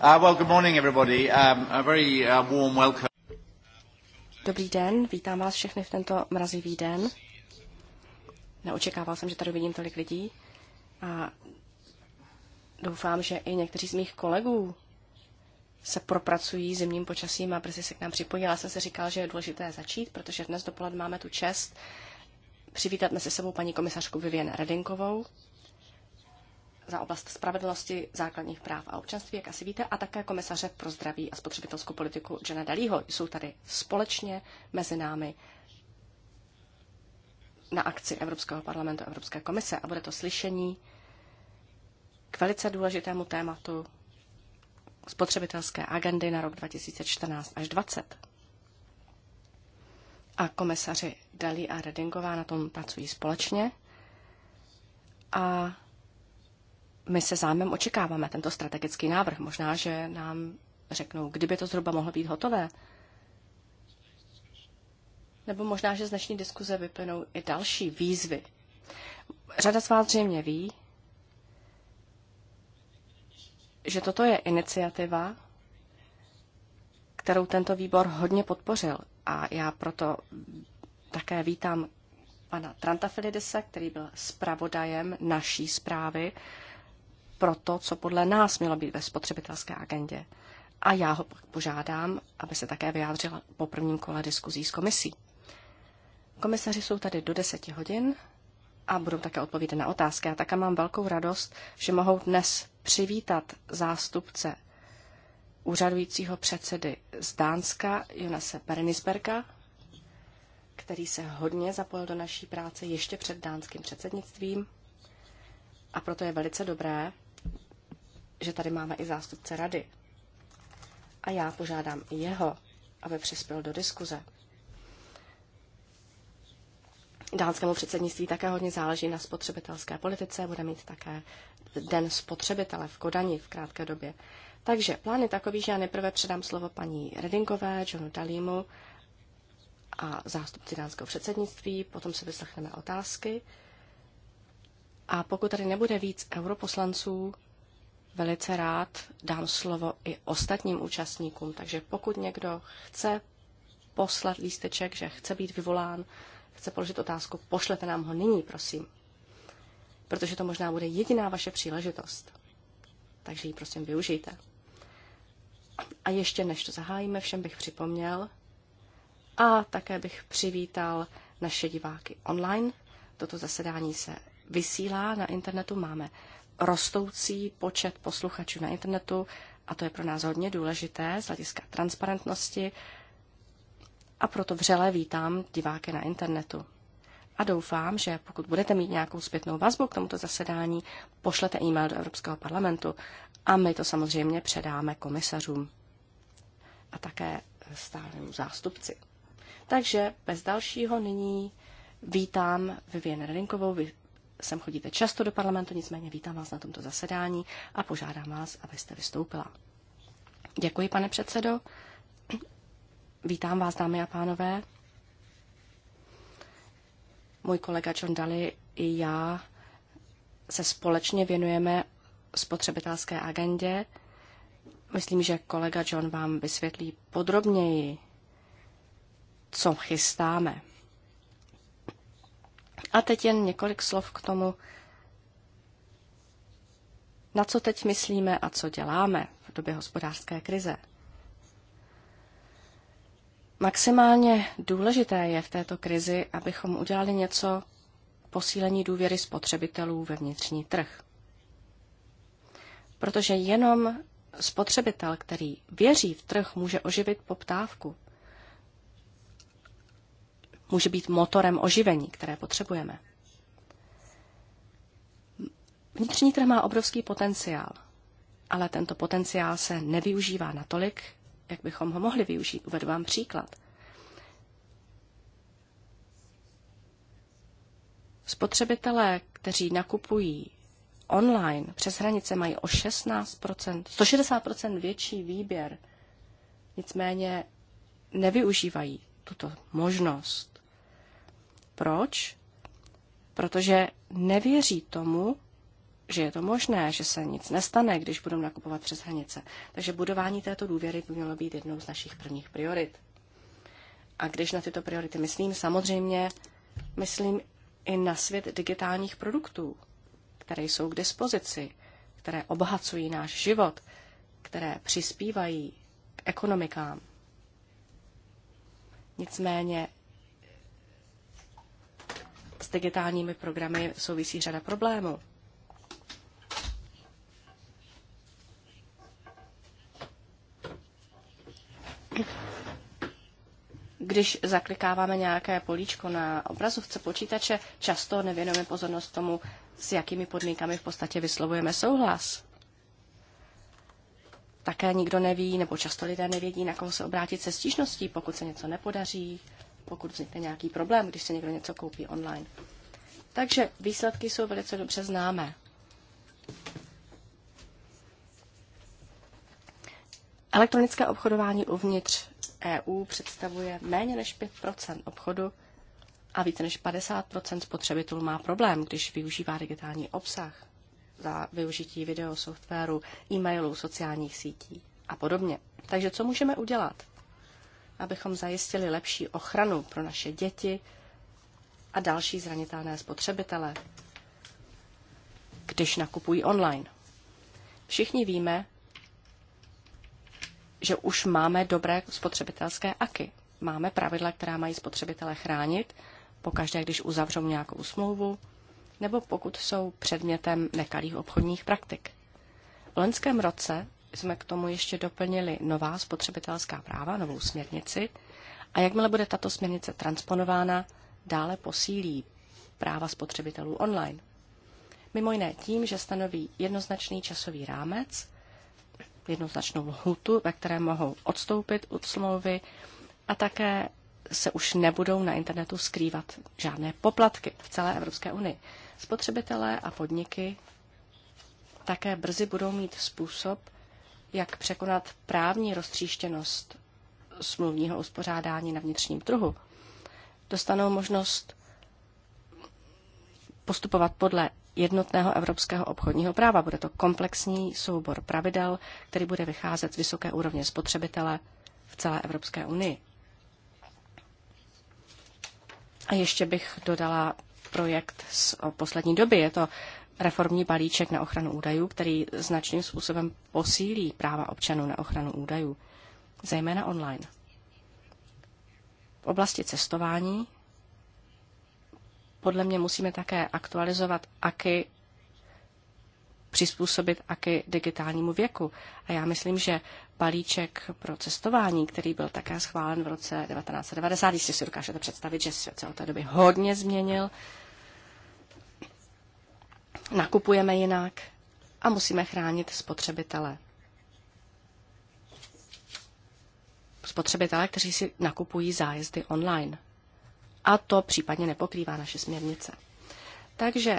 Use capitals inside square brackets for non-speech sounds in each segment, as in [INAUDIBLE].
Uh, well, good morning, everybody. Um, a very uh, warm welcome. Dobrý den, vítám vás všechny v tento mrazivý den. Neočekával jsem, že tady vidím tolik lidí a doufám, že i někteří z mých kolegů se propracují zimním počasím a brzy se k nám připojí. Já jsem se říkal, že je důležité začít, protože dnes dopoledne máme tu čest přivítat mezi sebou paní komisařku Vivien Redinkovou, za oblast spravedlnosti, základních práv a občanství, jak asi víte, a také komisaře pro zdraví a spotřebitelskou politiku Jana Dalího. Jsou tady společně mezi námi na akci Evropského parlamentu a Evropské komise a bude to slyšení k velice důležitému tématu spotřebitelské agendy na rok 2014 až 2020. A komisaři Dalí a Redingová na tom pracují společně. A my se zájmem očekáváme tento strategický návrh. Možná, že nám řeknou, kdyby to zhruba mohlo být hotové. Nebo možná, že z dnešní diskuze vyplynou i další výzvy. Řada z vás zřejmě ví, že toto je iniciativa, kterou tento výbor hodně podpořil. A já proto také vítám pana Trantafilidise, který byl zpravodajem naší zprávy pro to, co podle nás mělo být ve spotřebitelské agendě. A já ho požádám, aby se také vyjádřil po prvním kole diskuzí s komisí. Komisaři jsou tady do 10 hodin a budou také odpovídat na otázky. Já také mám velkou radost, že mohou dnes přivítat zástupce úřadujícího předsedy z Dánska, Jonase Berenisberga, který se hodně zapojil do naší práce ještě před dánským předsednictvím. A proto je velice dobré, že tady máme i zástupce rady. A já požádám i jeho, aby přispěl do diskuze. Dánskému předsednictví také hodně záleží na spotřebitelské politice, bude mít také den spotřebitele v Kodani v krátké době. Takže plán je takový, že já nejprve předám slovo paní Redingové, Johnu Dalímu a zástupci dánského předsednictví, potom se vyslechneme otázky. A pokud tady nebude víc europoslanců, velice rád dám slovo i ostatním účastníkům, takže pokud někdo chce poslat lísteček, že chce být vyvolán, chce položit otázku, pošlete nám ho nyní, prosím. Protože to možná bude jediná vaše příležitost. Takže ji prosím využijte. A ještě než to zahájíme, všem bych připomněl a také bych přivítal naše diváky online. Toto zasedání se vysílá na internetu. Máme rostoucí počet posluchačů na internetu a to je pro nás hodně důležité z hlediska transparentnosti a proto vřele vítám diváky na internetu. A doufám, že pokud budete mít nějakou zpětnou vazbu k tomuto zasedání, pošlete e-mail do Evropského parlamentu a my to samozřejmě předáme komisařům a také stálému zástupci. Takže bez dalšího nyní vítám Vivienne rinkovou sem chodíte často do parlamentu, nicméně vítám vás na tomto zasedání a požádám vás, abyste vystoupila. Děkuji, pane předsedo. Vítám vás, dámy a pánové. Můj kolega John Daly i já se společně věnujeme spotřebitelské agendě. Myslím, že kolega John vám vysvětlí podrobněji, co chystáme. A teď jen několik slov k tomu, na co teď myslíme a co děláme v době hospodářské krize. Maximálně důležité je v této krizi, abychom udělali něco k posílení důvěry spotřebitelů ve vnitřní trh. Protože jenom spotřebitel, který věří v trh, může oživit poptávku může být motorem oživení, které potřebujeme. Vnitřní trh má obrovský potenciál, ale tento potenciál se nevyužívá natolik, jak bychom ho mohli využít. Uvedu vám příklad. Spotřebitelé, kteří nakupují online přes hranice, mají o 16%, 160% větší výběr. Nicméně nevyužívají tuto možnost. Proč? Protože nevěří tomu, že je to možné, že se nic nestane, když budou nakupovat přes hranice. Takže budování této důvěry by mělo být jednou z našich prvních priorit. A když na tyto priority myslím, samozřejmě myslím i na svět digitálních produktů, které jsou k dispozici, které obohacují náš život, které přispívají k ekonomikám. Nicméně s digitálními programy souvisí řada problémů. Když zaklikáváme nějaké políčko na obrazovce počítače, často nevěnujeme pozornost tomu, s jakými podmínkami v podstatě vyslovujeme souhlas. Také nikdo neví, nebo často lidé nevědí, na koho se obrátit se stížností, pokud se něco nepodaří, pokud vznikne nějaký problém, když se někdo něco koupí online. Takže výsledky jsou velice dobře známé. Elektronické obchodování uvnitř EU představuje méně než 5 obchodu a více než 50 spotřebitelů má problém, když využívá digitální obsah za využití videosoftwaru, e-mailů, sociálních sítí a podobně. Takže co můžeme udělat? abychom zajistili lepší ochranu pro naše děti a další zranitelné spotřebitele, když nakupují online. Všichni víme, že už máme dobré spotřebitelské aky. Máme pravidla, která mají spotřebitele chránit, pokaždé, když uzavřou nějakou smlouvu, nebo pokud jsou předmětem nekalých obchodních praktik. V loňském roce jsme k tomu ještě doplnili nová spotřebitelská práva, novou směrnici. A jakmile bude tato směrnice transponována, dále posílí práva spotřebitelů online. Mimo jiné tím, že stanoví jednoznačný časový rámec, jednoznačnou lhutu, ve které mohou odstoupit od smlouvy a také se už nebudou na internetu skrývat žádné poplatky v celé Evropské unii. Spotřebitelé a podniky také brzy budou mít způsob, jak překonat právní roztříštěnost smluvního uspořádání na vnitřním trhu, dostanou možnost postupovat podle jednotného evropského obchodního práva. Bude to komplexní soubor pravidel, který bude vycházet z vysoké úrovně spotřebitele v celé Evropské unii. A ještě bych dodala projekt z poslední doby. Je to reformní balíček na ochranu údajů, který značným způsobem posílí práva občanů na ochranu údajů, zejména online. V oblasti cestování podle mě musíme také aktualizovat aky, přizpůsobit aky digitálnímu věku. A já myslím, že balíček pro cestování, který byl také schválen v roce 1990, jestli si dokážete představit, že svět se od té doby hodně změnil, nakupujeme jinak a musíme chránit spotřebitele. Spotřebitele, kteří si nakupují zájezdy online. A to případně nepokrývá naše směrnice. Takže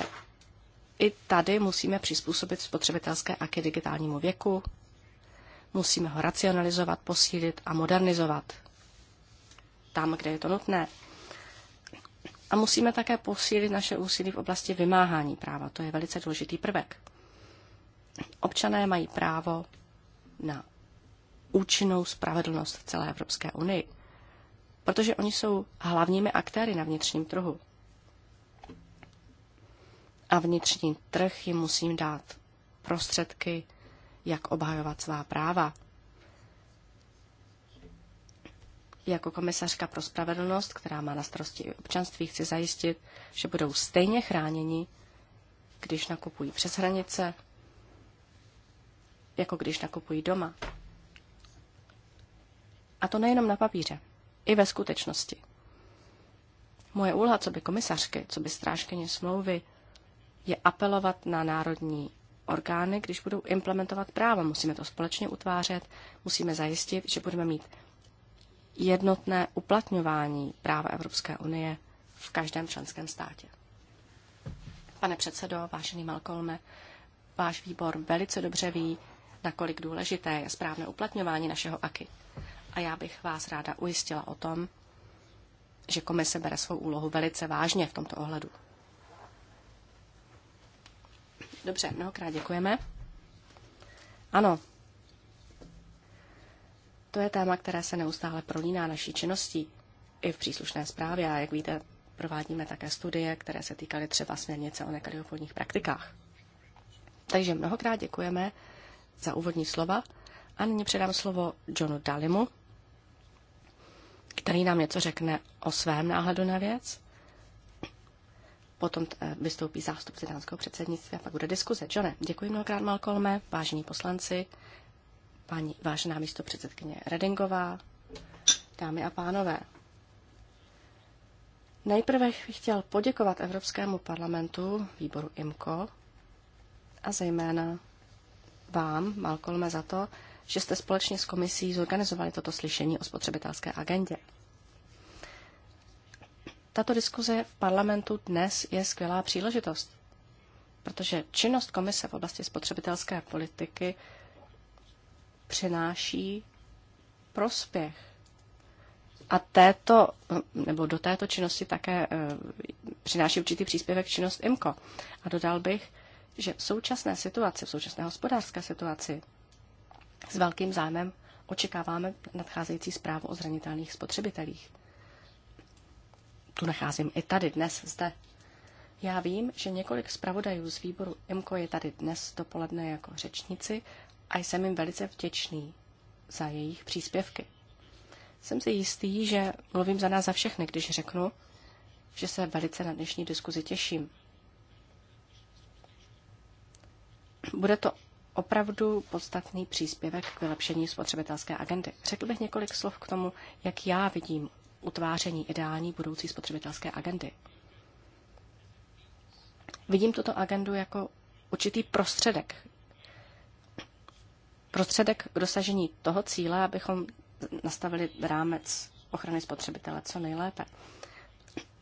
i tady musíme přizpůsobit spotřebitelské aky digitálnímu věku, musíme ho racionalizovat, posílit a modernizovat. Tam, kde je to nutné, a musíme také posílit naše úsilí v oblasti vymáhání práva. To je velice důležitý prvek. Občané mají právo na účinnou spravedlnost v celé Evropské unii, protože oni jsou hlavními aktéry na vnitřním trhu. A vnitřní trh jim musím dát prostředky, jak obhajovat svá práva Jako komisařka pro spravedlnost, která má na starosti občanství, chci zajistit, že budou stejně chráněni, když nakupují přes hranice, jako když nakupují doma. A to nejenom na papíře, i ve skutečnosti. Moje úloha co by komisařky, co by strážkyně smlouvy, je apelovat na národní orgány, když budou implementovat práva. Musíme to společně utvářet, musíme zajistit, že budeme mít jednotné uplatňování práva Evropské unie v každém členském státě. Pane předsedo, vážený Malcolme, váš výbor velice dobře ví, nakolik důležité je správné uplatňování našeho AKY. A já bych vás ráda ujistila o tom, že komise bere svou úlohu velice vážně v tomto ohledu. Dobře, mnohokrát děkujeme. Ano, to je téma, které se neustále prolíná naší činností i v příslušné zprávě. A jak víte, provádíme také studie, které se týkaly třeba směrnice o nekalých praktikách. Takže mnohokrát děkujeme za úvodní slova a nyní předám slovo Johnu Dalimu, který nám něco řekne o svém náhledu na věc. Potom eh, vystoupí zástupci dánského předsednictví a pak bude diskuze. Johne, děkuji mnohokrát, Malcolme, vážení poslanci, paní vážená místo předsedkyně Redingová, dámy a pánové. Nejprve bych chtěl poděkovat Evropskému parlamentu, výboru IMCO a zejména vám, Malcolme, za to, že jste společně s komisí zorganizovali toto slyšení o spotřebitelské agendě. Tato diskuze v parlamentu dnes je skvělá příležitost, protože činnost komise v oblasti spotřebitelské politiky přináší prospěch. A této, nebo do této činnosti také eh, přináší určitý příspěvek činnost IMCO. A dodal bych, že v současné situaci, v současné hospodářské situaci s velkým zájmem očekáváme nadcházející zprávu o zranitelných spotřebitelích. Tu nacházím i tady dnes, zde. Já vím, že několik zpravodajů z výboru IMCO je tady dnes dopoledne jako řečníci a jsem jim velice vděčný za jejich příspěvky. Jsem si jistý, že mluvím za nás za všechny, když řeknu, že se velice na dnešní diskuzi těším. Bude to opravdu podstatný příspěvek k vylepšení spotřebitelské agendy. Řekl bych několik slov k tomu, jak já vidím utváření ideální budoucí spotřebitelské agendy. Vidím tuto agendu jako určitý prostředek prostředek k dosažení toho cíle, abychom nastavili rámec ochrany spotřebitele co nejlépe.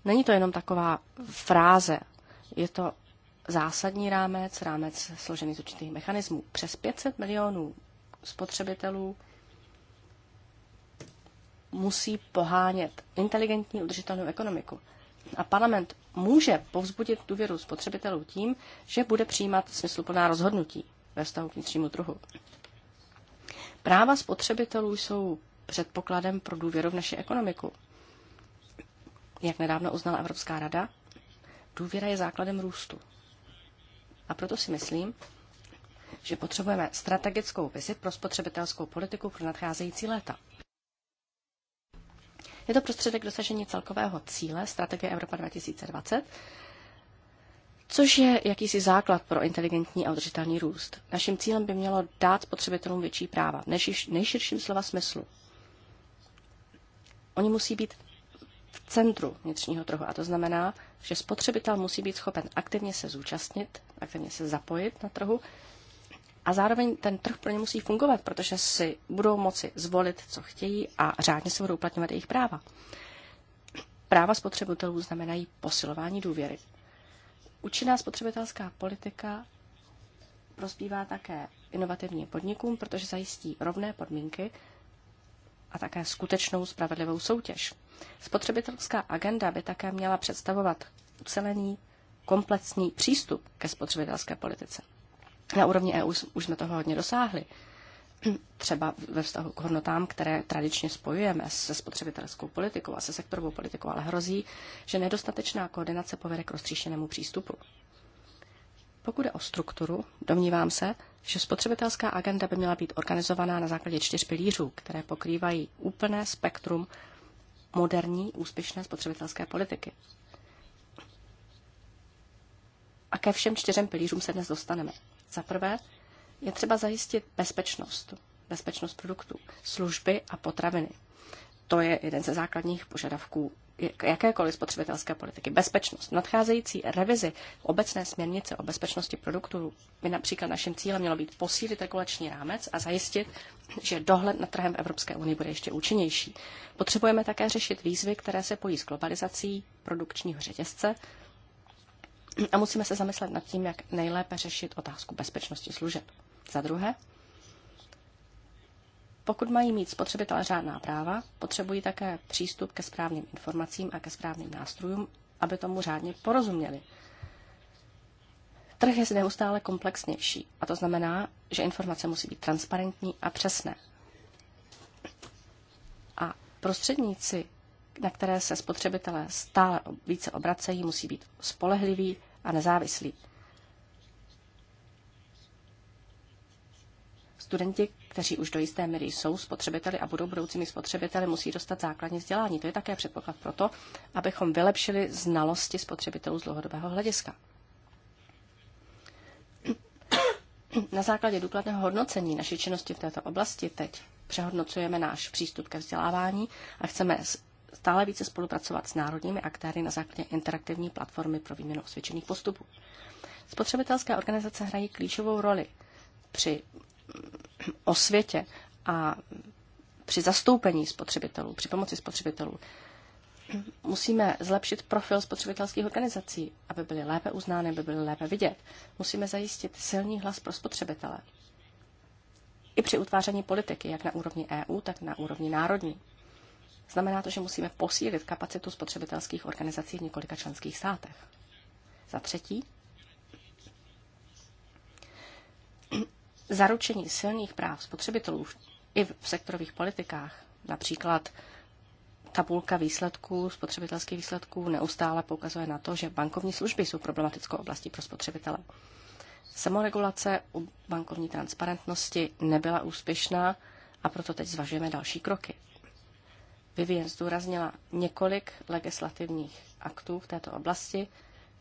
Není to jenom taková fráze, je to zásadní rámec, rámec složený z určitých mechanismů. Přes 500 milionů spotřebitelů musí pohánět inteligentní udržitelnou ekonomiku. A parlament může povzbudit důvěru spotřebitelů tím, že bude přijímat smysluplná rozhodnutí ve vztahu k vnitřnímu trhu. Práva spotřebitelů jsou předpokladem pro důvěru v naši ekonomiku. Jak nedávno uznala Evropská rada, důvěra je základem růstu. A proto si myslím, že potřebujeme strategickou vizi pro spotřebitelskou politiku pro nadcházející léta. Je to prostředek dosažení celkového cíle strategie Evropa 2020, což je jakýsi základ pro inteligentní a udržitelný růst. Naším cílem by mělo dát spotřebitelům větší práva, než nejširším slova smyslu. Oni musí být v centru vnitřního trhu a to znamená, že spotřebitel musí být schopen aktivně se zúčastnit, aktivně se zapojit na trhu a zároveň ten trh pro ně musí fungovat, protože si budou moci zvolit, co chtějí a řádně se budou uplatňovat jejich práva. Práva spotřebitelů znamenají posilování důvěry. Účinná spotřebitelská politika prospívá také inovativním podnikům, protože zajistí rovné podmínky a také skutečnou spravedlivou soutěž. Spotřebitelská agenda by také měla představovat ucelený komplexní přístup ke spotřebitelské politice. Na úrovni EU už jsme toho hodně dosáhli třeba ve vztahu k hodnotám, které tradičně spojujeme se spotřebitelskou politikou a se sektorovou politikou, ale hrozí, že nedostatečná koordinace povede k roztříštěnému přístupu. Pokud je o strukturu, domnívám se, že spotřebitelská agenda by měla být organizovaná na základě čtyř pilířů, které pokrývají úplné spektrum moderní úspěšné spotřebitelské politiky. A ke všem čtyřem pilířům se dnes dostaneme. Za prvé, je třeba zajistit bezpečnost, bezpečnost produktů, služby a potraviny. To je jeden ze základních požadavků jakékoliv spotřebitelské politiky. Bezpečnost. nadcházející revizi obecné směrnice o bezpečnosti produktů by například naším cílem mělo být posílit regulační rámec a zajistit, že dohled nad trhem Evropské unie bude ještě účinnější. Potřebujeme také řešit výzvy, které se pojí s globalizací produkčního řetězce a musíme se zamyslet nad tím, jak nejlépe řešit otázku bezpečnosti služeb. Za druhé, pokud mají mít spotřebitelé řádná práva, potřebují také přístup ke správným informacím a ke správným nástrojům, aby tomu řádně porozuměli. Trh je neustále komplexnější a to znamená, že informace musí být transparentní a přesné. A prostředníci, na které se spotřebitelé stále více obracejí, musí být spolehliví a nezávislí. Studenti, kteří už do jisté míry jsou spotřebiteli a budou budoucími spotřebiteli, musí dostat základní vzdělání. To je také předpoklad pro to, abychom vylepšili znalosti spotřebitelů z dlouhodobého hlediska. Na základě důkladného hodnocení naší činnosti v této oblasti teď přehodnocujeme náš přístup ke vzdělávání a chceme stále více spolupracovat s národními aktéry na základě interaktivní platformy pro výměnu osvědčených postupů. Spotřebitelské organizace hrají klíčovou roli při o světě a při zastoupení spotřebitelů, při pomoci spotřebitelů. Musíme zlepšit profil spotřebitelských organizací, aby byly lépe uznány, aby byly lépe vidět. Musíme zajistit silný hlas pro spotřebitele. I při utváření politiky, jak na úrovni EU, tak na úrovni národní. Znamená to, že musíme posílit kapacitu spotřebitelských organizací v několika členských státech. Za třetí, zaručení silných práv spotřebitelů i v sektorových politikách, například tabulka výsledků, spotřebitelských výsledků, neustále poukazuje na to, že bankovní služby jsou problematickou oblastí pro spotřebitele. Samoregulace u bankovní transparentnosti nebyla úspěšná a proto teď zvažujeme další kroky. Vivien zdůraznila několik legislativních aktů v této oblasti,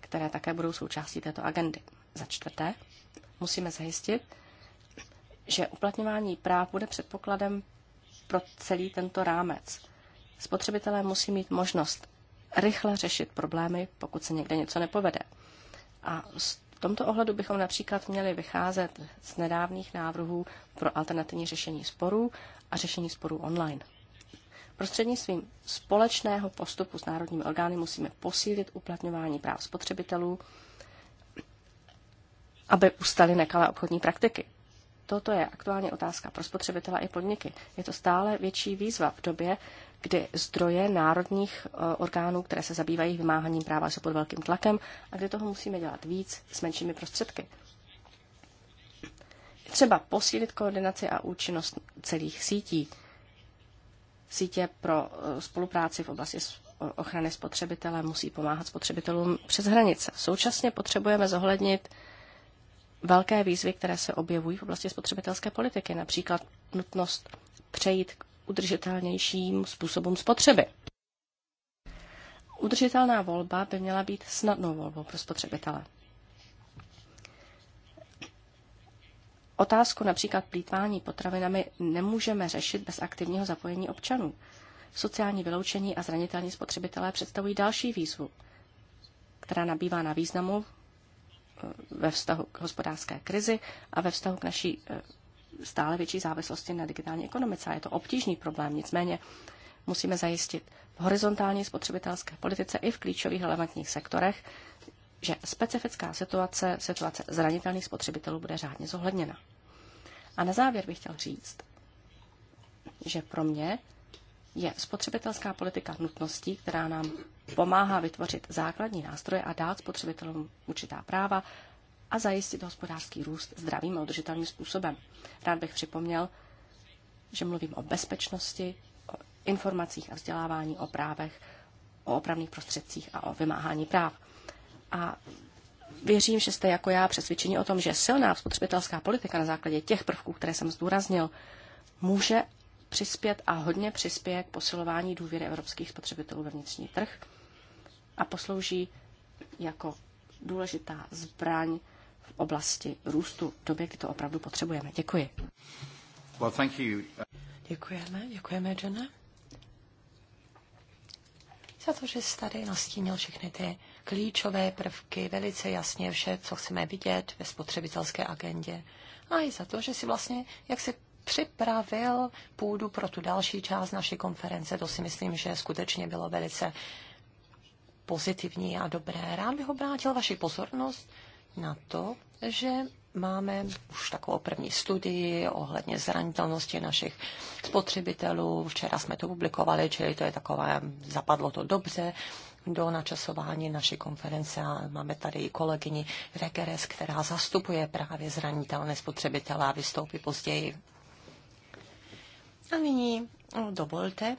které také budou součástí této agendy. Za čtvrté, musíme zajistit, že uplatňování práv bude předpokladem pro celý tento rámec. Spotřebitelé musí mít možnost rychle řešit problémy, pokud se někde něco nepovede. A v tomto ohledu bychom například měli vycházet z nedávných návrhů pro alternativní řešení sporů a řešení sporů online. Prostřednictvím společného postupu s národními orgány musíme posílit uplatňování práv spotřebitelů, aby ustaly nekalé obchodní praktiky. Toto je aktuálně otázka pro spotřebitele i podniky. Je to stále větší výzva v době, kdy zdroje národních e, orgánů, které se zabývají vymáháním práva, jsou pod velkým tlakem a kdy toho musíme dělat víc s menšími prostředky. Třeba posílit koordinaci a účinnost celých sítí. Sítě pro e, spolupráci v oblasti ochrany spotřebitele musí pomáhat spotřebitelům přes hranice. Současně potřebujeme zohlednit velké výzvy, které se objevují v oblasti spotřebitelské politiky, například nutnost přejít k udržitelnějším způsobům spotřeby. Udržitelná volba by měla být snadnou volbou pro spotřebitele. Otázku například plítvání potravinami nemůžeme řešit bez aktivního zapojení občanů. Sociální vyloučení a zranitelní spotřebitelé představují další výzvu, která nabývá na významu ve vztahu k hospodářské krizi a ve vztahu k naší e, stále větší závislosti na digitální ekonomice. A je to obtížný problém, nicméně musíme zajistit v horizontální spotřebitelské politice i v klíčových relevantních sektorech, že specifická situace, situace zranitelných spotřebitelů bude řádně zohledněna. A na závěr bych chtěl říct, že pro mě je spotřebitelská politika nutností, která nám pomáhá vytvořit základní nástroje a dát spotřebitelům určitá práva a zajistit hospodářský růst zdravým a udržitelným způsobem. Rád bych připomněl, že mluvím o bezpečnosti, o informacích a vzdělávání, o právech, o opravných prostředcích a o vymáhání práv. A věřím, že jste jako já přesvědčeni o tom, že silná spotřebitelská politika na základě těch prvků, které jsem zdůraznil, může přispět a hodně přispět k posilování důvěry evropských spotřebitelů ve vnitřní trh a poslouží jako důležitá zbraň v oblasti růstu v době, kdy to opravdu potřebujeme. Děkuji. Well, thank you. Děkujeme, děkujeme, Johne, za to, že jsi tady nastínil všechny ty klíčové prvky, velice jasně vše, co chceme vidět ve spotřebitelské agendě. A i za to, že si vlastně, jak se připravil půdu pro tu další část naší konference. To si myslím, že skutečně bylo velice pozitivní a dobré. Rád bych obrátil vaši pozornost na to, že máme už takovou první studii ohledně zranitelnosti našich spotřebitelů. Včera jsme to publikovali, čili to je takové, zapadlo to dobře do načasování naší konference a máme tady i kolegyni Regeres, která zastupuje právě zranitelné spotřebitele a vystoupí později. A nyní no, dovolte,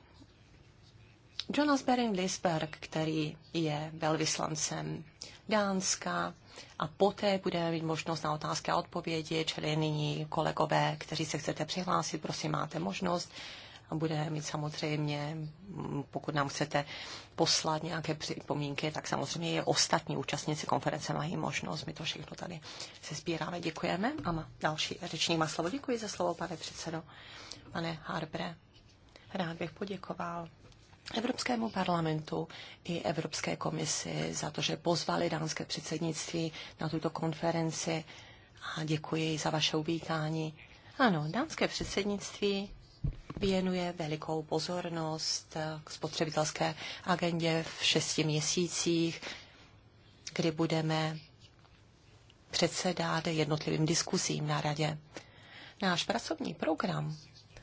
Jonas Bering Lisberg, který je velvyslancem Dánska a poté budeme mít možnost na otázky a odpovědi, čili nyní kolegové, kteří se chcete přihlásit, prosím, máte možnost a bude mít samozřejmě, pokud nám chcete poslat nějaké připomínky, tak samozřejmě i ostatní účastníci konference mají možnost. My to všechno tady se sbíráme. Děkujeme. A má další řečník má slovo. Děkuji za slovo, pane předsedo. Pane Harbre, rád bych poděkoval Evropskému parlamentu i Evropské komisi za to, že pozvali dánské předsednictví na tuto konferenci a děkuji za vaše uvítání. Ano, dánské předsednictví věnuje velikou pozornost k spotřebitelské agendě v šesti měsících, kdy budeme předsedat jednotlivým diskusím na radě. Náš pracovní program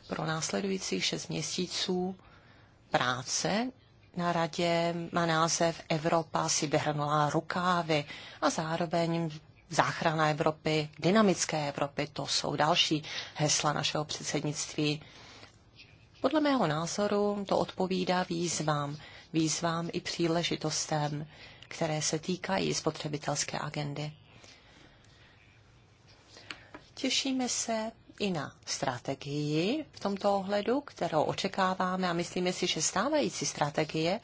pro následujících šest měsíců práce na radě má název Evropa si behrnula rukávy a zároveň záchrana Evropy, dynamické Evropy, to jsou další hesla našeho předsednictví. Podle mého názoru to odpovídá výzvám, výzvám i příležitostem, které se týkají spotřebitelské agendy. Těšíme se i na strategii v tomto ohledu, kterou očekáváme a myslíme si, že stávající strategie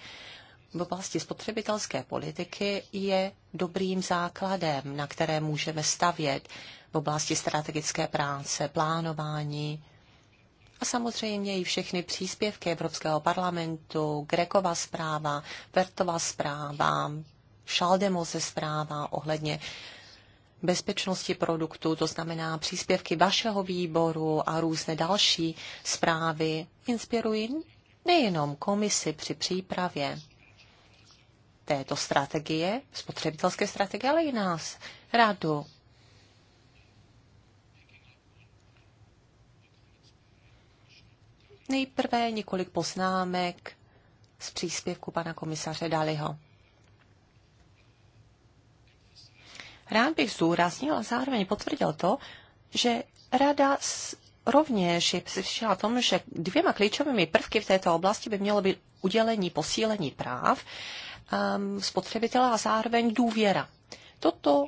v oblasti spotřebitelské politiky je dobrým základem, na které můžeme stavět v oblasti strategické práce, plánování a samozřejmě i všechny příspěvky Evropského parlamentu, Grekova zpráva, Vertova zpráva, Šaldemoze zpráva ohledně bezpečnosti produktů, to znamená příspěvky vašeho výboru a různé další zprávy, inspirují nejenom komisi při přípravě této strategie, spotřebitelské strategie, ale i nás, radu. Nejprve několik poznámek z příspěvku pana komisaře Daliho. Rád bych zúraznil a zároveň potvrdil to, že Rada rovněž je přesvědčena tom, že dvěma klíčovými prvky v této oblasti by mělo být udělení posílení práv um, spotřebitele a zároveň důvěra. Toto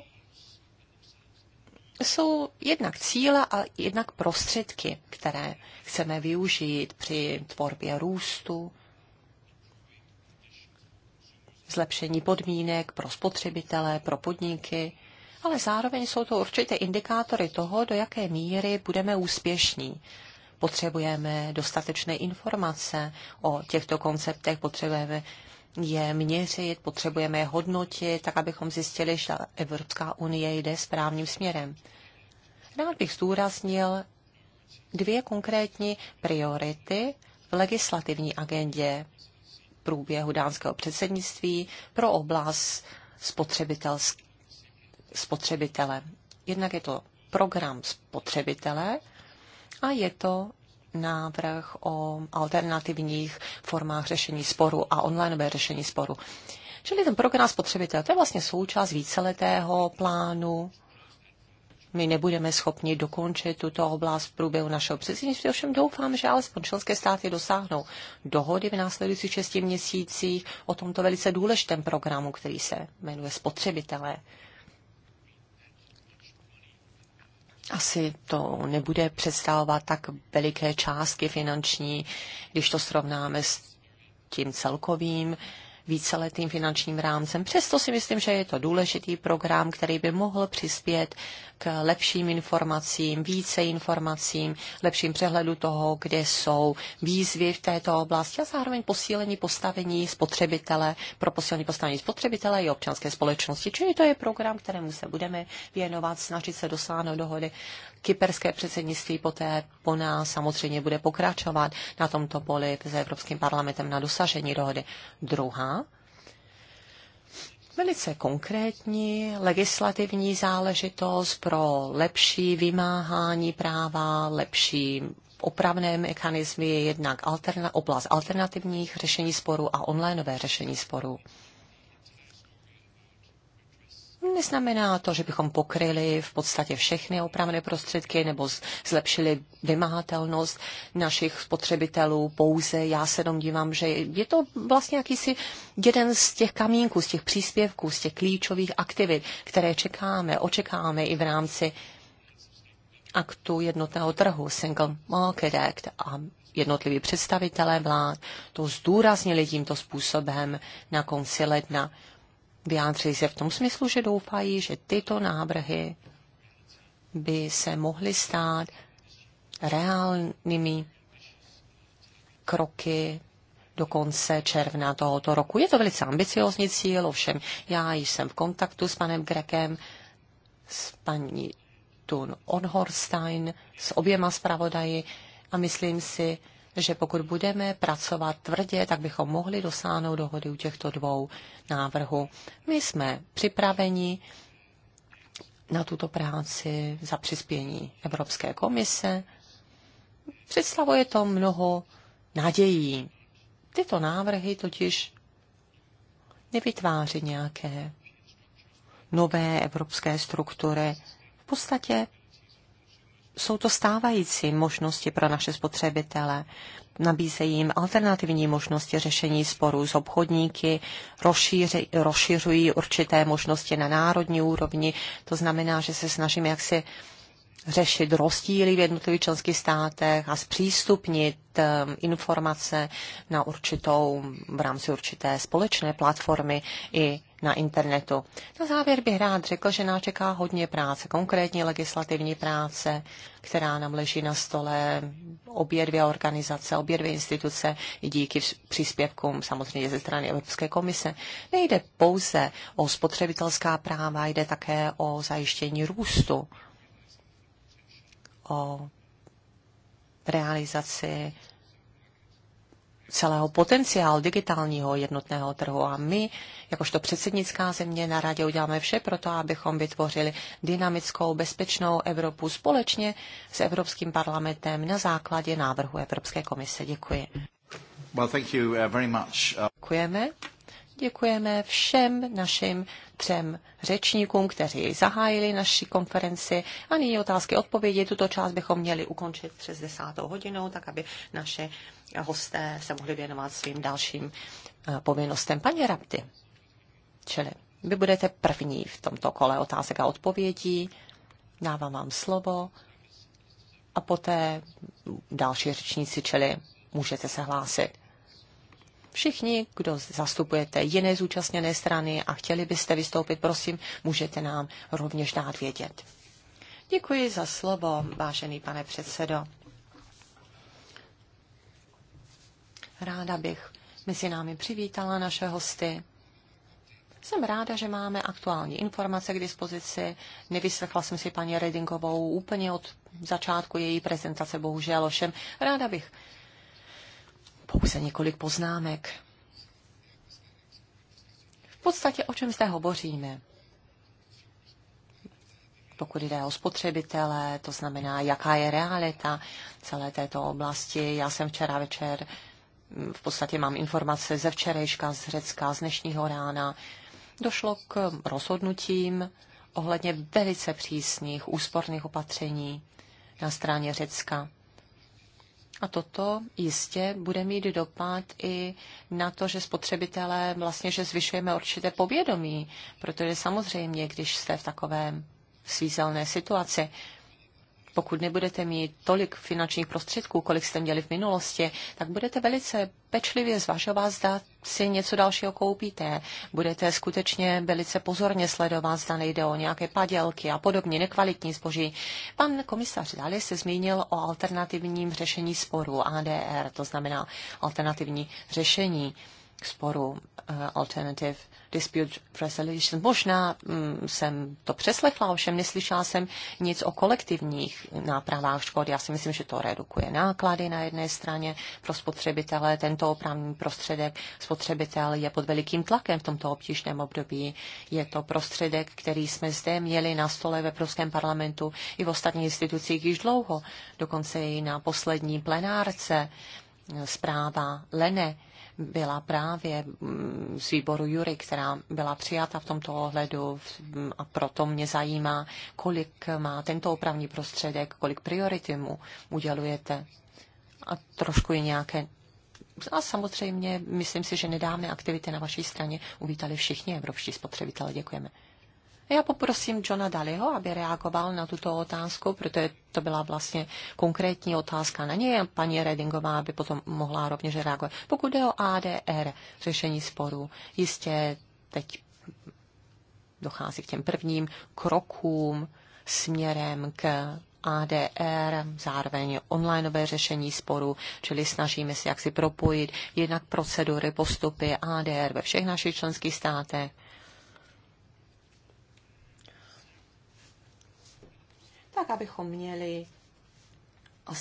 jsou jednak cíle a jednak prostředky, které chceme využít při tvorbě růstu, zlepšení podmínek pro spotřebitele, pro podniky, ale zároveň jsou to určité indikátory toho, do jaké míry budeme úspěšní. Potřebujeme dostatečné informace o těchto konceptech, potřebujeme je měřit, potřebujeme je hodnotit, tak abychom zjistili, že Evropská unie jde správným směrem. Rád bych zdůraznil dvě konkrétní priority v legislativní agendě průběhu dánského předsednictví pro oblast spotřebitelské spotřebitele. Jednak je to program spotřebitele a je to návrh o alternativních formách řešení sporu a onlineové řešení sporu. Čili ten program spotřebitele, to je vlastně součást víceletého plánu. My nebudeme schopni dokončit tuto oblast v průběhu našeho předsednictví, ovšem doufám, že alespoň členské státy dosáhnou dohody v následujících 6 měsících o tomto velice důležitém programu, který se jmenuje Spotřebitelé. asi to nebude představovat tak veliké částky finanční, když to srovnáme s tím celkovým víceletým finančním rámcem. Přesto si myslím, že je to důležitý program, který by mohl přispět k lepším informacím, více informacím, lepším přehledu toho, kde jsou výzvy v této oblasti a zároveň posílení postavení spotřebitele, pro posílení postavení spotřebitele i občanské společnosti. Čili to je program, kterému se budeme věnovat, snažit se dosáhnout dohody Kyperské předsednictví poté po nás samozřejmě bude pokračovat na tomto poli s Evropským parlamentem na dosažení dohody. Druhá velice konkrétní legislativní záležitost pro lepší vymáhání práva, lepší opravné mechanismy je jednak alterna, oblast alternativních řešení sporů a onlineové řešení sporů. Neznamená to, že bychom pokryli v podstatě všechny opravné prostředky nebo zlepšili vymahatelnost našich spotřebitelů pouze. Já se domnívám, že je to vlastně jakýsi jeden z těch kamínků, z těch příspěvků, z těch klíčových aktivit, které čekáme, očekáváme i v rámci aktu jednotného trhu, Single Market Act a jednotliví představitelé vlád to zdůraznili tímto způsobem na konci ledna vyjádřili se v tom smyslu, že doufají, že tyto návrhy by se mohly stát reálnými kroky do konce června tohoto roku. Je to velice ambiciozní cíl, ovšem já jsem v kontaktu s panem Grekem, s paní Tun Onhorstein, s oběma zpravodaji a myslím si, že pokud budeme pracovat tvrdě, tak bychom mohli dosáhnout dohody u těchto dvou návrhů. My jsme připraveni na tuto práci za přispění Evropské komise. Představuje to mnoho nadějí. Tyto návrhy totiž nevytváří nějaké nové evropské struktury. V podstatě jsou to stávající možnosti pro naše spotřebitele. Nabízejí jim alternativní možnosti řešení sporů s obchodníky, rozšíři, rozšiřují určité možnosti na národní úrovni. To znamená, že se snažíme jaksi řešit rozdíly v jednotlivých členských státech a zpřístupnit ehm, informace na určitou, v rámci určité společné platformy i na internetu. Na závěr bych rád řekl, že nás čeká hodně práce, konkrétní legislativní práce, která nám leží na stole. Obě dvě organizace, obě dvě instituce i díky příspěvkům samozřejmě ze strany Evropské komise. Nejde pouze o spotřebitelská práva, jde také o zajištění růstu, o realizaci celého potenciálu digitálního jednotného trhu. A my, jakožto předsednická země na radě, uděláme vše pro to, abychom vytvořili dynamickou, bezpečnou Evropu společně s Evropským parlamentem na základě návrhu Evropské komise. Děkuji. Well, thank you uh, very much. Uh, Děkujeme. Děkujeme všem našim třem řečníkům, kteří zahájili naši konferenci. A nyní otázky odpovědi. Tuto část bychom měli ukončit přes desátou hodinou, tak aby naše hosté se mohli věnovat svým dalším eh, povinnostem. Paní Rapty, čili vy budete první v tomto kole otázek a odpovědí, dávám vám slovo a poté další řečníci, čili můžete se hlásit. Všichni, kdo zastupujete jiné zúčastněné strany a chtěli byste vystoupit, prosím, můžete nám rovněž dát vědět. Děkuji za slovo, vážený pane předsedo. Ráda bych mezi námi přivítala naše hosty. Jsem ráda, že máme aktuální informace k dispozici. Nevyslechla jsem si paní Redingovou úplně od začátku její prezentace, bohužel ovšem. Ráda bych pouze několik poznámek. V podstatě o čem zde hovoříme? pokud jde o spotřebitele, to znamená, jaká je realita celé této oblasti. Já jsem včera večer v podstatě mám informace ze včerejška, z Řecka, z dnešního rána. Došlo k rozhodnutím ohledně velice přísných úsporných opatření na straně Řecka. A toto jistě bude mít dopad i na to, že spotřebitelé vlastně, že zvyšujeme určité povědomí, protože samozřejmě, když jste v takové svízelné situaci, pokud nebudete mít tolik finančních prostředků, kolik jste měli v minulosti, tak budete velice pečlivě zvažovat, zda si něco dalšího koupíte. Budete skutečně velice pozorně sledovat, zda nejde o nějaké padělky a podobně, nekvalitní zboží. Pan komisař Dali se zmínil o alternativním řešení sporu ADR, to znamená alternativní řešení sporu, uh, alternative Dispute Resolution. Možná mm, jsem to přeslechla, ovšem neslyšela jsem nic o kolektivních nápravách škod. Já si myslím, že to redukuje náklady na jedné straně pro spotřebitele. Tento opravný prostředek spotřebitel je pod velikým tlakem v tomto obtížném období. Je to prostředek, který jsme zde měli na stole ve Evropském parlamentu i v ostatních institucích již dlouho, dokonce i na poslední plenárce zpráva Lene byla právě mm, z výboru Jury, která byla přijata v tomto ohledu a proto mě zajímá, kolik má tento opravní prostředek, kolik priority mu udělujete a trošku je nějaké a samozřejmě myslím si, že nedávné aktivity na vaší straně uvítali všichni evropští spotřebitelé. Děkujeme. Já poprosím Johna Daliho, aby reagoval na tuto otázku, protože to byla vlastně konkrétní otázka na něj a paní Redingová by potom mohla rovněž reagovat. Pokud jde o ADR, řešení sporů, jistě teď dochází k těm prvním krokům směrem k ADR, zároveň onlineové řešení sporu, čili snažíme se jaksi propojit jednak procedury, postupy ADR ve všech našich členských státech tak abychom měli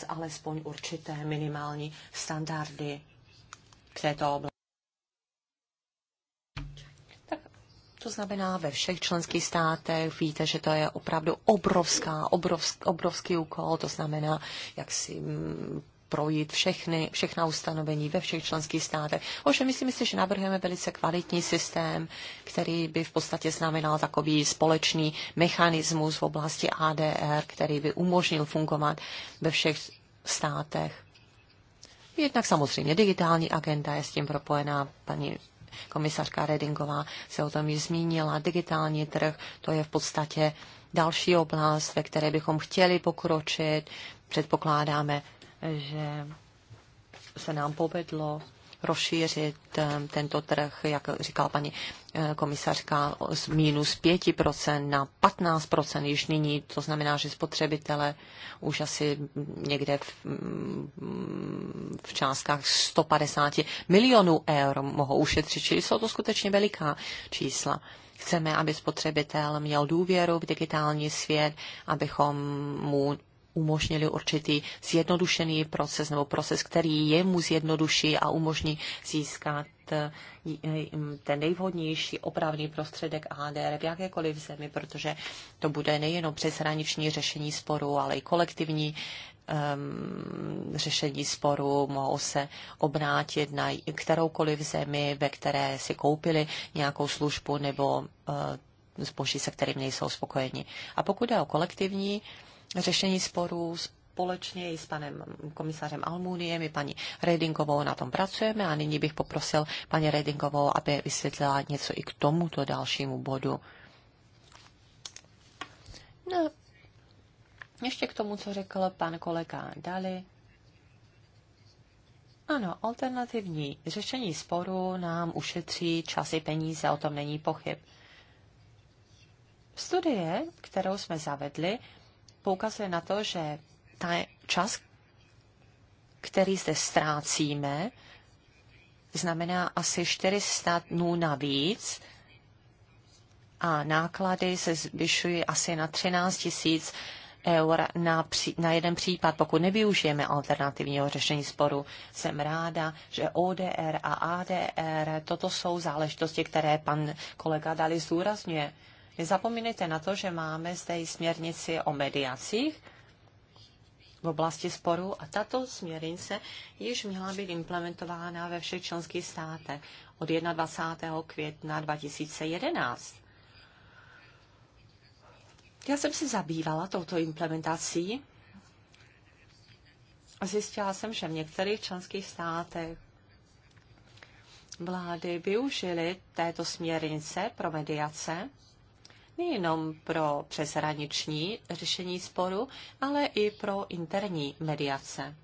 alespoň určité minimální standardy k této oblasti. To znamená ve všech členských státech, víte, že to je opravdu obrovská, obrovský, obrovský úkol, to znamená, jak si mm, projít všechny, všechna ustanovení ve všech členských státech. Ovšem myslím si, že navrhujeme velice kvalitní systém, který by v podstatě znamenal takový společný mechanismus v oblasti ADR, který by umožnil fungovat ve všech státech. Jednak samozřejmě digitální agenda je s tím propojená. Paní komisařka Redingová se o tom již zmínila. Digitální trh, to je v podstatě další oblast, ve které bychom chtěli pokročit. Předpokládáme že se nám povedlo rozšířit eh, tento trh, jak říkala paní eh, komisařka, z minus 5% na 15% již nyní. To znamená, že spotřebitele už asi někde v, mm, v částkách 150 milionů eur mohou ušetřit, čili jsou to skutečně veliká čísla. Chceme, aby spotřebitel měl důvěru v digitální svět, abychom mu umožnili určitý zjednodušený proces nebo proces, který jemu zjednoduší a umožní získat eh, ten nejvhodnější opravný prostředek HDR v jakékoliv zemi, protože to bude nejenom přeshraniční řešení sporu, ale i kolektivní um, řešení sporu, mohou se obrátit na kteroukoliv zemi, ve které si koupili nějakou službu nebo uh, zboží, se kterým nejsou spokojeni. A pokud je o kolektivní uh, řešení sporů společně i s panem komisařem Almuniem i paní Redingovou na tom pracujeme a nyní bych poprosil paní Redingovou, aby vysvětlila něco i k tomuto dalšímu bodu. No, ještě k tomu, co řekl pan kolega Dali. Ano, alternativní řešení sporu nám ušetří časy peníze, o tom není pochyb. Studie, kterou jsme zavedli, poukazuje na to, že ta čas, který zde ztrácíme, znamená asi 400 dnů navíc a náklady se zvyšují asi na 13 tisíc eur na, pří, na jeden případ, pokud nevyužijeme alternativního řešení sporu. Jsem ráda, že ODR a ADR, toto jsou záležitosti, které pan kolega Dali zdůrazňuje. Nezapomínejte na to, že máme zde i směrnici o mediacích v oblasti sporů a tato směrnice již měla být implementována ve všech členských státech od 21. května 2011. Já jsem se zabývala touto implementací a zjistila jsem, že v některých členských státech vlády využily této směrnice pro mediace nejenom pro přeshraniční řešení sporu, ale i pro interní mediace.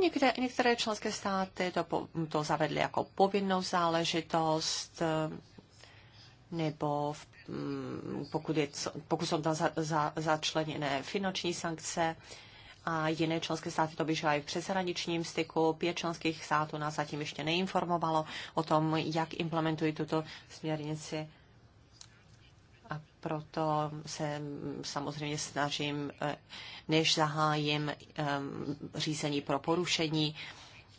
Někde, některé členské státy to, to zavedly jako povinnou záležitost nebo v, mm, pokud, je, pokud jsou tam za, za, začleněné finanční sankce a jiné členské státy to vyžívají v přeshraničním styku. Pět členských států nás zatím ještě neinformovalo o tom, jak implementují tuto směrnici. A proto se mm, samozřejmě snažím, eh, než zahájím ehm, řízení pro porušení,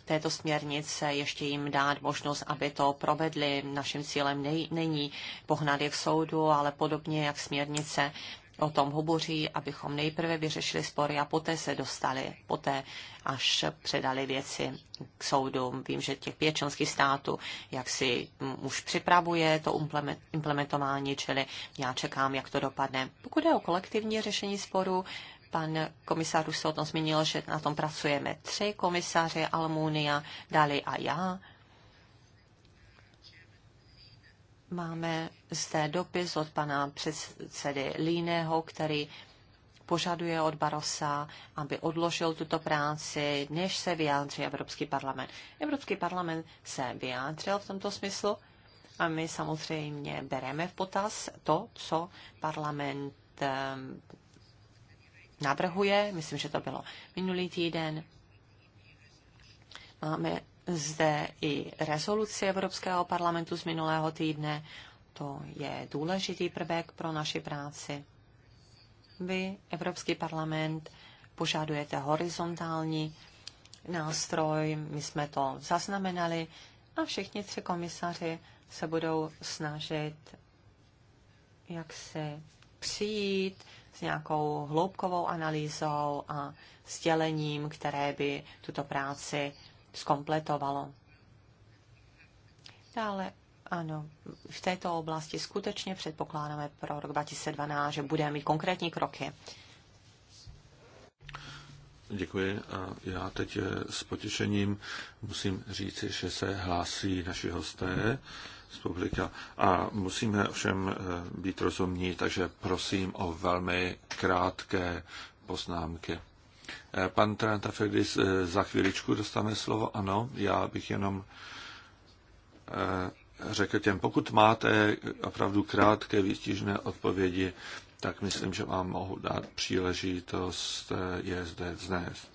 této směrnice, ještě jim dát možnost, aby to provedli. Naším cílem nej, není pohnat je k soudu, ale podobně jak směrnice o tom hovoří, abychom nejprve vyřešili spory a poté se dostali, poté až předali věci k soudům. Vím, že těch pět členských států, jak si už připravuje to implementování, čili já čekám, jak to dopadne. Pokud je o kolektivní řešení sporu, Pan komisař už se o tom zmínil, že na tom pracujeme tři komisáři Almunia, Dali a já. Máme zde dopis od pana předsedy Líného, který požaduje od Barosa, aby odložil tuto práci, než se vyjádří Evropský parlament. Evropský parlament se vyjádřil v tomto smyslu a my samozřejmě bereme v potaz to, co parlament ehm, navrhuje, myslím, že to bylo minulý týden. Máme zde i rezoluci Evropského parlamentu z minulého týdne. To je důležitý prvek pro naši práci. Vy, Evropský parlament, požadujete horizontální nástroj, my jsme to zaznamenali a všichni tři komisaři se budou snažit jak se přijít s nějakou hloubkovou analýzou a sdělením, které by tuto práci zkompletovalo. Dále, ano, v této oblasti skutečně předpokládáme pro rok 2012, že budeme mít konkrétní kroky. Děkuji a já teď s potěšením musím říci, že se hlásí naši hosté. Hmm z publika. A musíme všem eh, být rozumní, takže prosím o velmi krátké poznámky. Eh, pan Trantafedis eh, za chvíličku dostane slovo. Ano, já bych jenom řekl těm, pokud máte opravdu krátké výstižné odpovědi, tak myslím, že vám mohu dát příležitost je zde vznést.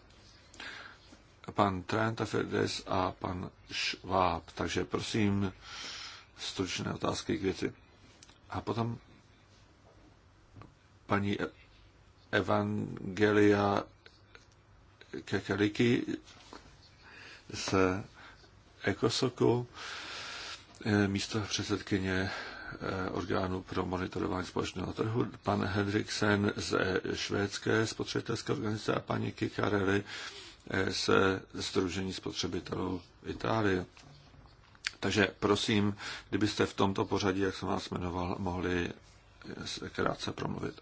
Pan Trantafedis a pan Šváb. Takže prosím, stručné otázky k věci. A potom paní Evangelia Kekaliki z Ekosoku, eh, místo předsedkyně eh, orgánu pro monitorování společného trhu, pan Henriksen z eh, švédské spotřebitelské organizace a paní Kikarely se Združení spotřebitelů Itálie. Takže prosím, kdybyste v tomto pořadí, jak jsem vás jmenoval, mohli krátce promluvit.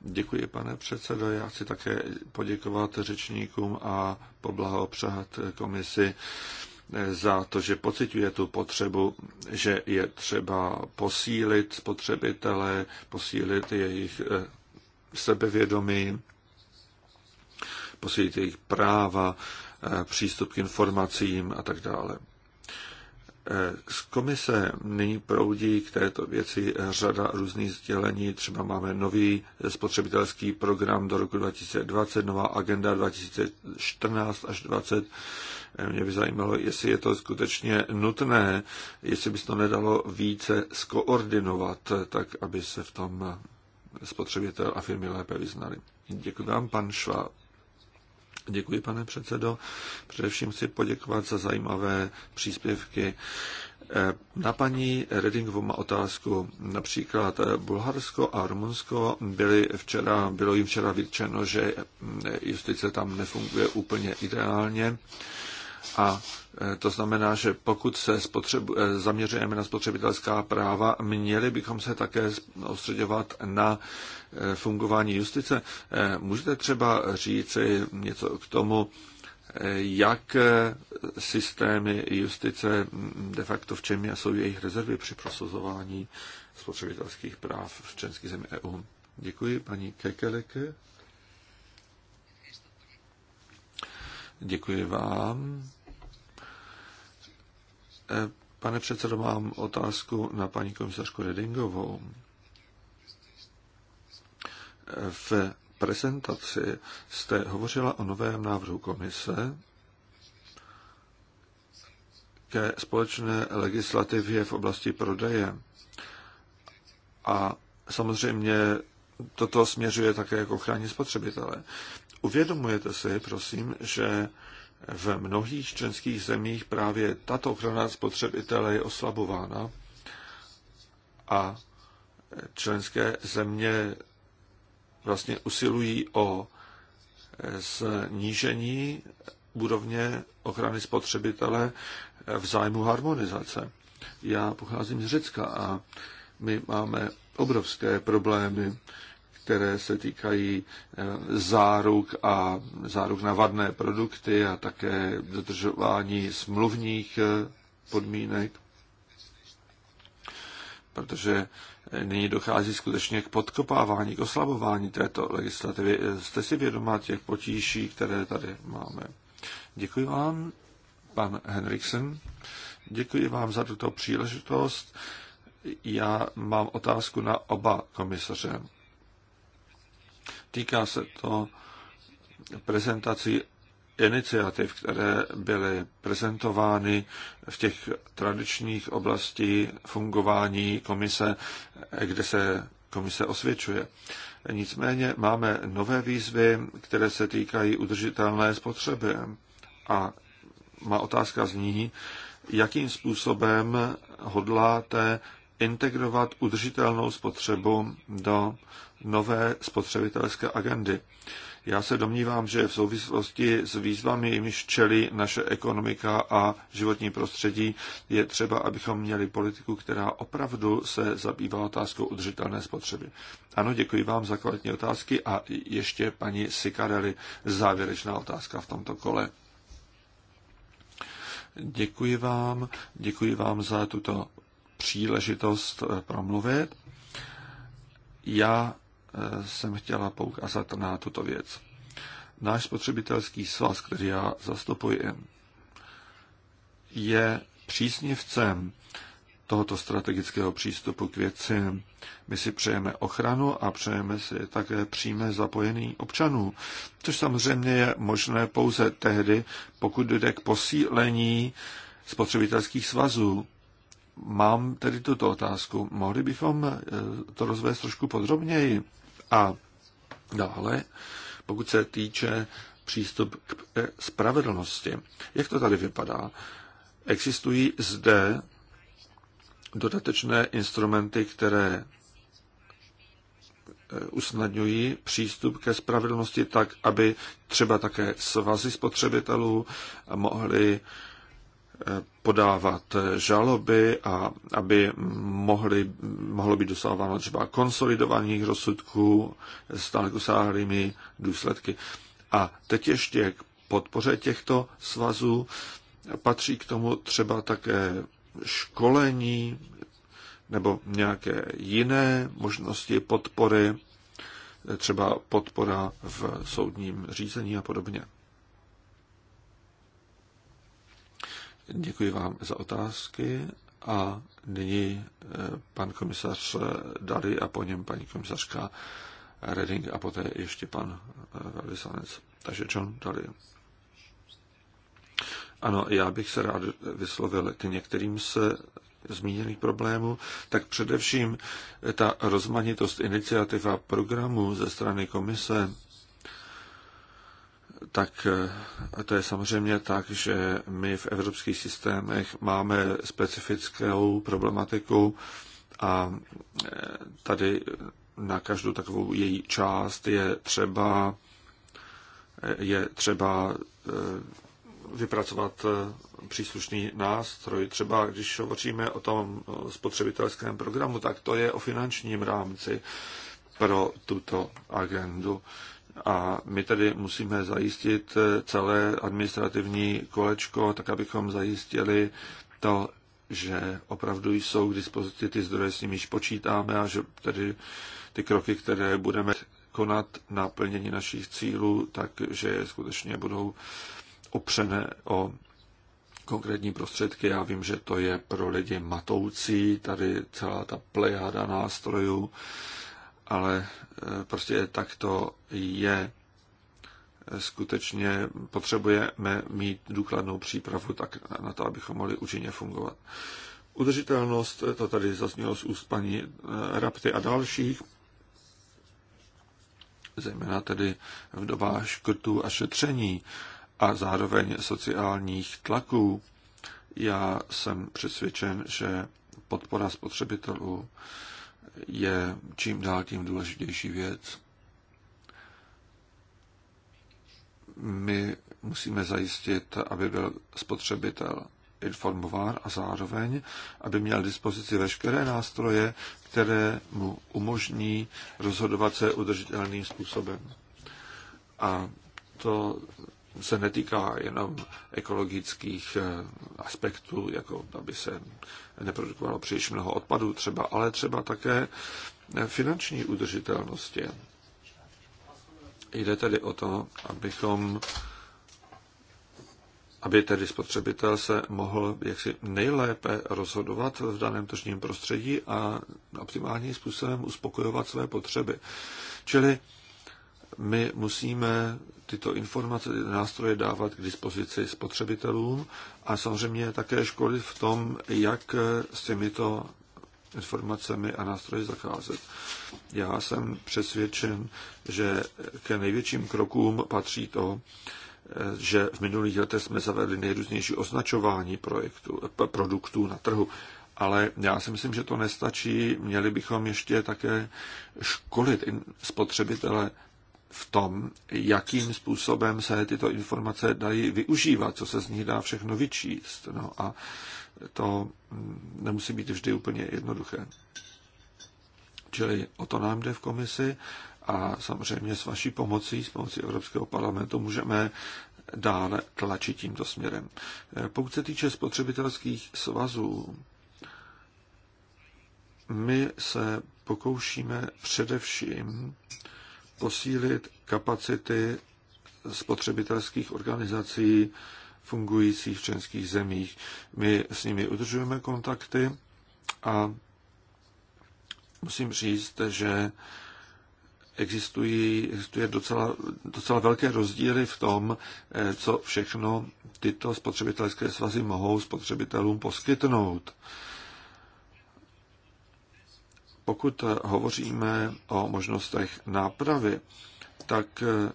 Děkuji, pane předsedo. Já chci také poděkovat řečníkům a poblahopřát komisi za to, že pociťuje tu potřebu, že je třeba posílit spotřebitele, posílit jejich eh, sebevědomí, posílit jejich práva, eh, přístup k informacím a tak dále. Z komise nyní proudí k této věci řada různých sdělení. Třeba máme nový spotřebitelský program do roku 2020, nová agenda 2014 až 2020. Mě by zajímalo, jestli je to skutečně nutné, jestli by se to nedalo více skoordinovat, tak aby se v tom spotřebitel a firmy lépe vyznali. Děkuji vám, pan Šváb. Děkuji, pane předsedo. Především chci poděkovat za zajímavé příspěvky. Na paní Redingovou má otázku. Například eh, Bulharsko a Rumunsko byly včera, bylo jim včera vyčeno, že mm, justice tam nefunguje úplně ideálně. A e, to znamená, že pokud se spotřebu, e, zaměřujeme na spotřebitelská práva, měli bychom se také ostředovat na e, fungování justice. Můžete třeba říci něco k tomu, jak systémy justice de facto v čem jsou jejich rezervy při prosazování spotřebitelských práv v členských zemích EU. Děkuji, paní Kekeleke. Děkuji vám. E, pane předsedo, mám otázku na paní komisařku Redingovou. E, v prezentaci jste hovořila o novém návrhu komise ke společné legislativě v oblasti prodeje. A samozřejmě toto směřuje také k ochraně spotřebitele. Uvědomujete si, prosím, že v mnohých členských zemích právě tato ochrana spotřebitele je oslabována a členské země vlastně usilují o snížení úrovně ochrany spotřebitele v zájmu harmonizace. Já pocházím z Řecka a my máme obrovské problémy které se týkají eh, záruk a záruk na vadné produkty a také dodržování smluvních eh, podmínek, protože eh, nyní dochází skutečně k podkopávání, k oslabování této legislativy. Jste si vědomá těch potíží, které tady máme. Děkuji vám, pan Henriksen. Děkuji vám za tuto příležitost. Já mám otázku na oba komisaře. Týká se to prezentací iniciativ, které byly prezentovány v těch tradičních oblastí fungování komise, kde se komise osvědčuje. Nicméně máme nové výzvy, které se týkají udržitelné spotřeby. A má otázka zní, jakým způsobem hodláte integrovat udržitelnou spotřebu do nové spotřebitelské agendy. Já se domnívám, že v souvislosti s výzvami, jimiž čelí naše ekonomika a životní prostředí, je třeba, abychom měli politiku, která opravdu se zabývá otázkou udržitelné spotřeby. Ano, děkuji vám za kvalitní otázky a ještě paní Sikareli závěrečná otázka v tomto kole. Děkuji vám, děkuji vám za tuto příležitost eh, promluvit. Já jsem chtěla poukázat na tuto věc. Náš spotřebitelský svaz, který já zastupuji, je příznivcem tohoto strategického přístupu k věci. My si přejeme ochranu a přejeme si také přímé zapojení občanů, což samozřejmě je možné pouze tehdy, pokud jde k posílení spotřebitelských svazů. Mám tedy tuto otázku. Mohli bychom eh, to rozvést trošku podrobněji? A dále, pokud se týče přístup k eh, spravedlnosti, jak to tady vypadá? Existují zde dodatečné instrumenty, které eh, usnadňují přístup ke spravedlnosti tak, aby třeba také svazy spotřebitelů mohly podávat žaloby a aby mohly, mohlo být dosáváno třeba konsolidovaných rozsudků s dalekosáhlými důsledky. A teď ještě k podpoře těchto svazů patří k tomu třeba také školení nebo nějaké jiné možnosti podpory, třeba podpora v soudním řízení a podobně. Děkuji vám za otázky a nyní eh, pan komisař Dary a po něm paní komisařka Reding a poté ještě pan eh, velvyslanec. Takže John Dali. Ano, já bych se rád vyslovil k některým z zmíněných problémů, tak především ta rozmanitost iniciativ a programů ze strany komise tak eh, to je samozřejmě tak, že my v evropských systémech máme specifickou problematiku a eh, tady na každou takovou její část je třeba, eh, je třeba vypracovat příslušný nástroj. Třeba když hovoříme o tom spotřebitelském programu, tak to je o finančním rámci pro tuto agendu. A my tedy musíme zajistit celé administrativní kolečko, tak abychom zajistili to, že opravdu jsou k dispozici ty zdroje, s nimiž počítáme a že tedy ty kroky, které budeme konat na plnění našich cílů, takže skutečně budou opřené o konkrétní prostředky. Já vím, že to je pro lidi matoucí, tady celá ta plejada nástrojů, ale prostě tak to je. Skutečně potřebujeme mít důkladnou přípravu tak na to, abychom mohli účinně fungovat. Udržitelnost, to tady zaznělo z úst paní eh, Rapty a dalších, zejména tedy v dobách škrtů a šetření a zároveň sociálních tlaků, já jsem přesvědčen, že podpora spotřebitelů je čím dál tím důležitější věc. My musíme zajistit, aby byl spotřebitel informován a zároveň, aby měl dispozici veškeré nástroje, které mu umožní rozhodovat se udržitelným způsobem. A to se netýká jenom ekologických eh, aspektů, jako aby se neprodukovalo příliš mnoho odpadů třeba, ale třeba také eh, finanční udržitelnosti. Jde tedy o to, abychom aby tedy spotřebitel se mohl jaksi nejlépe rozhodovat v daném tržním prostředí a optimálním způsobem uspokojovat své potřeby. Čili my musíme tyto informace, nástroje dávat k dispozici spotřebitelům a samozřejmě také školy v tom, jak s těmito informacemi a nástroji zacházet. Já jsem přesvědčen, že ke největším krokům patří to, že v minulých letech jsme zavedli nejrůznější označování projektu, produktů na trhu. Ale já si myslím, že to nestačí. Měli bychom ještě také školit spotřebitele v tom, jakým způsobem se tyto informace dají využívat, co se z nich dá všechno vyčíst. No a to nemusí být vždy úplně jednoduché. Čili o to nám jde v komisi a samozřejmě s vaší pomocí, s pomocí Evropského parlamentu, můžeme dále tlačit tímto směrem. Pokud se týče spotřebitelských svazů, my se pokoušíme především posílit kapacity spotřebitelských organizací fungujících v členských zemích. My s nimi udržujeme kontakty a musím říct, že existují, existuje docela, docela velké rozdíly v tom, eh, co všechno tyto spotřebitelské svazy mohou spotřebitelům poskytnout pokud hovoříme o možnostech nápravy, tak eh,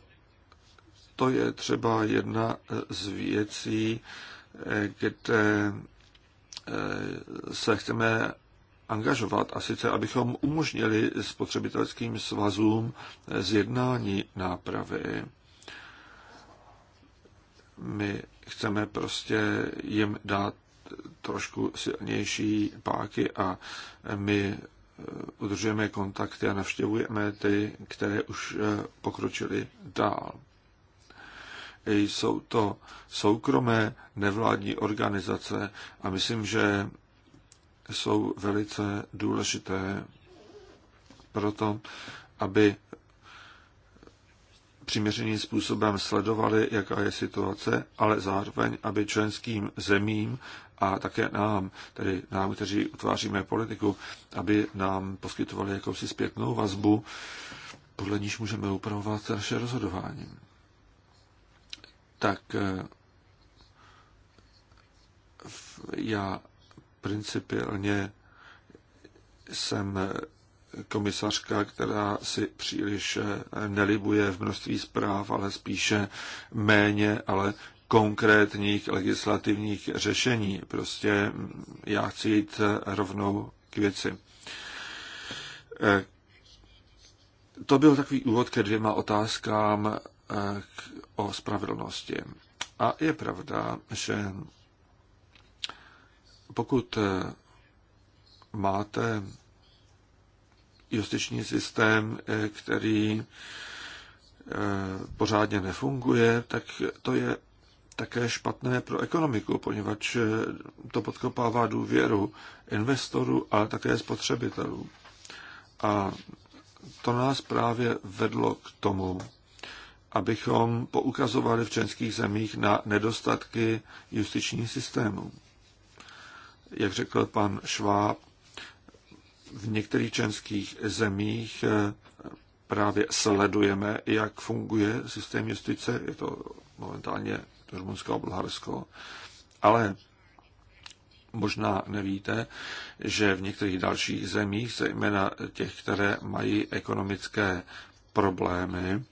to je třeba jedna eh, z věcí, eh, kde se chceme angažovat, a sice abychom umožnili spotřebitelským svazům zjednání nápravy. My chceme prostě jim dát trošku silnější páky a my udržujeme kontakty a navštěvujeme ty, které už eh, pokročily dál. Jsou to soukromé nevládní organizace a myslím, že jsou velice důležité pro to, aby přiměřeným způsobem sledovali, jaká je situace, ale zároveň, aby členským zemím a také nám, tedy nám, kteří utváříme politiku, aby nám poskytovali jakousi zpětnou vazbu, podle níž můžeme upravovat naše rozhodování. Tak eh, já principiálně jsem eh, komisařka, která si příliš eh, nelibuje v množství zpráv, ale spíše méně, ale konkrétních legislativních řešení. Prostě já chci jít rovnou k věci. To byl takový úvod ke dvěma otázkám eh, o spravedlnosti. A je pravda, že pokud eh, máte justiční systém, eh, který pořádně nefunguje, tak to je také špatné pro ekonomiku, poněvadž to podkopává důvěru investorů, ale také spotřebitelů. A to nás právě vedlo k tomu, abychom poukazovali v českých zemích na nedostatky justičních systémů. Jak řekl pan Šváb, v některých českých zemích eh, právě sledujeme, jak funguje systém justice. Je to momentálně Rumunsko a Bulharsko. Ale možná nevíte, že v některých dalších zemích, zejména těch, které mají ekonomické problémy,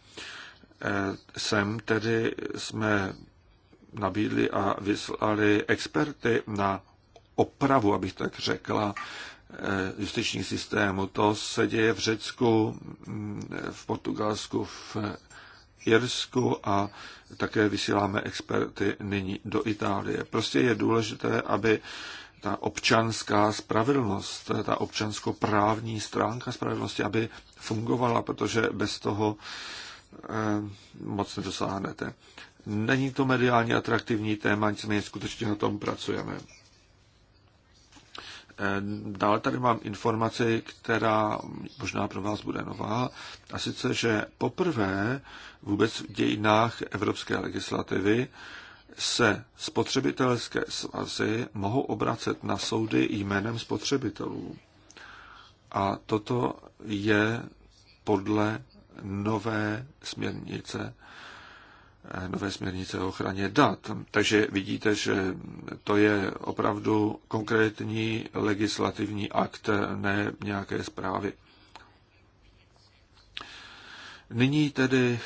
eh, sem tedy jsme nabídli a vyslali experty na opravu, abych tak řekla, eh, justičních systémů. To se děje v Řecku, mm, v Portugalsku, v Irsku a také vysíláme experty nyní do Itálie. Prostě je důležité, aby ta občanská spravedlnost, ta občanskoprávní stránka spravedlnosti, aby fungovala, protože bez toho eh, moc nedosáhnete. Není to mediálně atraktivní téma, nicméně skutečně na tom pracujeme. Eh, Dále tady mám informaci, která možná pro vás bude nová, a sice, že poprvé vůbec v dějinách evropské legislativy se spotřebitelské svazy mohou obracet na soudy jménem spotřebitelů. A toto je podle nové směrnice nové směrnice o ochraně dat. Takže vidíte, že to je opravdu konkrétní legislativní akt, ne nějaké zprávy. Nyní tedy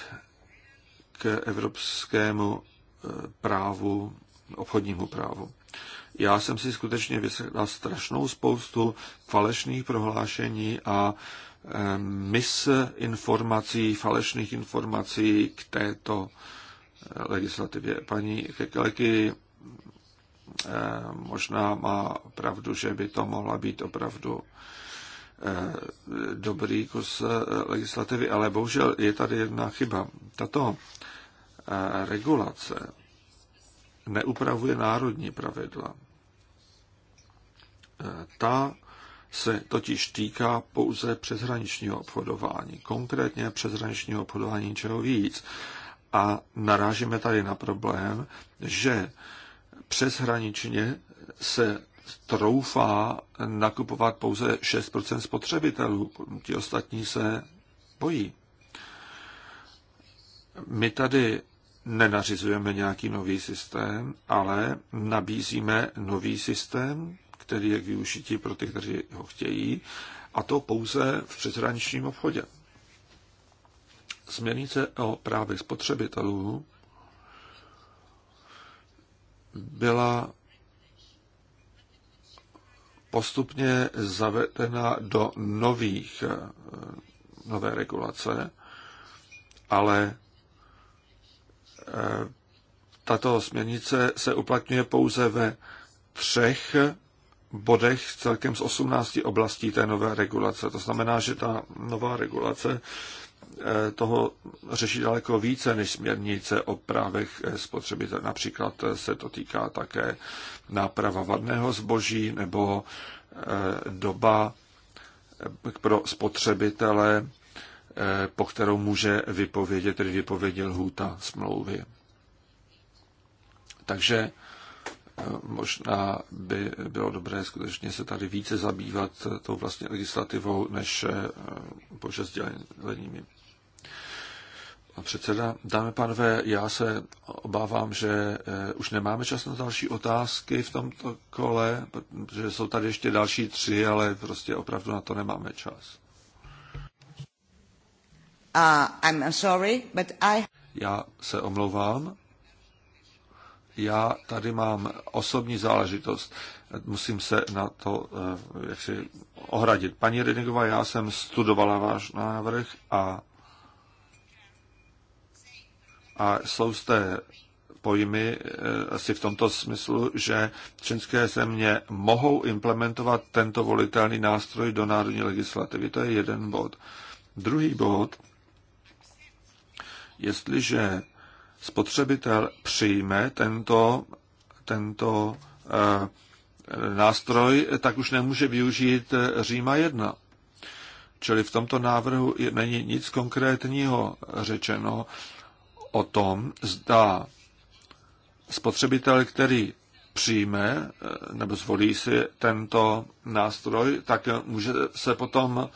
k evropskému eh, právu, obchodnímu právu. Já jsem si skutečně vyslechl strašnou spoustu falešných prohlášení a eh, misinformací, falešných informací k této legislativě. Paní Kekeleky eh, možná má pravdu, že by to mohla být opravdu eh, dobrý kus eh, legislativy, ale bohužel je tady jedna chyba. Tato regulace neupravuje národní pravidla. Ta se totiž týká pouze přeshraničního obchodování, konkrétně přeshraničního obchodování čeho víc a narážíme tady na problém, že přeshraničně se troufá nakupovat pouze 6% spotřebitelů. Ti ostatní se bojí. My tady nenařizujeme nějaký nový systém, ale nabízíme nový systém, který je k využití pro ty, kteří ho chtějí, a to pouze v přeshraničním obchodě. Směrnice o právě spotřebitelů byla postupně zavedena do nových, nové regulace, ale eh, tato směrnice se uplatňuje pouze ve třech bodech celkem z 18 oblastí té nové regulace. To znamená, že ta nová regulace Eh, toho řeší daleko více než směrnice o právech eh, spotřebitele. Například eh, se to týká také náprava vadného zboží nebo doba pro spotřebitele, po kterou může vypovědět, tedy vypovědět lhůta smlouvy. Takže možná by bylo dobré skutečně se tady více zabývat tou vlastně legislativou, než pouze sdělenými předseda. Dámy pánové, já se obávám, že eh, už nemáme čas na další otázky v tomto kole, protože jsou tady ještě další tři, ale prostě opravdu na to nemáme čas. Uh, I'm sorry, but I... Já se omlouvám. Já tady mám osobní záležitost. Musím se na to jak eh, jaksi ohradit. Paní Redigová, já jsem studovala váš návrh a a jsou zde pojmy eh, asi v tomto smyslu, že členské země mohou implementovat tento volitelný nástroj do národní legislativy. To je jeden bod. Druhý bod, jestliže spotřebitel přijme tento, tento e, nástroj, tak už nemůže využít eh, Říma 1. Čili v tomto návrhu není nic konkrétního řečeno. E, o tom, zda spotřebitel, který přijme eh, nebo zvolí si tento nástroj, tak může se potom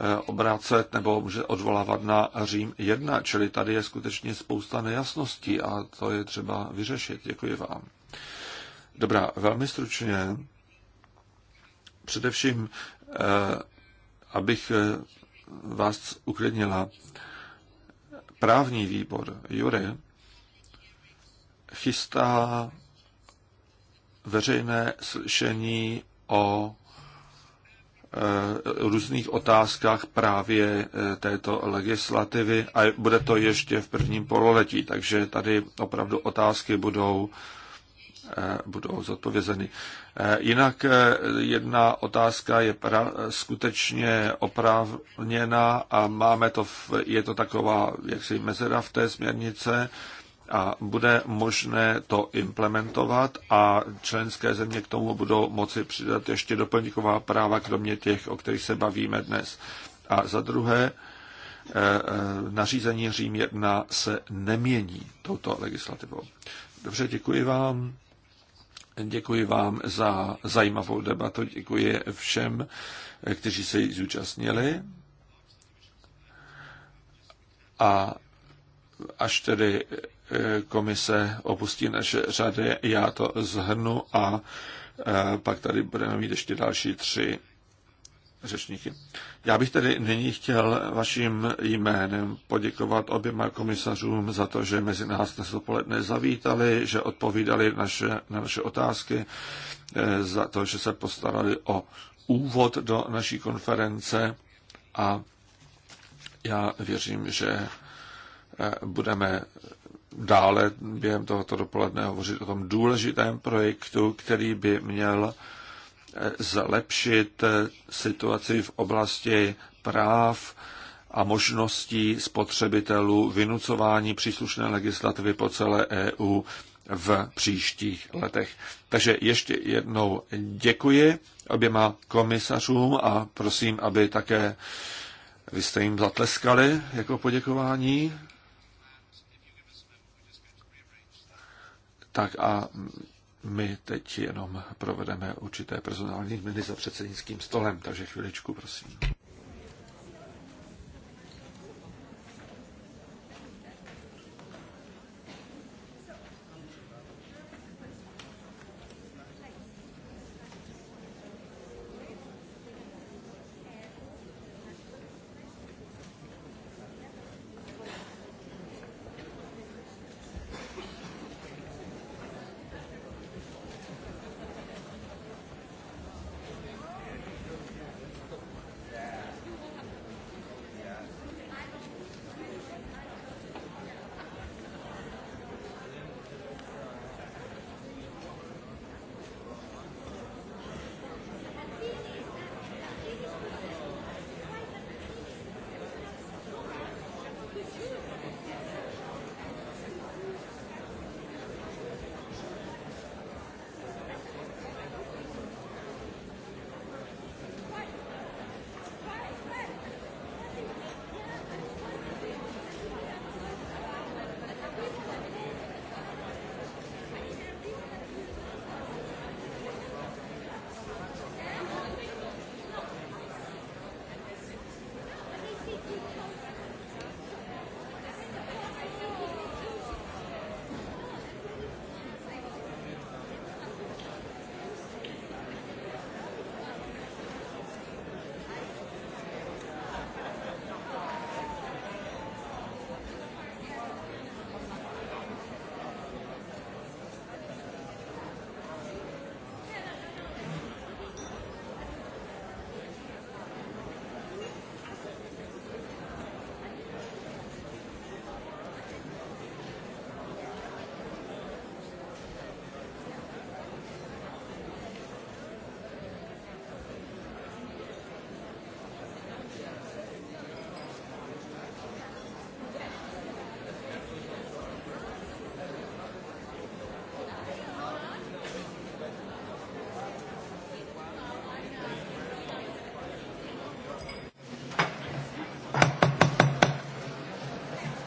eh, obrácet nebo může odvolávat na Řím 1, čili tady je skutečně spousta nejasností a to je třeba vyřešit. Děkuji vám. Dobrá, velmi stručně, především, eh, abych vás uklidnila, právní výbor Jury chystá veřejné slyšení o eh, různých otázkách právě eh, této legislativy a bude to ještě v prvním pololetí, takže tady opravdu otázky budou Eh, budou zodpovězeny. Eh, jinak eh, jedna otázka je pra, skutečně oprávněná a máme to, v, je to taková jaksi mezera v té směrnice a bude možné to implementovat a členské země k tomu budou moci přidat ještě doplňková práva, kromě těch, o kterých se bavíme dnes. A za druhé, nařízení Řím 1 se nemění touto legislativou. Dobře, děkuji vám. Děkuji vám za zajímavou debatu, děkuji všem, kteří se jí zúčastnili. A až tedy eh, komise opustí naše řady, já to zhrnu a eh, pak tady budeme mít ještě další tři řečníky. Já bych tedy nyní chtěl vaším jménem poděkovat oběma komisařům za to, že mezi nás dnes dopoledne zavítali, že odpovídali naše, na naše otázky, eh, za to, že se postarali o úvod do naší konference a já věřím, že eh, budeme dále během tohoto dopoledne hovořit o tom důležitém projektu, který by měl zlepšit situaci v oblasti práv a možností spotřebitelů vynucování příslušné legislativy po celé EU v příštích letech. Takže ještě jednou děkuji oběma komisařům a prosím, aby také vy jste jim zatleskali jako poděkování. Tak a my teď jenom provedeme určité personální změny za předsednickým stolem, takže chviličku, prosím.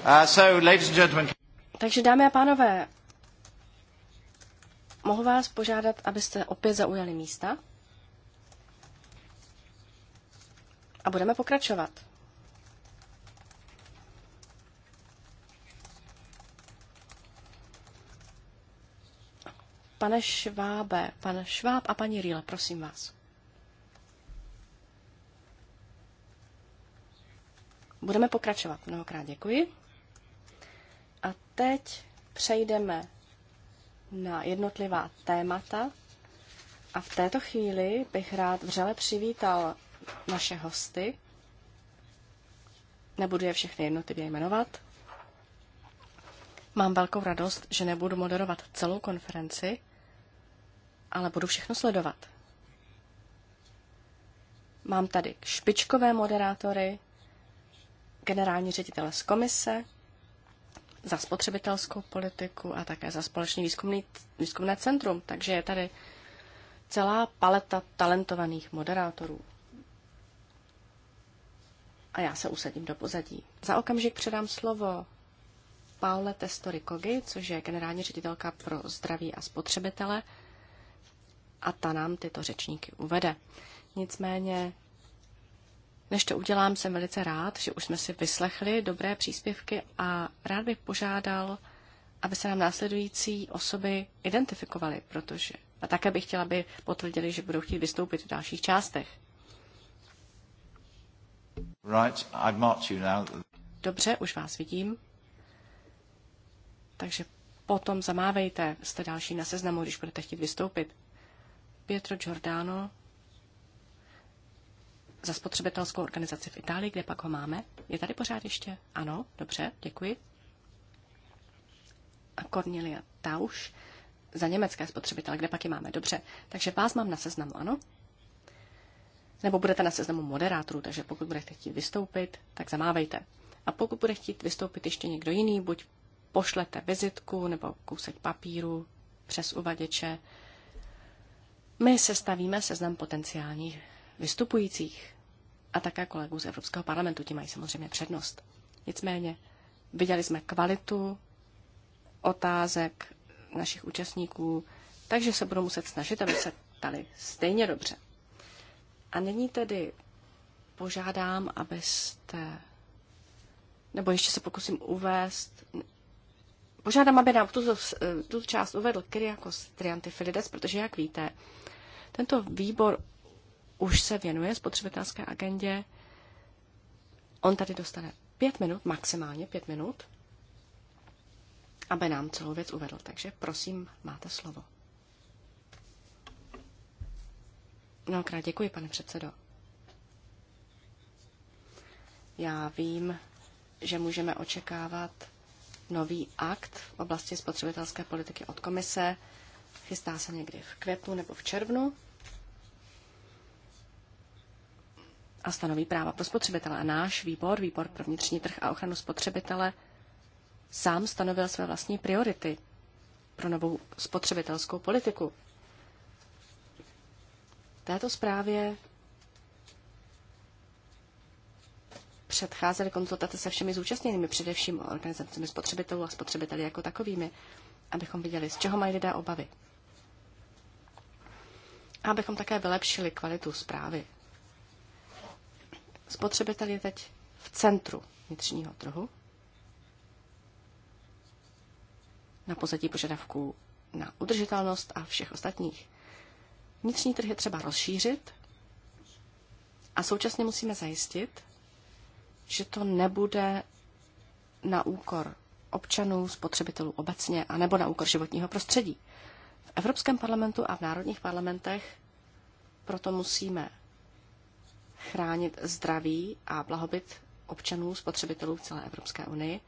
Uh, so, ladies and gentlemen. Takže dámy a pánové, mohu vás požádat, abyste opět zaujali místa? A budeme pokračovat. Pane Švábe, pan Šváb a paní Rýle, prosím vás. Budeme pokračovat. Mnohokrát děkuji. A teď přejdeme na jednotlivá témata. A v této chvíli bych rád vřele přivítal naše hosty. Nebudu je všechny jednotlivě jmenovat. Mám velkou radost, že nebudu moderovat celou konferenci, ale budu všechno sledovat. Mám tady špičkové moderátory, generální ředitele z komise, za spotřebitelskou politiku a také za společný výzkumný, výzkumné centrum. Takže je tady celá paleta talentovaných moderátorů. A já se usadím do pozadí. Za okamžik předám slovo Paule Testory Kogi, což je generální ředitelka pro zdraví a spotřebitele. A ta nám tyto řečníky uvede. Nicméně než to udělám, jsem velice rád, že už jsme si vyslechli dobré příspěvky a rád bych požádal, aby se nám následující osoby identifikovaly, protože a také bych chtěla, aby potvrdili, že budou chtít vystoupit v dalších částech. Right, I've marked you now. Dobře, už vás vidím. Takže potom zamávejte, jste další na seznamu, když budete chtít vystoupit. Pietro Giordano, za spotřebitelskou organizaci v Itálii, kde pak ho máme. Je tady pořád ještě? Ano, dobře, děkuji. A Cornelia Tauš za německé spotřebitele, kde pak je máme. Dobře, takže vás mám na seznamu, ano? Nebo budete na seznamu moderátorů, takže pokud budete chtít vystoupit, tak zamávejte. A pokud bude chtít vystoupit ještě někdo jiný, buď pošlete vizitku nebo kousek papíru přes uvaděče. My sestavíme seznam potenciálních vystupujících a také kolegů z Evropského parlamentu, ti mají samozřejmě přednost. Nicméně viděli jsme kvalitu otázek našich účastníků, takže se budou muset snažit, aby se ptali stejně dobře. A nyní tedy požádám, abyste, nebo ještě se pokusím uvést, požádám, aby nám tuto, eh, tuto část uvedl Kyriakos Triantifilides, protože, jak víte, tento výbor už se věnuje spotřebitelské agendě. On tady dostane pět minut, maximálně pět minut, aby nám celou věc uvedl. Takže prosím, máte slovo. Mnohokrát děkuji, pane předsedo. Já vím, že můžeme očekávat nový akt v oblasti spotřebitelské politiky od komise. Chystá se někdy v květnu nebo v červnu. a stanoví práva pro spotřebitele. A náš výbor, výbor pro vnitřní trh a ochranu spotřebitele, sám stanovil své vlastní priority pro novou spotřebitelskou politiku. V této zprávě předcházely konzultace se všemi zúčastněnými, především organizacemi spotřebitelů a spotřebiteli jako takovými, abychom viděli, z čeho mají lidé obavy. A abychom také vylepšili kvalitu zprávy. Spotřebitel je teď v centru vnitřního trhu na pozadí požadavků na udržitelnost a všech ostatních. Vnitřní trh je třeba rozšířit a současně musíme zajistit, že to nebude na úkor občanů, spotřebitelů obecně, a nebo na úkor životního prostředí. V Evropském parlamentu a v národních parlamentech proto musíme chránit zdraví a blahobyt občanů, spotřebitelů v celé Evropské unii,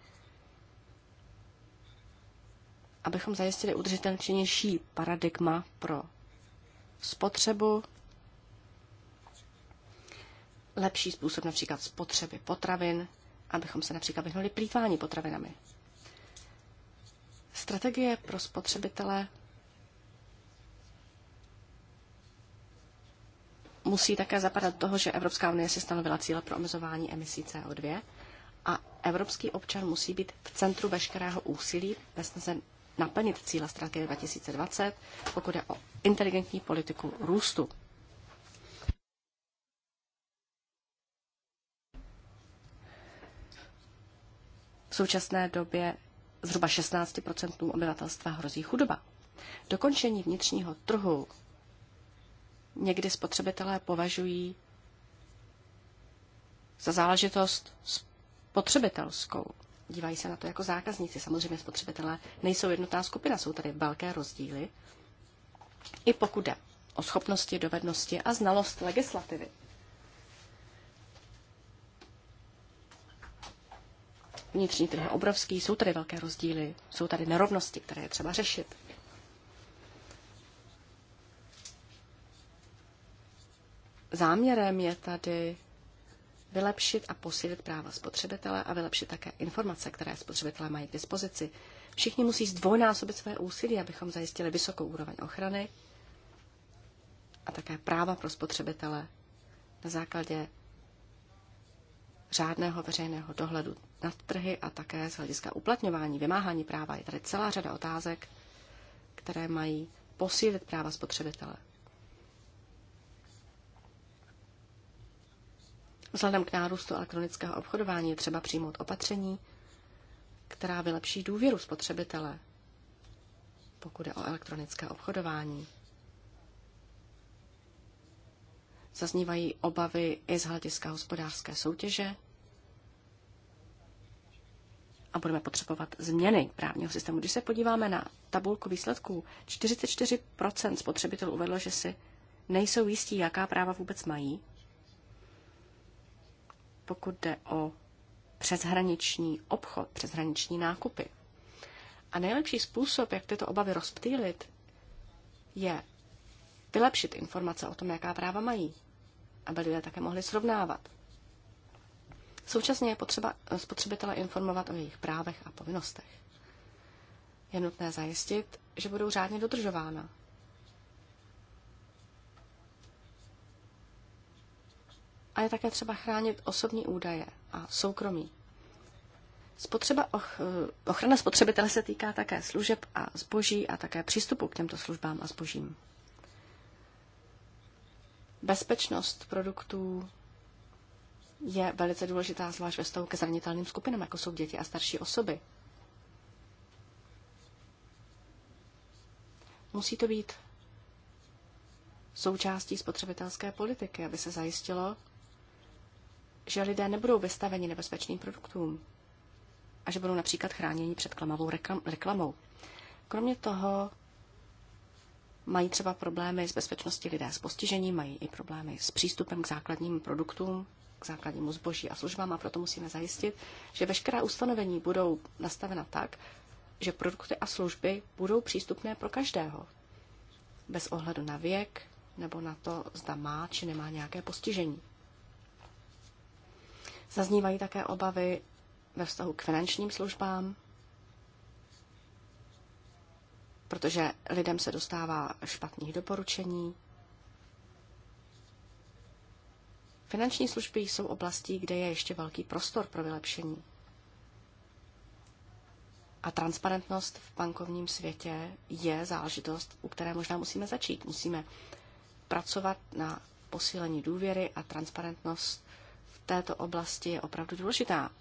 abychom zajistili udržitelnější paradigma pro spotřebu, lepší způsob například spotřeby potravin, abychom se například vyhnuli plýtvání potravinami. Strategie pro spotřebitele musí také zapadat do toho, že Evropská unie si stanovila cíle pro omezování emisí CO2 a evropský občan musí být v centru veškerého úsilí ve snaze naplnit cíle strategie 2020, pokud je o inteligentní politiku růstu. V současné době zhruba 16 obyvatelstva hrozí chudoba. Dokončení vnitřního trhu někdy spotřebitelé považují za záležitost spotřebitelskou. Dívají se na to jako zákazníci. Samozřejmě spotřebitelé nejsou jednotná skupina, jsou tady velké rozdíly. I pokud jde o schopnosti, dovednosti a znalost legislativy. Vnitřní trh je obrovský, jsou tady velké rozdíly, jsou tady nerovnosti, které je třeba řešit. záměrem je tady vylepšit a posílit práva spotřebitele a vylepšit také informace, které spotřebitelé mají k dispozici. Všichni musí zdvojnásobit své úsilí, abychom zajistili vysokou úroveň ochrany a také práva pro spotřebitele na základě řádného veřejného dohledu nad trhy a také z hlediska uplatňování, vymáhání práva. Je tady celá řada otázek, které mají posílit práva spotřebitele. Vzhledem k nárůstu elektronického obchodování je třeba přijmout opatření, která vylepší důvěru spotřebitele, pokud je o elektronické obchodování. Zaznívají obavy i z hlediska hospodářské soutěže a budeme potřebovat změny právního systému. Když se podíváme na tabulku výsledků, 44% spotřebitelů uvedlo, že si nejsou jistí, jaká práva vůbec mají pokud jde o přeshraniční obchod, přeshraniční nákupy. A nejlepší způsob, jak tyto obavy rozptýlit, je vylepšit informace o tom, jaká práva mají, aby lidé také mohli srovnávat. Současně je potřeba spotřebitele informovat o jejich právech a povinnostech. Je nutné zajistit, že budou řádně dodržována, A je také třeba chránit osobní údaje a soukromí. Spotřeba och, eh, ochrana spotřebitele se týká také služeb a zboží a také přístupu k těmto službám a zbožím. Bezpečnost produktů je velice důležitá, zvlášť ve vztahu ke zranitelným skupinám, jako jsou děti a starší osoby. Musí to být součástí spotřebitelské politiky, aby se zajistilo, že lidé nebudou vystaveni nebezpečným produktům a že budou například chráněni před klamavou reklamou. Kromě toho mají třeba problémy s bezpečností lidé s postižením, mají i problémy s přístupem k základním produktům, k základnímu zboží a službám a proto musíme zajistit, že veškerá ustanovení budou nastavena tak, že produkty a služby budou přístupné pro každého, bez ohledu na věk nebo na to, zda má či nemá nějaké postižení. Zaznívají také obavy ve vztahu k finančním službám, protože lidem se dostává špatných doporučení. Finanční služby jsou oblastí, kde je ještě velký prostor pro vylepšení. A transparentnost v bankovním světě je záležitost, u které možná musíme začít. Musíme pracovat na posílení důvěry a transparentnost této oblasti je opravdu důležitá,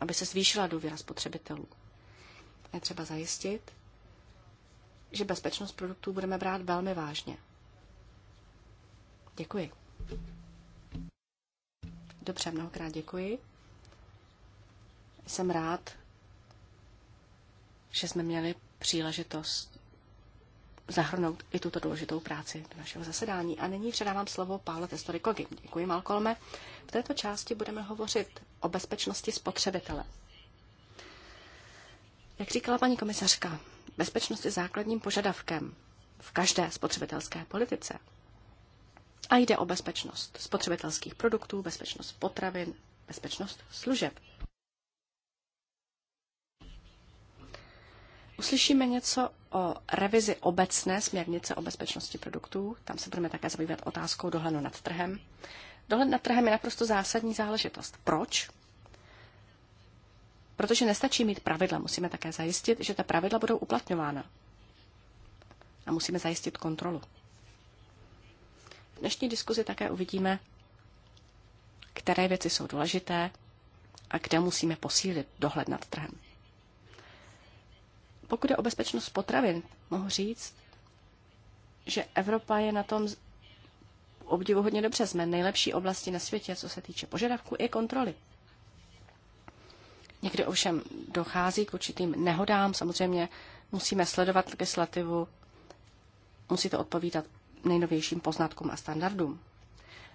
aby se zvýšila důvěra spotřebitelů. Je třeba zajistit, že bezpečnost produktů budeme brát velmi vážně. Děkuji. Dobře, mnohokrát děkuji. Jsem rád, že jsme měli příležitost zahrnout i tuto důležitou práci do našeho zasedání. A nyní předávám slovo Pále Testorikovi. Děkuji, Malkolme. V této části budeme hovořit o bezpečnosti spotřebitele. Jak říkala paní komisařka, bezpečnost je základním požadavkem v každé spotřebitelské politice. A jde o bezpečnost spotřebitelských produktů, bezpečnost potravin, bezpečnost služeb. Uslyšíme něco o revizi obecné směrnice o bezpečnosti produktů. Tam se budeme také zabývat otázkou dohledu nad trhem. Dohled nad trhem je naprosto zásadní záležitost. Proč? Protože nestačí mít pravidla, musíme také zajistit, že ta pravidla budou uplatňována. A musíme zajistit kontrolu. V dnešní diskuzi také uvidíme, které věci jsou důležité a kde musíme posílit dohled nad trhem. Pokud je o bezpečnost potravin, mohu říct, že Evropa je na tom obdivu hodně dobře. Jsme nejlepší oblasti na světě, co se týče požadavků i kontroly. Někdy ovšem dochází k určitým nehodám. Samozřejmě musíme sledovat legislativu, musí to odpovídat nejnovějším poznatkům a standardům.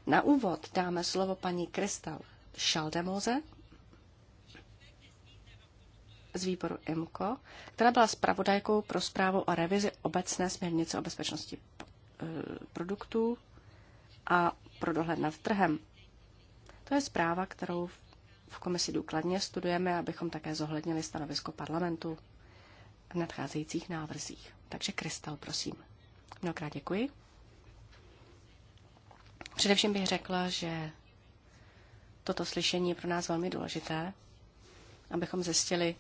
Na úvod dáme slovo paní Kristal Šaldemoze, z výboru IMCO, která byla zpravodajkou pro zprávu o revizi obecné směrnice o bezpečnosti eh, produktů a pro dohled nad trhem. To je zpráva, kterou v komisi důkladně studujeme, abychom také zohlednili stanovisko parlamentu v nadcházejících návrzích. Takže Kristal, prosím. Mnohokrát děkuji. Především bych řekla, že toto slyšení je pro nás velmi důležité, abychom zjistili,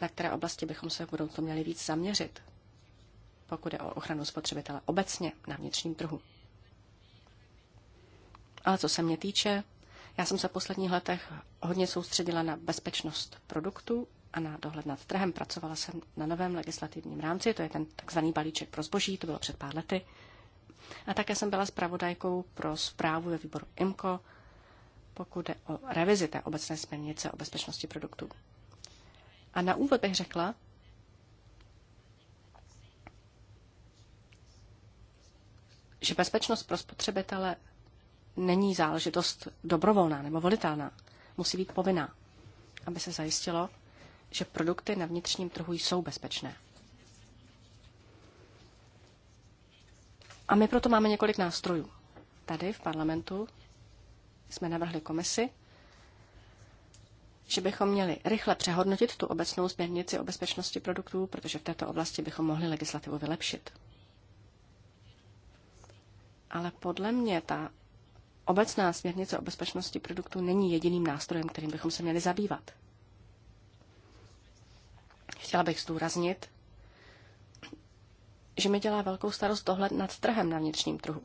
na které oblasti bychom se v budoucnu měli víc zaměřit, pokud je o ochranu spotřebitele obecně na vnitřním trhu. Ale co se mě týče, já jsem se v posledních letech hodně soustředila na bezpečnost produktů a na dohled nad trhem. Pracovala jsem na novém legislativním rámci, to je ten takzvaný balíček pro zboží, to bylo před pár lety. A také jsem byla zpravodajkou pro zprávu ve výboru IMCO, pokud je o revizi té obecné směrnice o bezpečnosti produktů. A na úvod bych řekla, že bezpečnost pro spotřebitele není záležitost dobrovolná nebo volitelná. Musí být povinná, aby se zajistilo, že produkty na vnitřním trhu jsou bezpečné. A my proto máme několik nástrojů. Tady v parlamentu jsme navrhli komisi, že bychom měli rychle přehodnotit tu obecnou směrnici o bezpečnosti produktů, protože v této oblasti bychom mohli legislativu vylepšit. Ale podle mě ta obecná směrnice o bezpečnosti produktů není jediným nástrojem, kterým bychom se měli zabývat. Chtěla bych zdůraznit, že mi dělá velkou starost dohled nad trhem na vnitřním trhu.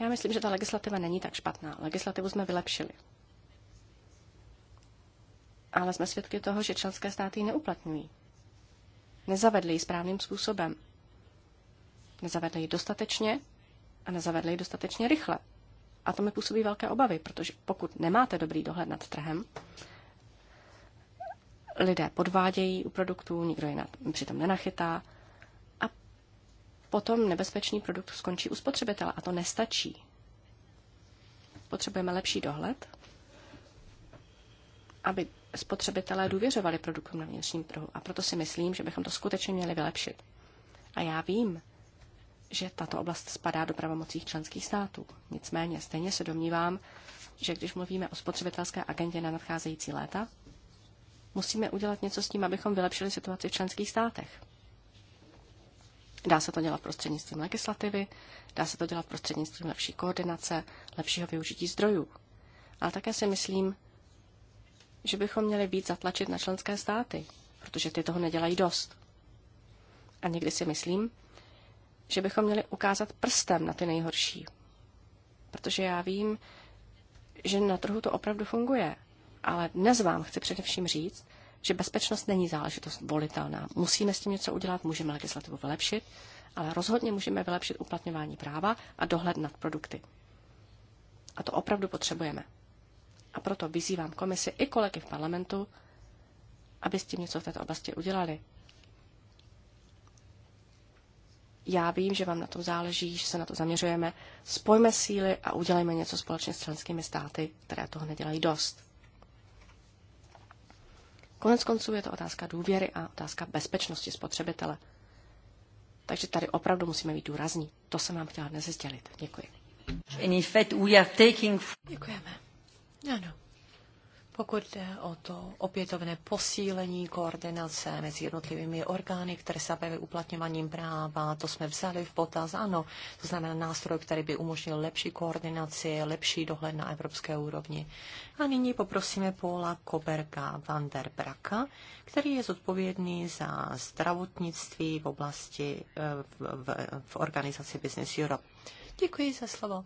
Já myslím, že ta legislativa není tak špatná. Legislativu jsme vylepšili ale jsme svědky toho, že členské státy ji neuplatňují. Nezavedli ji správným způsobem. Nezavedli ji dostatečně a nezavedli ji dostatečně rychle. A to mi působí velké obavy, protože pokud nemáte dobrý dohled nad trhem, lidé podvádějí u produktů, nikdo je přitom nenachytá a potom nebezpečný produkt skončí u spotřebitele a to nestačí. Potřebujeme lepší dohled, aby spotřebitelé důvěřovali produktům na vnitřním trhu. A proto si myslím, že bychom to skutečně měli vylepšit. A já vím, že tato oblast spadá do pravomocí členských států. Nicméně stejně se domnívám, že když mluvíme o spotřebitelské agentě na nadcházející léta, musíme udělat něco s tím, abychom vylepšili situaci v členských státech. Dá se to dělat prostřednictvím legislativy, dá se to dělat prostřednictvím lepší koordinace, lepšího využití zdrojů. Ale také si myslím, že bychom měli víc zatlačit na členské státy, protože ty toho nedělají dost. A někdy si myslím, že bychom měli ukázat prstem na ty nejhorší. Protože já vím, že na trhu to opravdu funguje. Ale dnes vám chci především říct, že bezpečnost není záležitost volitelná. Musíme s tím něco udělat, můžeme legislativu vylepšit, ale rozhodně můžeme vylepšit uplatňování práva a dohled nad produkty. A to opravdu potřebujeme. A proto vyzývám komisi i kolegy v parlamentu, aby s tím něco v této oblasti udělali. Já vím, že vám na tom záleží, že se na to zaměřujeme. Spojme síly a udělejme něco společně s členskými státy, které toho nedělají dost. Konec konců je to otázka důvěry a otázka bezpečnosti spotřebitele. Takže tady opravdu musíme být důrazní. To jsem vám chtěla dnes sdělit. Děkuji. Děkujeme. Ano. Pokud jde o to opětovné posílení koordinace mezi jednotlivými orgány, které se zabývají uplatňováním práva, to jsme vzali v potaz, ano, to znamená nástroj, který by umožnil lepší koordinaci, lepší dohled na evropské úrovni. A nyní poprosíme Paula Koberga van der Braka, který je zodpovědný za zdravotnictví v oblasti eh, v, v, v organizaci Business Europe. Děkuji za slovo.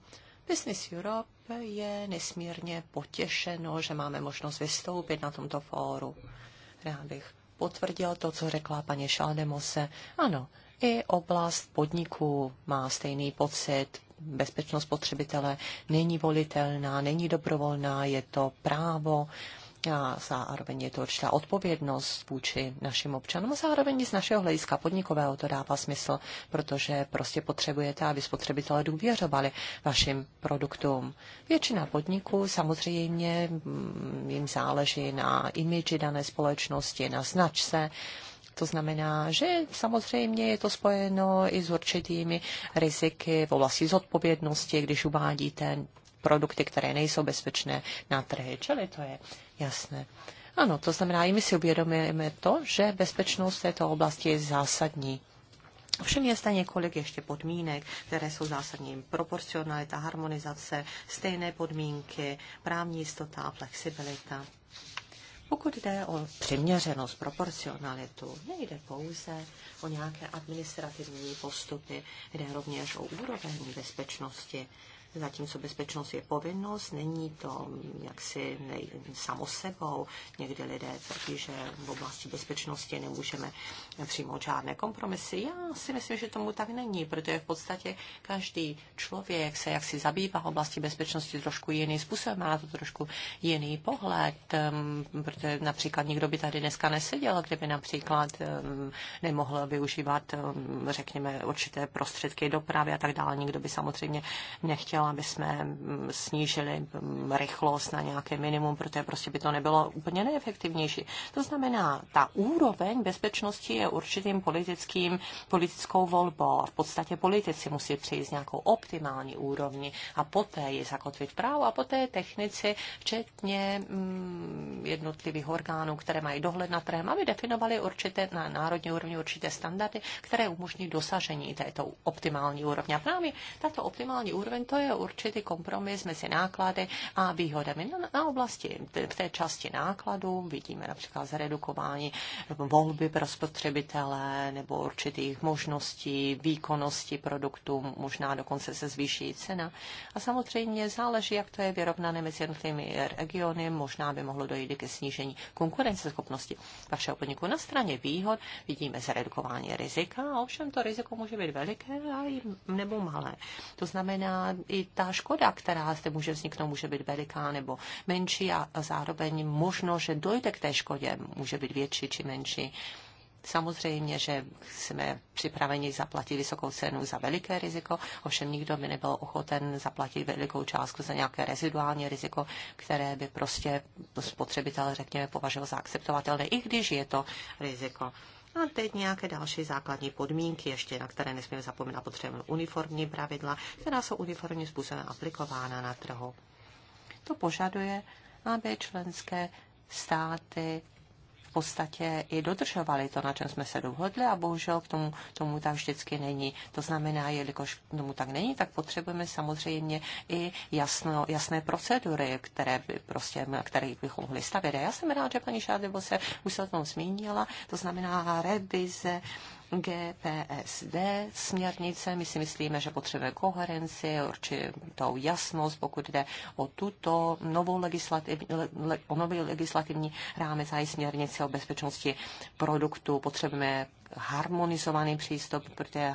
Business Europe je nesmírně potěšeno, že máme možnost vystoupit na tomto fóru. Rád bych potvrdil to, co řekla paní Šaldemose. Ano, i oblast podniků má stejný pocit. Bezpečnost spotřebitele není volitelná, není dobrovolná, je to právo a zároveň je to určitá odpovědnost vůči našim občanům a zároveň z našeho hlediska podnikového to dává smysl, protože prostě potřebujete, aby spotřebitelé důvěřovali vašim produktům. Většina podniků samozřejmě mm, jim záleží na imidži dané společnosti, na značce, to znamená, že samozřejmě je to spojeno i s určitými riziky v oblasti zodpovědnosti, když uvádíte produkty, které nejsou bezpečné na trhy. Čili to je jasné. Ano, to znamená, i my si uvědomujeme to, že bezpečnost v této oblasti je zásadní. Ovšem je zde několik ještě podmínek, které jsou zásadní. Proporcionalita, harmonizace, stejné podmínky, právní jistota a flexibilita. Pokud jde o přiměřenost, proporcionalitu, nejde pouze o nějaké administrativní postupy, jde rovněž o úroveň bezpečnosti, zatímco bezpečnost je povinnost, není to jaksi nej, samo sebou. Někdy lidé tvrdí, že v oblasti bezpečnosti nemůžeme přijmout žádné kompromisy. Já si myslím, že tomu tak není, protože v podstatě každý člověk se jaksi zabývá v oblasti bezpečnosti trošku jiný způsob, má to trošku jiný pohled, protože například nikdo by tady dneska neseděl, kdyby například nemohl využívat, řekněme, určité prostředky dopravy a tak dále. Nikdo by samozřejmě nechtěl chtěl, aby jsme mm, snížili mm, rychlost na nějaké minimum, protože prostě by to nebylo úplně neefektivnější. To znamená, ta úroveň bezpečnosti je určitým politickým, politickou volbou a v podstatě politici musí přijít s nějakou optimální úrovni a poté ji zakotvit právo a poté technici, včetně mm, jednotlivých orgánů, které mají dohled na trhem, aby definovali určité na národní úrovni určité standardy, které umožní dosažení této optimální úrovně. A právě tato optimální úroveň to je je určitý kompromis mezi náklady a výhodami. Na, no, na oblasti, v té části nákladů vidíme například zredukování volby pro spotřebitele nebo určitých možností, výkonnosti produktů, možná dokonce se zvýší cena. A samozřejmě záleží, jak to je vyrovnané mezi jednotlivými regiony, možná by mohlo dojít ke snížení konkurenceschopnosti vašeho podniku. Na straně výhod vidíme zredukování rizika, ovšem to riziko může být veliké a i, nebo malé. To znamená, i ta škoda, která zde může vzniknout, může být veliká nebo menší a zároveň možno, že dojde k té škodě, může být větší či menší. Samozřejmě, že jsme připraveni zaplatit vysokou cenu za veliké riziko, ovšem nikdo by nebyl ochoten zaplatit velikou částku za nějaké reziduální riziko, které by prostě spotřebitel, řekněme, považoval za akceptovatelné, i když je to riziko. A teď nějaké další základní podmínky, ještě na které nesmíme zapomínat, potřebujeme uniformní pravidla, která jsou uniformním způsobem aplikována na trhu. To požaduje, aby členské státy v podstatě i dodržovali to, na čem jsme se dohodli a bohužel k tomu, tomu tak vždycky není. To znamená, jelikož tomu tak není, tak potřebujeme samozřejmě i jasno, jasné procedury, které by prostě, které bychom mohli stavět. A já jsem rád, že paní Šádebo se už se o tom zmínila, to znamená revize GPSD směrnice. My si myslíme, že potřebuje koherenci, určitou jasnost, pokud jde o tuto novou legislativ, le, o nový legislativní rámec a i směrnice o bezpečnosti produktů. Potřebujeme harmonizovaný přístup, protože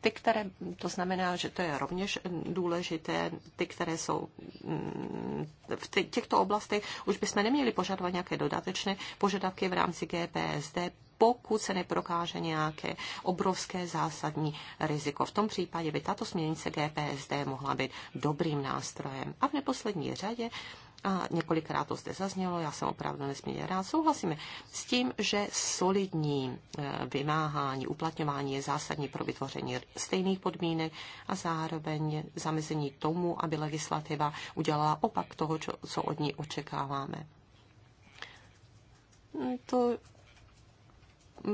ty, které, to znamená, že to je rovněž důležité, ty, které jsou mm, v těchto oblastech, už bychom neměli požadovat nějaké dodatečné požadavky v rámci GPSD, pokud se neprokáže nějaké obrovské zásadní riziko. V tom případě by tato směrnice GPSD mohla být dobrým nástrojem. A v neposlední řadě a několikrát to zde zaznělo, já jsem opravdu nesmírně rád, souhlasíme s tím, že solidní e, vymáhání, uplatňování je zásadní pro vytvoření stejných podmínek a zároveň zamezení tomu, aby legislativa udělala opak toho, co od ní očekáváme. To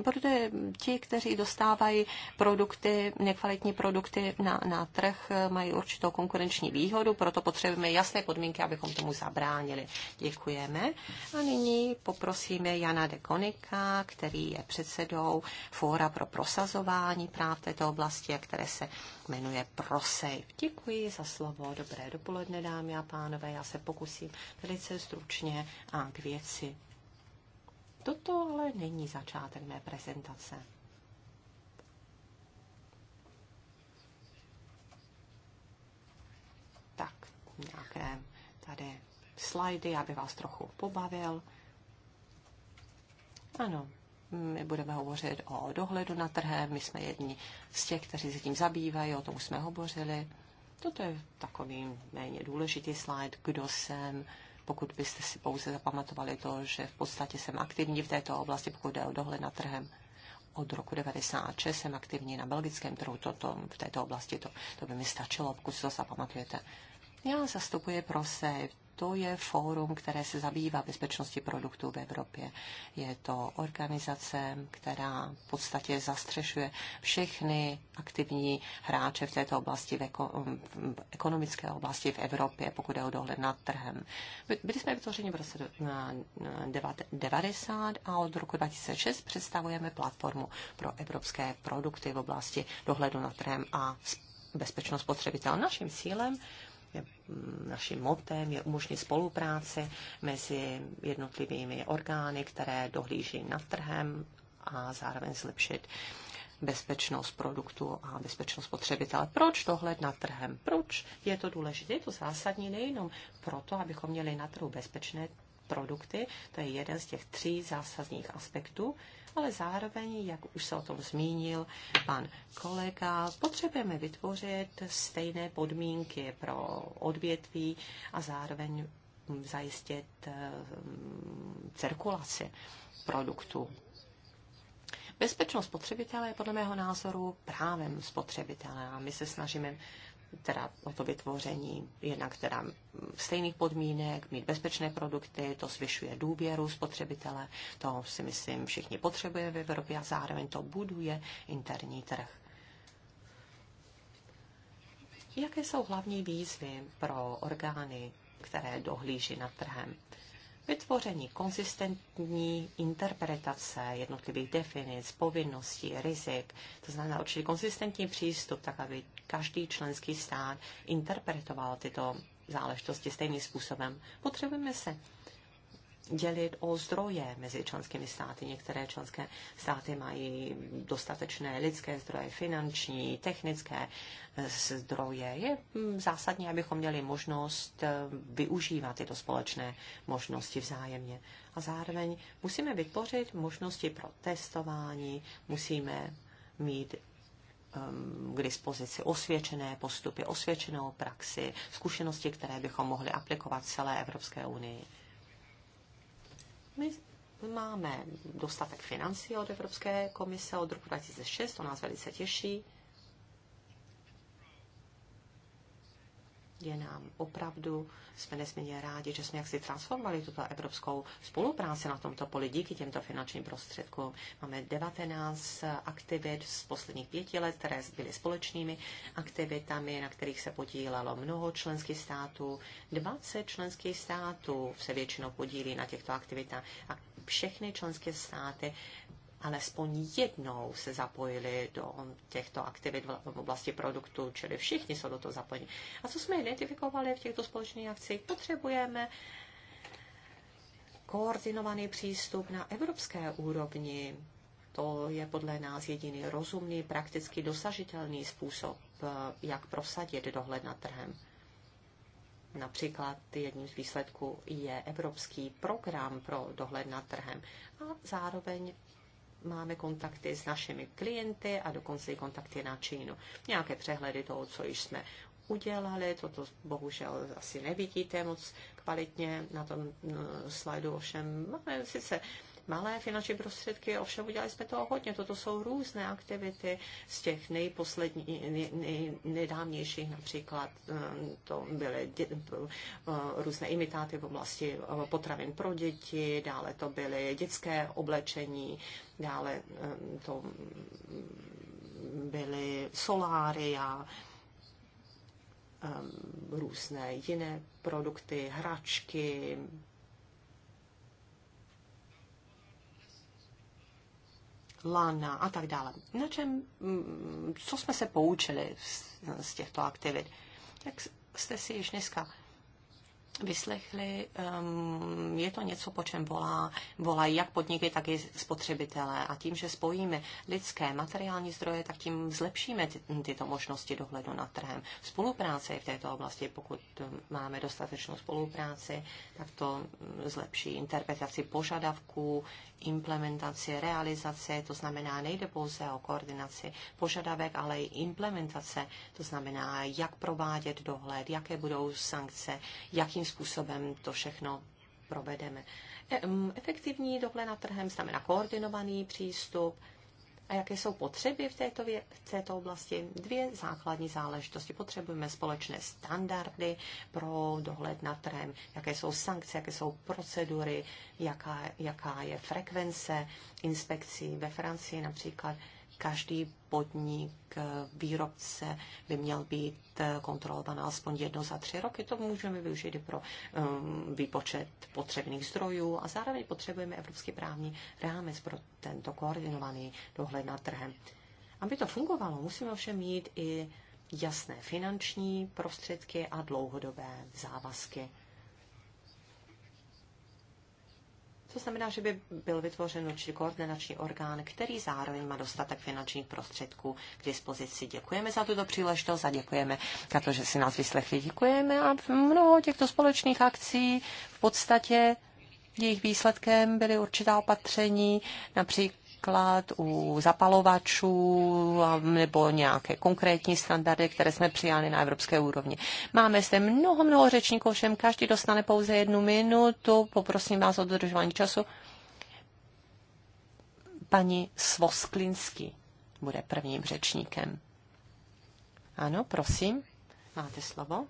protože ti, kteří dostávají produkty, nekvalitní produkty na, na trh, mají určitou konkurenční výhodu, proto potřebujeme jasné podmínky, abychom tomu zabránili. Děkujeme. A nyní poprosíme Jana Dekonika, který je předsedou Fóra pro prosazování práv této oblasti, a které se jmenuje ProSafe. Děkuji za slovo. Dobré dopoledne, dámy a pánové. Já se pokusím velice stručně a k věci Toto ale není začátek mé prezentace. Tak, nějaké tady slajdy, aby vás trochu pobavil. Ano, my budeme hovořit o dohledu na trhem, my jsme jedni z těch, kteří se tím zabývají, o tom jsme hovořili. Toto je takový méně důležitý slide, kdo jsem, pokud byste si pouze zapamatovali to, že v podstatě jsem aktivní v této oblasti, pokud jde o dohled nad trhem. Od roku 1996 jsem aktivní na belgickém trhu, to, to, v této oblasti to, to by mi stačilo, pokud si to zapamatujete. Já zastupuji pro se to je fórum, které se zabývá bezpečností produktů v Evropě. Je to organizace, která v podstatě zastřešuje všechny aktivní hráče v této oblasti, v, eko, v ekonomické oblasti v Evropě, pokud je o dohled nad trhem. Byli jsme vytvořeni v roce 90 a od roku 2006 představujeme platformu pro evropské produkty v oblasti dohledu nad trhem a bezpečnost potřebitel. Naším cílem je, vlastně, mm, naším motem je umožnit spolupráci mezi jednotlivými orgány, které dohlíží nad trhem a zároveň zlepšit bezpečnost produktu a bezpečnost spotřebitele. Proč dohled nad trhem? Proč je to důležité? Je to zásadní nejenom proto, abychom měli na trhu bezpečné produkty. To je jeden z těch tří zásadních aspektů, ale zároveň, jak už se o tom zmínil pan kolega, potřebujeme vytvořit stejné podmínky pro odvětví a zároveň zajistit eh, cirkulaci produktu. Bezpečnost spotřebitele je podle mého názoru právem spotřebitele a my se snažíme teda o to vytvoření jednak teda stejných podmínek, mít bezpečné produkty, to zvyšuje důvěru spotřebitele, to si myslím všichni potřebujeme v Evropě a zároveň to buduje interní trh. Jaké jsou hlavní výzvy pro orgány, které dohlíží nad trhem? Vytvoření konzistentní interpretace jednotlivých definic, povinností, rizik, to znamená určitě konzistentní přístup, tak aby každý členský stát interpretoval tyto záležitosti stejným způsobem. Potřebujeme se dělit o zdroje mezi členskými státy. Některé členské státy mají dostatečné lidské zdroje, finanční, technické eh, zdroje. Je hm, zásadní, abychom měli možnost eh, využívat tyto společné možnosti vzájemně. A zároveň musíme vytvořit možnosti pro testování, musíme mít hm, k dispozici osvědčené postupy, osvědčenou praxi, zkušenosti, které bychom mohli aplikovat celé Evropské unii. My máme dostatek financí od Evropské komise od roku 2006, to nás velice těší. je nám opravdu, jsme nesmírně rádi, že jsme jaksi transformovali tuto evropskou spolupráci na tomto poli díky těmto finančním prostředkům. Máme 19 aktivit z posledních pěti let, které byly společnými aktivitami, na kterých se podílelo mnoho členských států. 20 členských států se většinou podílí na těchto aktivitách a všechny členské státy alespoň jednou se zapojili do těchto aktivit v oblasti produktu, čili všichni jsou do toho zapojeni. A co jsme identifikovali v těchto společných akcích? Potřebujeme koordinovaný přístup na evropské úrovni. To je podle nás jediný rozumný, prakticky dosažitelný způsob, jak prosadit dohled nad trhem. Například jedním z výsledků je evropský program pro dohled nad trhem a zároveň máme kontakty s našimi klienty a dokonce i kontakty na Čínu. Nějaké přehledy toho, co již jsme udělali, toto bohužel asi nevidíte moc kvalitně na tom no, slajdu, ovšem máme sice malé finanční prostředky, ovšem udělali jsme toho hodně. Toto jsou různé aktivity z těch nejposlední, nej, nejdávnějších například eh, to byly eh, různé imitáty v oblasti eh, potravin pro děti, dále to byly dětské oblečení, dále to byly soláry a různé jiné produkty, hračky, lana a tak dále. Na čem, mm, co jsme se poučili z, z těchto aktivit? Jak jste si již dneska vyslechli, um, je to něco, po čem volá, volají jak podniky, tak i spotřebitelé. A tím, že spojíme lidské materiální zdroje, tak tím zlepšíme ty, tyto možnosti dohledu nad trhem. Spolupráce v této oblasti, pokud ehm, máme dostatečnou spolupráci, tak to mm, zlepší interpretaci požadavků, implementaci, realizace, to znamená nejde pouze o koordinaci požadavek, ale i implementace, to znamená, jak provádět dohled, jaké budou sankce, jakým jakým způsobem to všechno provedeme. E, efektivní dohled nad trhem znamená koordinovaný přístup. A jaké jsou potřeby v této, vě- v této oblasti? Dvě základní záležitosti. Potřebujeme společné standardy pro dohled nad trhem, jaké jsou sankce, jaké jsou procedury, jaká, jaká je frekvence inspekcí ve Francii například každý podnik, eh, výrobce by měl být eh, kontrolovaný alespoň jedno za tři roky. To můžeme využít i pro um, výpočet potřebných zdrojů a zároveň potřebujeme evropský právní rámec pro tento koordinovaný dohled nad trhem. Aby to fungovalo, musíme ovšem mít i jasné finanční prostředky a dlouhodobé závazky. To znamená, že by byl vytvořen určitý koordinační orgán, který zároveň má dostatek finančních prostředků k dispozici. Děkujeme za tuto příležitost a děkujeme za to, že si nás vyslechli. Děkujeme a mnoho těchto společných akcí v podstatě jejich výsledkem byly určitá opatření, například například u zapalovačů um, nebo nějaké konkrétní standardy, které jsme přijali na evropské úrovni. Máme zde mnoho, mnoho řečníků, všem každý dostane pouze jednu minutu. Poprosím vás o dodržování času. Paní Svosklinsky bude prvním řečníkem. Ano, prosím, máte slovo.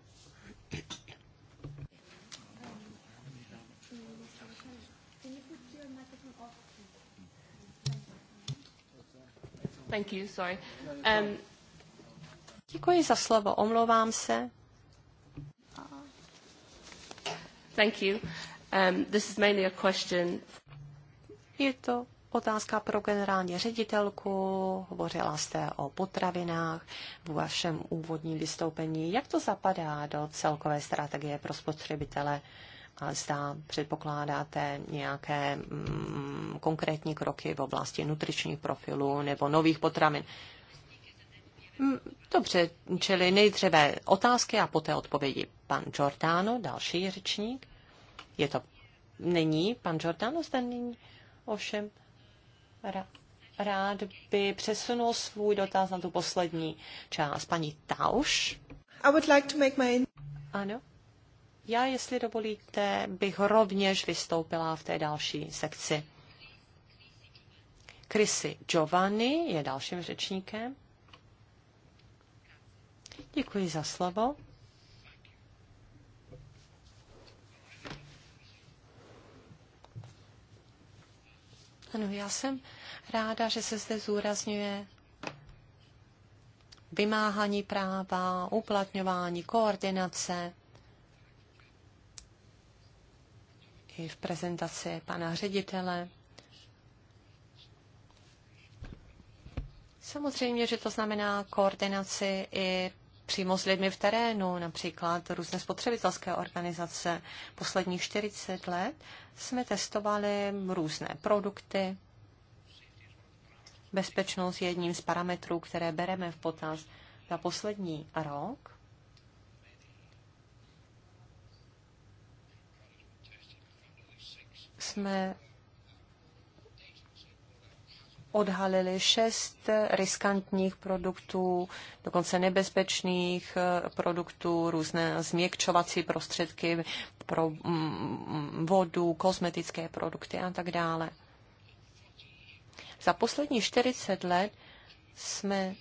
Thank you, sorry. Um, Děkuji za slovo, omlouvám se. Thank you. Um, this is mainly a question. Je to otázka pro generální ředitelku. Hovořila jste o potravinách v vašem úvodním vystoupení. Jak to zapadá do celkové strategie pro spotřebitele? Uh, zda předpokládáte nějaké mm, konkrétní kroky v oblasti nutričních profilů nebo nových potravin. Mm, dobře, čili nejdříve otázky a poté odpovědi. Pan Giordano, další řečník. Je to... Není pan Giordano zde není? Ovšem, rád by přesunul svůj dotaz na tu poslední část. Paní Tauš? I would like to make my... Ano, já, jestli dovolíte, bych rovněž vystoupila v té další sekci. Chrissy Giovanni je dalším řečníkem. Děkuji za slovo. Ano, já jsem ráda, že se zde zúrazňuje vymáhání práva, uplatňování, koordinace. i v prezentaci pana ředitele. Samozřejmě, že to znamená koordinaci i přímo s lidmi v terénu, například různé spotřebitelské organizace. Posledních 40 let jsme testovali různé produkty. Bezpečnost je jedním z parametrů, které bereme v potaz. Za poslední rok jsme odhalili šest riskantních produktů, dokonce nebezpečných eh, produktů, různé změkčovací prostředky pro mm, mm, vodu, kosmetické produkty a tak dále. Za poslední 40 let jsme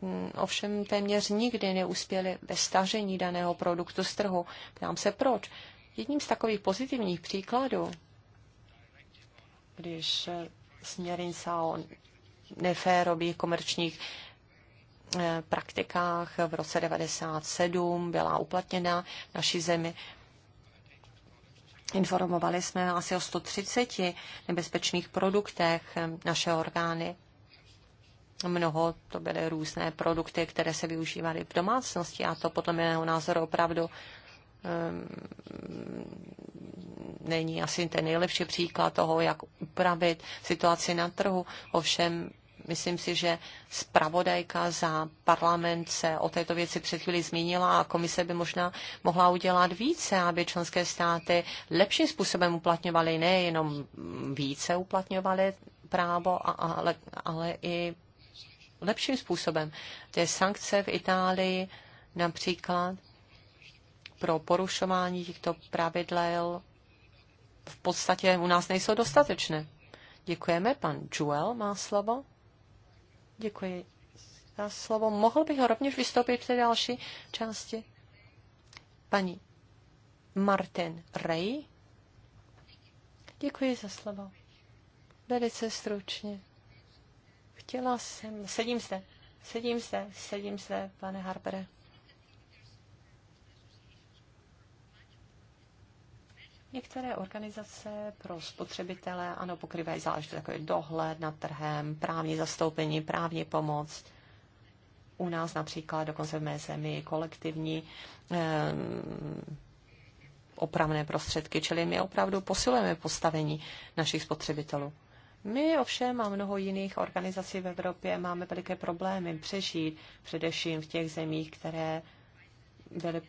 mm, ovšem téměř nikdy neuspěli ve stažení daného produktu z trhu. Ptám se proč. Jedním z takových pozitivních příkladů, když směrnice o neférových komerčních eh, praktikách v roce 1997 byla uplatněna v naší zemi. Informovali jsme asi o 130 nebezpečných produktech eh, naše orgány. Mnoho to byly různé produkty, které se využívaly v domácnosti a to podle mého názoru opravdu Ehm, není asi ten nejlepší příklad toho, jak upravit situaci na trhu. Ovšem, myslím si, že zpravodajka za parlament se o této věci před chvíli zmínila a komise by možná mohla udělat více, aby členské státy lepším způsobem uplatňovaly, nejenom více uplatňovaly právo, ale, ale i lepším způsobem. Ty sankce v Itálii například pro porušování těchto pravidel v podstatě u nás nejsou dostatečné. Děkujeme. Pan Joel má slovo. Děkuji za slovo. Mohl bych ho rovněž vystoupit v té další části? Paní Martin Ray. Děkuji za slovo. Velice stručně. Chtěla jsem... Sedím zde. Sedím zde. Sedím zde, pane Harbere. Některé organizace pro spotřebitele, ano, pokrývají záležitosti jako je dohled nad trhem, právní zastoupení, právní pomoc. U nás například, dokonce v mé zemi, kolektivní eh, opravné prostředky, čili my opravdu posilujeme postavení našich spotřebitelů. My ovšem a mnoho jiných organizací v Evropě máme veliké problémy přežít, především v těch zemích, které byly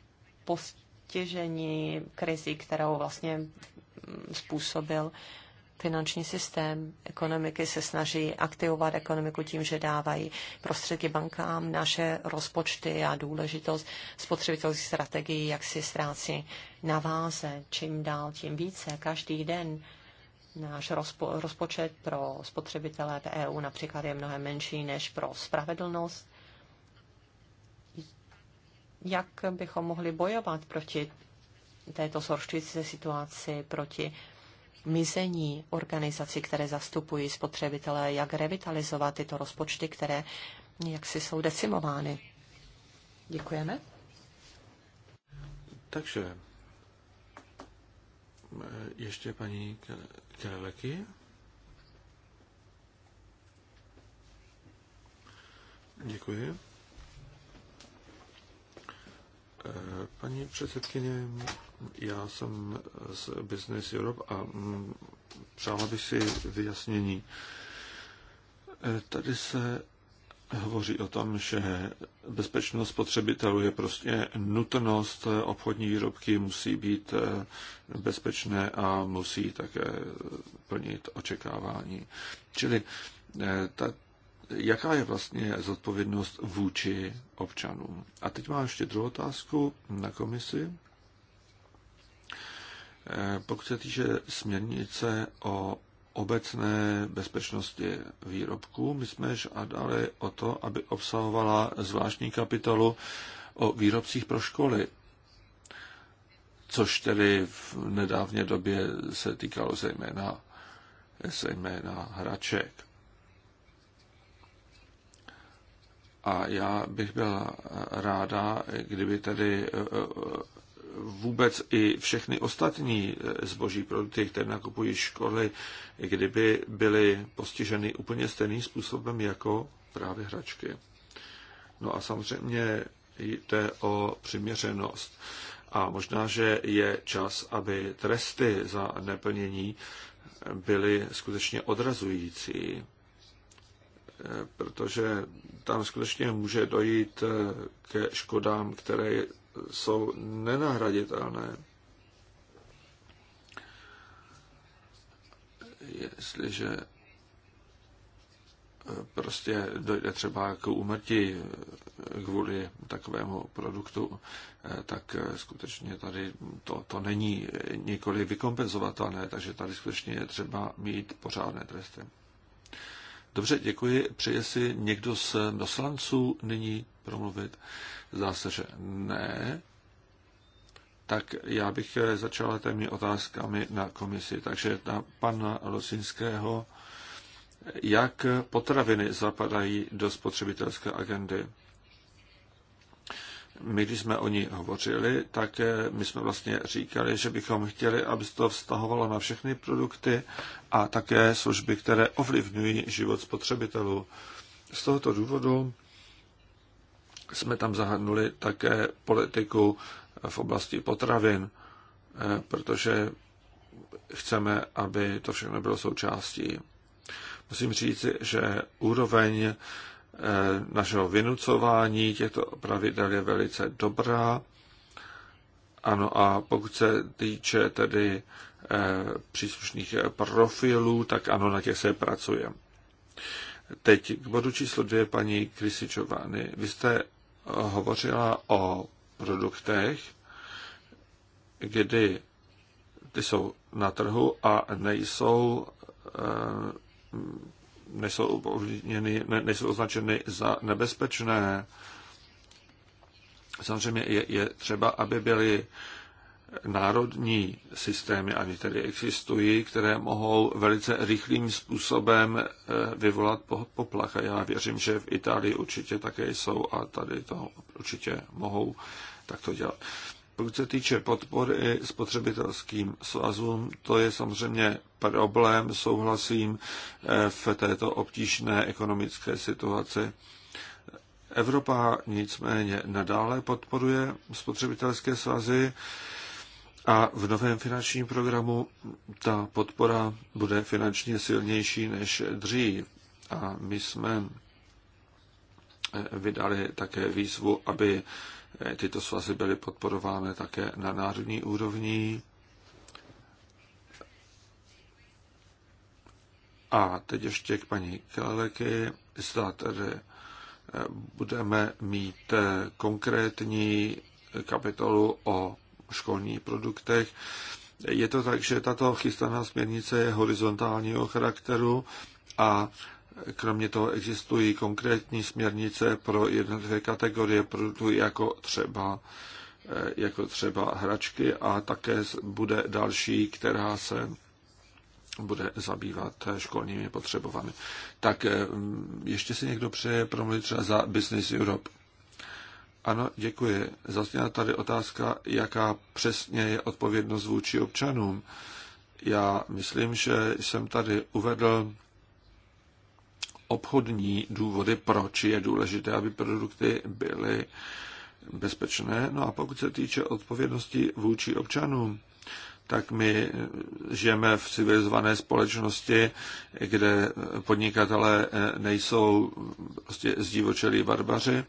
postiženy zatěženi krizi, kterou vlastně způsobil finanční systém ekonomiky se snaží aktivovat ekonomiku tím, že dávají prostředky bankám, naše rozpočty a důležitost spotřebitelských strategií, jak si ztrácí na váze, čím dál, tím více. Každý den náš rozpo, rozpočet pro spotřebitele v EU například je mnohem menší než pro spravedlnost jak bychom mohli bojovat proti této zhoršující situaci, proti mizení organizací, které zastupují spotřebitele, jak revitalizovat tyto rozpočty, které jaksi jsou decimovány. Děkujeme. Takže eh, ještě paní Kreleky. Děkuji. Paní předsedkyně, já jsem z Business Europe a mm, přála bych si vyjasnění. E, tady se hovoří o tom, že bezpečnost spotřebitelů je prostě nutnost, obchodní výrobky musí být e, bezpečné a musí také plnit očekávání. Čili e, ta, jaká je vlastně zodpovědnost vůči občanům. A teď mám ještě druhou otázku na komisi. Eh, pokud se týče směrnice o obecné bezpečnosti výrobků, my jsme dali o to, aby obsahovala zvláštní kapitolu o výrobcích pro školy, což tedy v nedávně době se týkalo zejména, zejména hraček. A já bych byla ráda, kdyby tedy e, e, vůbec i všechny ostatní e, zboží produkty, které nakupují školy, kdyby byly postiženy úplně stejným způsobem jako právě hračky. No a samozřejmě jde o přiměřenost. A možná, že je čas, aby tresty za neplnění byly skutečně odrazující. Eh, protože tam skutečně může dojít eh, ke škodám, které jsou nenahraditelné. Jestliže eh, prostě dojde třeba k úmrtí kvůli takovému produktu, tak skutečně tady to, to není nikoli vykompenzovatelné, takže tady skutečně je třeba mít pořádné tresty. Dobře, děkuji. Přeje si někdo z poslanců nyní promluvit? Zdá se, že ne. Tak já bych začala těmi otázkami na komisi. Takže na pana Losinského, jak potraviny zapadají do spotřebitelské agendy? My, když jsme o ní hovořili, tak eh, my jsme vlastně říkali, že bychom chtěli, aby se to vztahovalo na všechny produkty a také služby, které ovlivňují život spotřebitelů. Z tohoto důvodu jsme tam zahrnuli také politiku v oblasti potravin, eh, protože chceme, aby to všechno bylo součástí. Musím říct, že úroveň Eh, našeho vynucování těchto pravidel je velice dobrá. Ano, a pokud se týče tedy eh, příslušných eh, profilů, tak ano, na těch se pracuje. Teď k bodu číslo dvě, paní Krysičovány. Vy jste hovořila o produktech, kdy ty jsou na trhu a nejsou nejsou, ne, nejsou označeny za nebezpečné. Samozřejmě je, je třeba, aby byly národní systémy, ani tedy existují, které mohou velice rychlým způsobem eh, vyvolat poplach. A já věřím, že v Itálii určitě také jsou a tady to určitě mohou takto dělat. Pokud se týče podpory spotřebitelským svazům, to je samozřejmě problém, souhlasím, eh, v této obtížné ekonomické situaci. Evropa nicméně nadále podporuje spotřebitelské svazy a v novém finančním programu ta podpora bude finančně silnější než dřív. A my jsme eh, vydali také výzvu, aby Eh, tyto svazy byly podporovány také na národní úrovni. A teď ještě k paní Kaleky. Zda tedy eh, budeme mít eh, konkrétní kapitolu o školních produktech. Je to tak, že tato chystaná směrnice je horizontálního charakteru a Kromě toho existují konkrétní směrnice pro jednotlivé kategorie produktů, jako třeba, eh, jako třeba hračky a také bude další, která se bude zabývat eh, školními potřebovami. Tak eh, mm, ještě si někdo přeje promluvit třeba za Business Europe. Ano, děkuji. Zasněla tady otázka, jaká přesně je odpovědnost vůči občanům. Já myslím, že jsem tady uvedl obchodní důvody, proč je důležité, aby produkty byly bezpečné. No a pokud se týče odpovědnosti vůči občanům, tak my žijeme v civilizované společnosti, kde podnikatelé eh, nejsou prostě zdivočelí barbaři,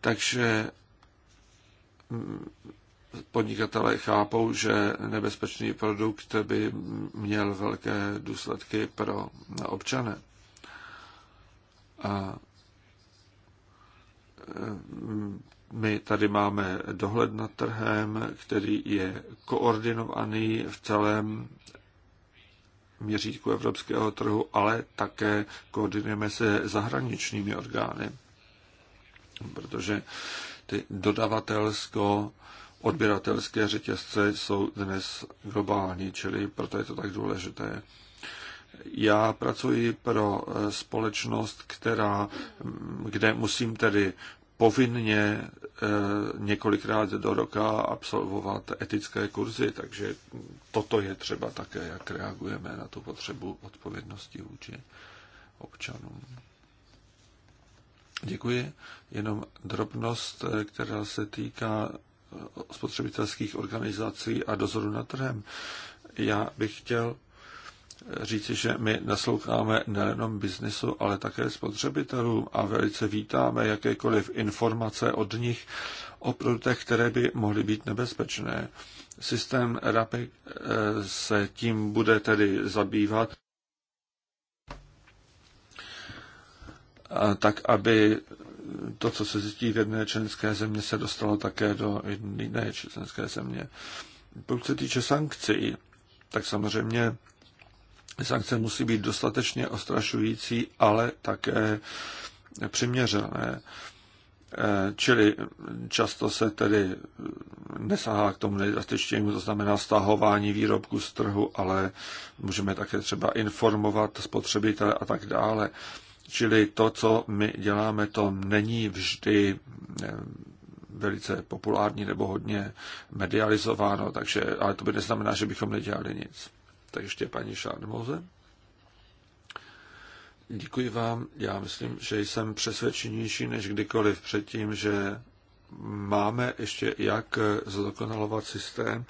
takže mm, podnikatelé chápou, že nebezpečný produkt by měl velké důsledky pro občany. A e, my tady máme dohled nad trhem, který je koordinovaný v celém měřítku evropského trhu, ale také koordinujeme se zahraničními orgány, protože ty dodavatelsko odběratelské řetězce jsou dnes globální, čili proto je to tak důležité. Já pracuji pro eh, společnost, která, mm, kde musím tedy povinně eh, několikrát do roka absolvovat etické kurzy, takže toto je třeba také, jak reagujeme na tu potřebu odpovědnosti vůči občanům. Děkuji. Jenom drobnost, eh, která se týká spotřebitelských organizací a dozoru nad trhem. Já bych chtěl říci, že my nasloucháme nejenom biznisu, ale také spotřebitelům a velice vítáme jakékoliv informace od nich o produktech, které by mohly být nebezpečné. Systém RAPEC eh, se tím bude tedy zabývat tak, aby to, co se zjistí v jedné členské země, se dostalo také do jiné členské země. Pokud se týče sankcí, tak samozřejmě Sankce musí být dostatečně ostrašující, ale také přiměřené. Eh, čili často se tedy nesahá k tomu nejdrastičtějšímu, to znamená stahování výrobku z trhu, ale můžeme také třeba informovat spotřebitele a tak dále. Čili to, co my děláme, to není vždy eh, velice populární nebo hodně medializováno, takže, ale to by neznamená, že bychom nedělali nic. Tak ještě paní Šármoze. Děkuji vám. Já myslím, že jsem přesvědčenější než kdykoliv předtím, že máme ještě jak zdokonalovat systém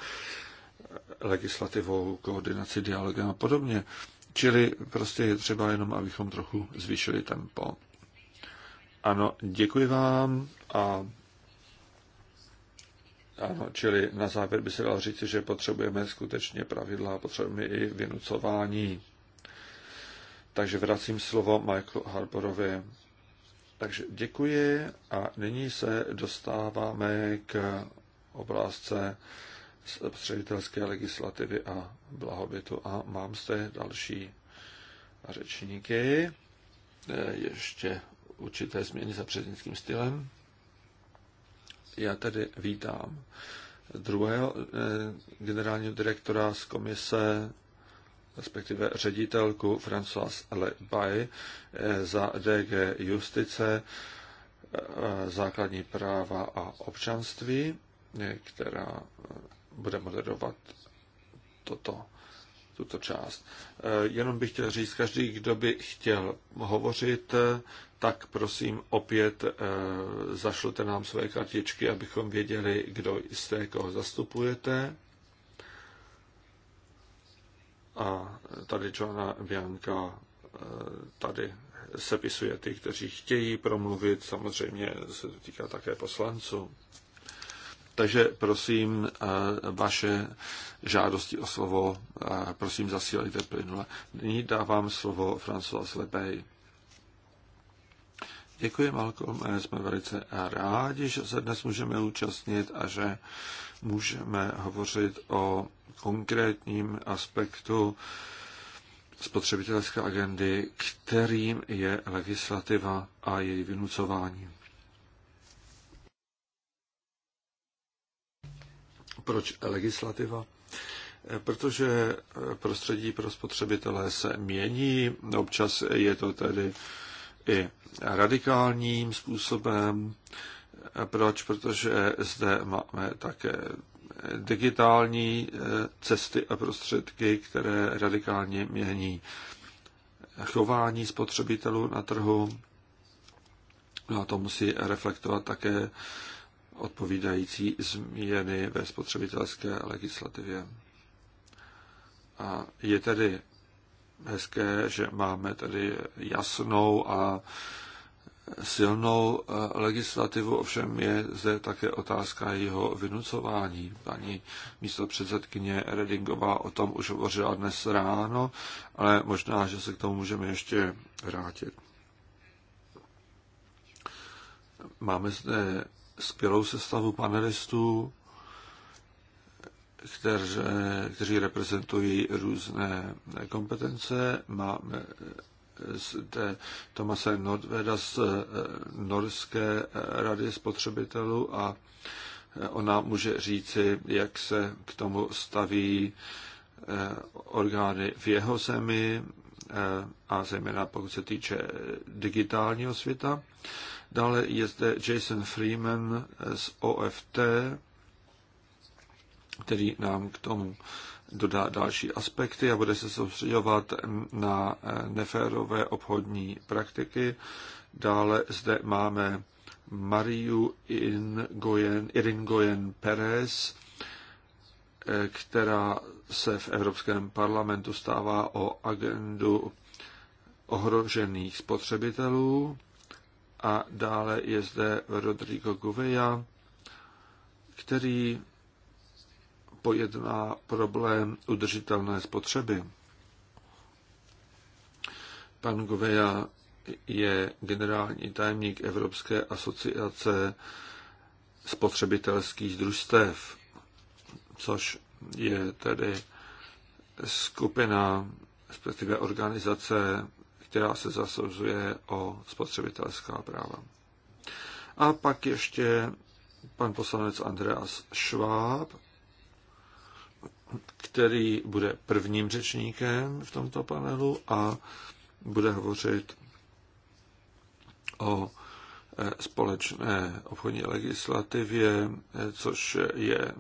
legislativou, koordinaci, dialogem a podobně. Čili prostě je třeba jenom, abychom trochu zvýšili tempo. Ano, děkuji vám a ano, čili na závěr by se dalo říci, že potřebujeme skutečně pravidla, potřebujeme i vynucování. Takže vracím slovo Michaelu Harborovi. Takže děkuji a nyní se dostáváme k obrázce spotřebitelské legislativy a blahobytu. A mám zde další řečníky. Eh, ještě určité změny za přednickým stylem. Já tedy vítám druhého eh, generálního direktora z komise, respektive ředitelku François Bay eh, za DG Justice, eh, základní práva a občanství, která bude moderovat toto tuto část. Eh, jenom bych chtěl říct, každý, kdo by chtěl hovořit, tak prosím opět eh, zašlete nám své kartičky, abychom věděli, kdo jste, koho zastupujete. A tady Johna Bianka eh, tady sepisuje ty, kteří chtějí promluvit, samozřejmě se to týká také poslanců. Takže prosím eh, vaše žádosti o slovo, eh, prosím zasílejte plynule. Nyní dávám slovo François Slepej. Děkuji, Malcolm. Eh, jsme velice rádi, že se dnes můžeme účastnit a že můžeme hovořit o konkrétním aspektu spotřebitelské agendy, kterým je legislativa a její vynucování. Proč legislativa? Eh, protože eh, prostředí pro spotřebitele se mění, občas je to tedy i radikálním způsobem. Eh, proč? Protože zde máme také digitální cesty a prostředky, které radikálně mění chování spotřebitelů na trhu. No a to musí reflektovat také odpovídající změny ve spotřebitelské legislativě. A je tedy hezké, že máme tedy jasnou a silnou eh, legislativu, ovšem je zde také otázka jeho vynucování. Paní místo předsedkyně Redingová o tom už hovořila dnes ráno, ale možná, že se k tomu můžeme ještě vrátit. Máme zde skvělou sestavu panelistů, kteř, kteří reprezentují různé kompetence. Máme zde Tomase Nordveda z eh, Norské eh, rady spotřebitelů a eh, ona může říci, jak se k tomu staví orgány v jeho zemi a zejména pokud se týče digitálního světa. Dále je zde Jason Freeman z OFT, který nám k tomu dodá další aspekty a bude se soustředovat na neférové obchodní praktiky. Dále zde máme Mariu Ingoyen, Iringoyen Perez, která se v Evropském parlamentu stává o agendu ohrožených spotřebitelů. A dále je zde Rodrigo Gouveia, který pojedná problém udržitelné spotřeby. Pan Gouveia je generální tajemník Evropské asociace spotřebitelských družstev, což je tedy skupina, respektive organizace která se zasazuje o spotřebitelská práva. A pak ještě pan poslanec Andreas Schwab, který bude prvním řečníkem v tomto panelu a bude hovořit o eh, společné obchodní legislativě, eh, což je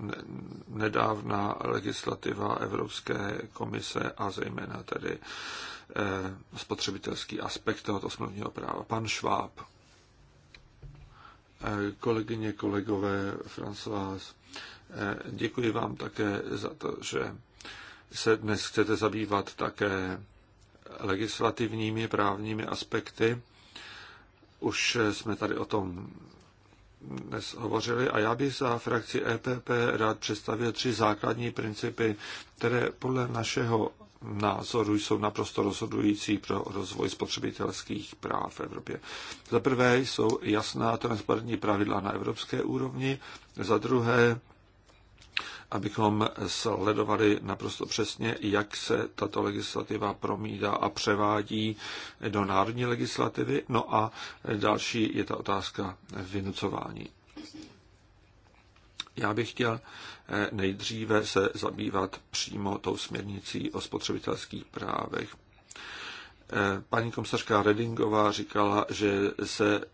nedávná legislativa Evropské komise a zejména tedy Eh, spotřebitelský aspekt tohoto smluvního práva. Pan Šváb, eh, kolegyně, kolegové, François, eh, děkuji vám také za to, že se dnes chcete zabývat také legislativními právními aspekty. Už jsme tady o tom dnes hovořili a já bych za frakci EPP rád představil tři základní principy, které podle našeho názoru jsou naprosto rozhodující pro rozvoj spotřebitelských práv v Evropě. Za prvé jsou jasná transparentní pravidla na evropské úrovni, za druhé abychom sledovali naprosto přesně, jak se tato legislativa promídá a převádí do národní legislativy. No a další je ta otázka vynucování. Já bych chtěl nejdříve se zabývat přímo tou směrnicí o spotřebitelských právech. Paní komisařka Redingová říkala, že se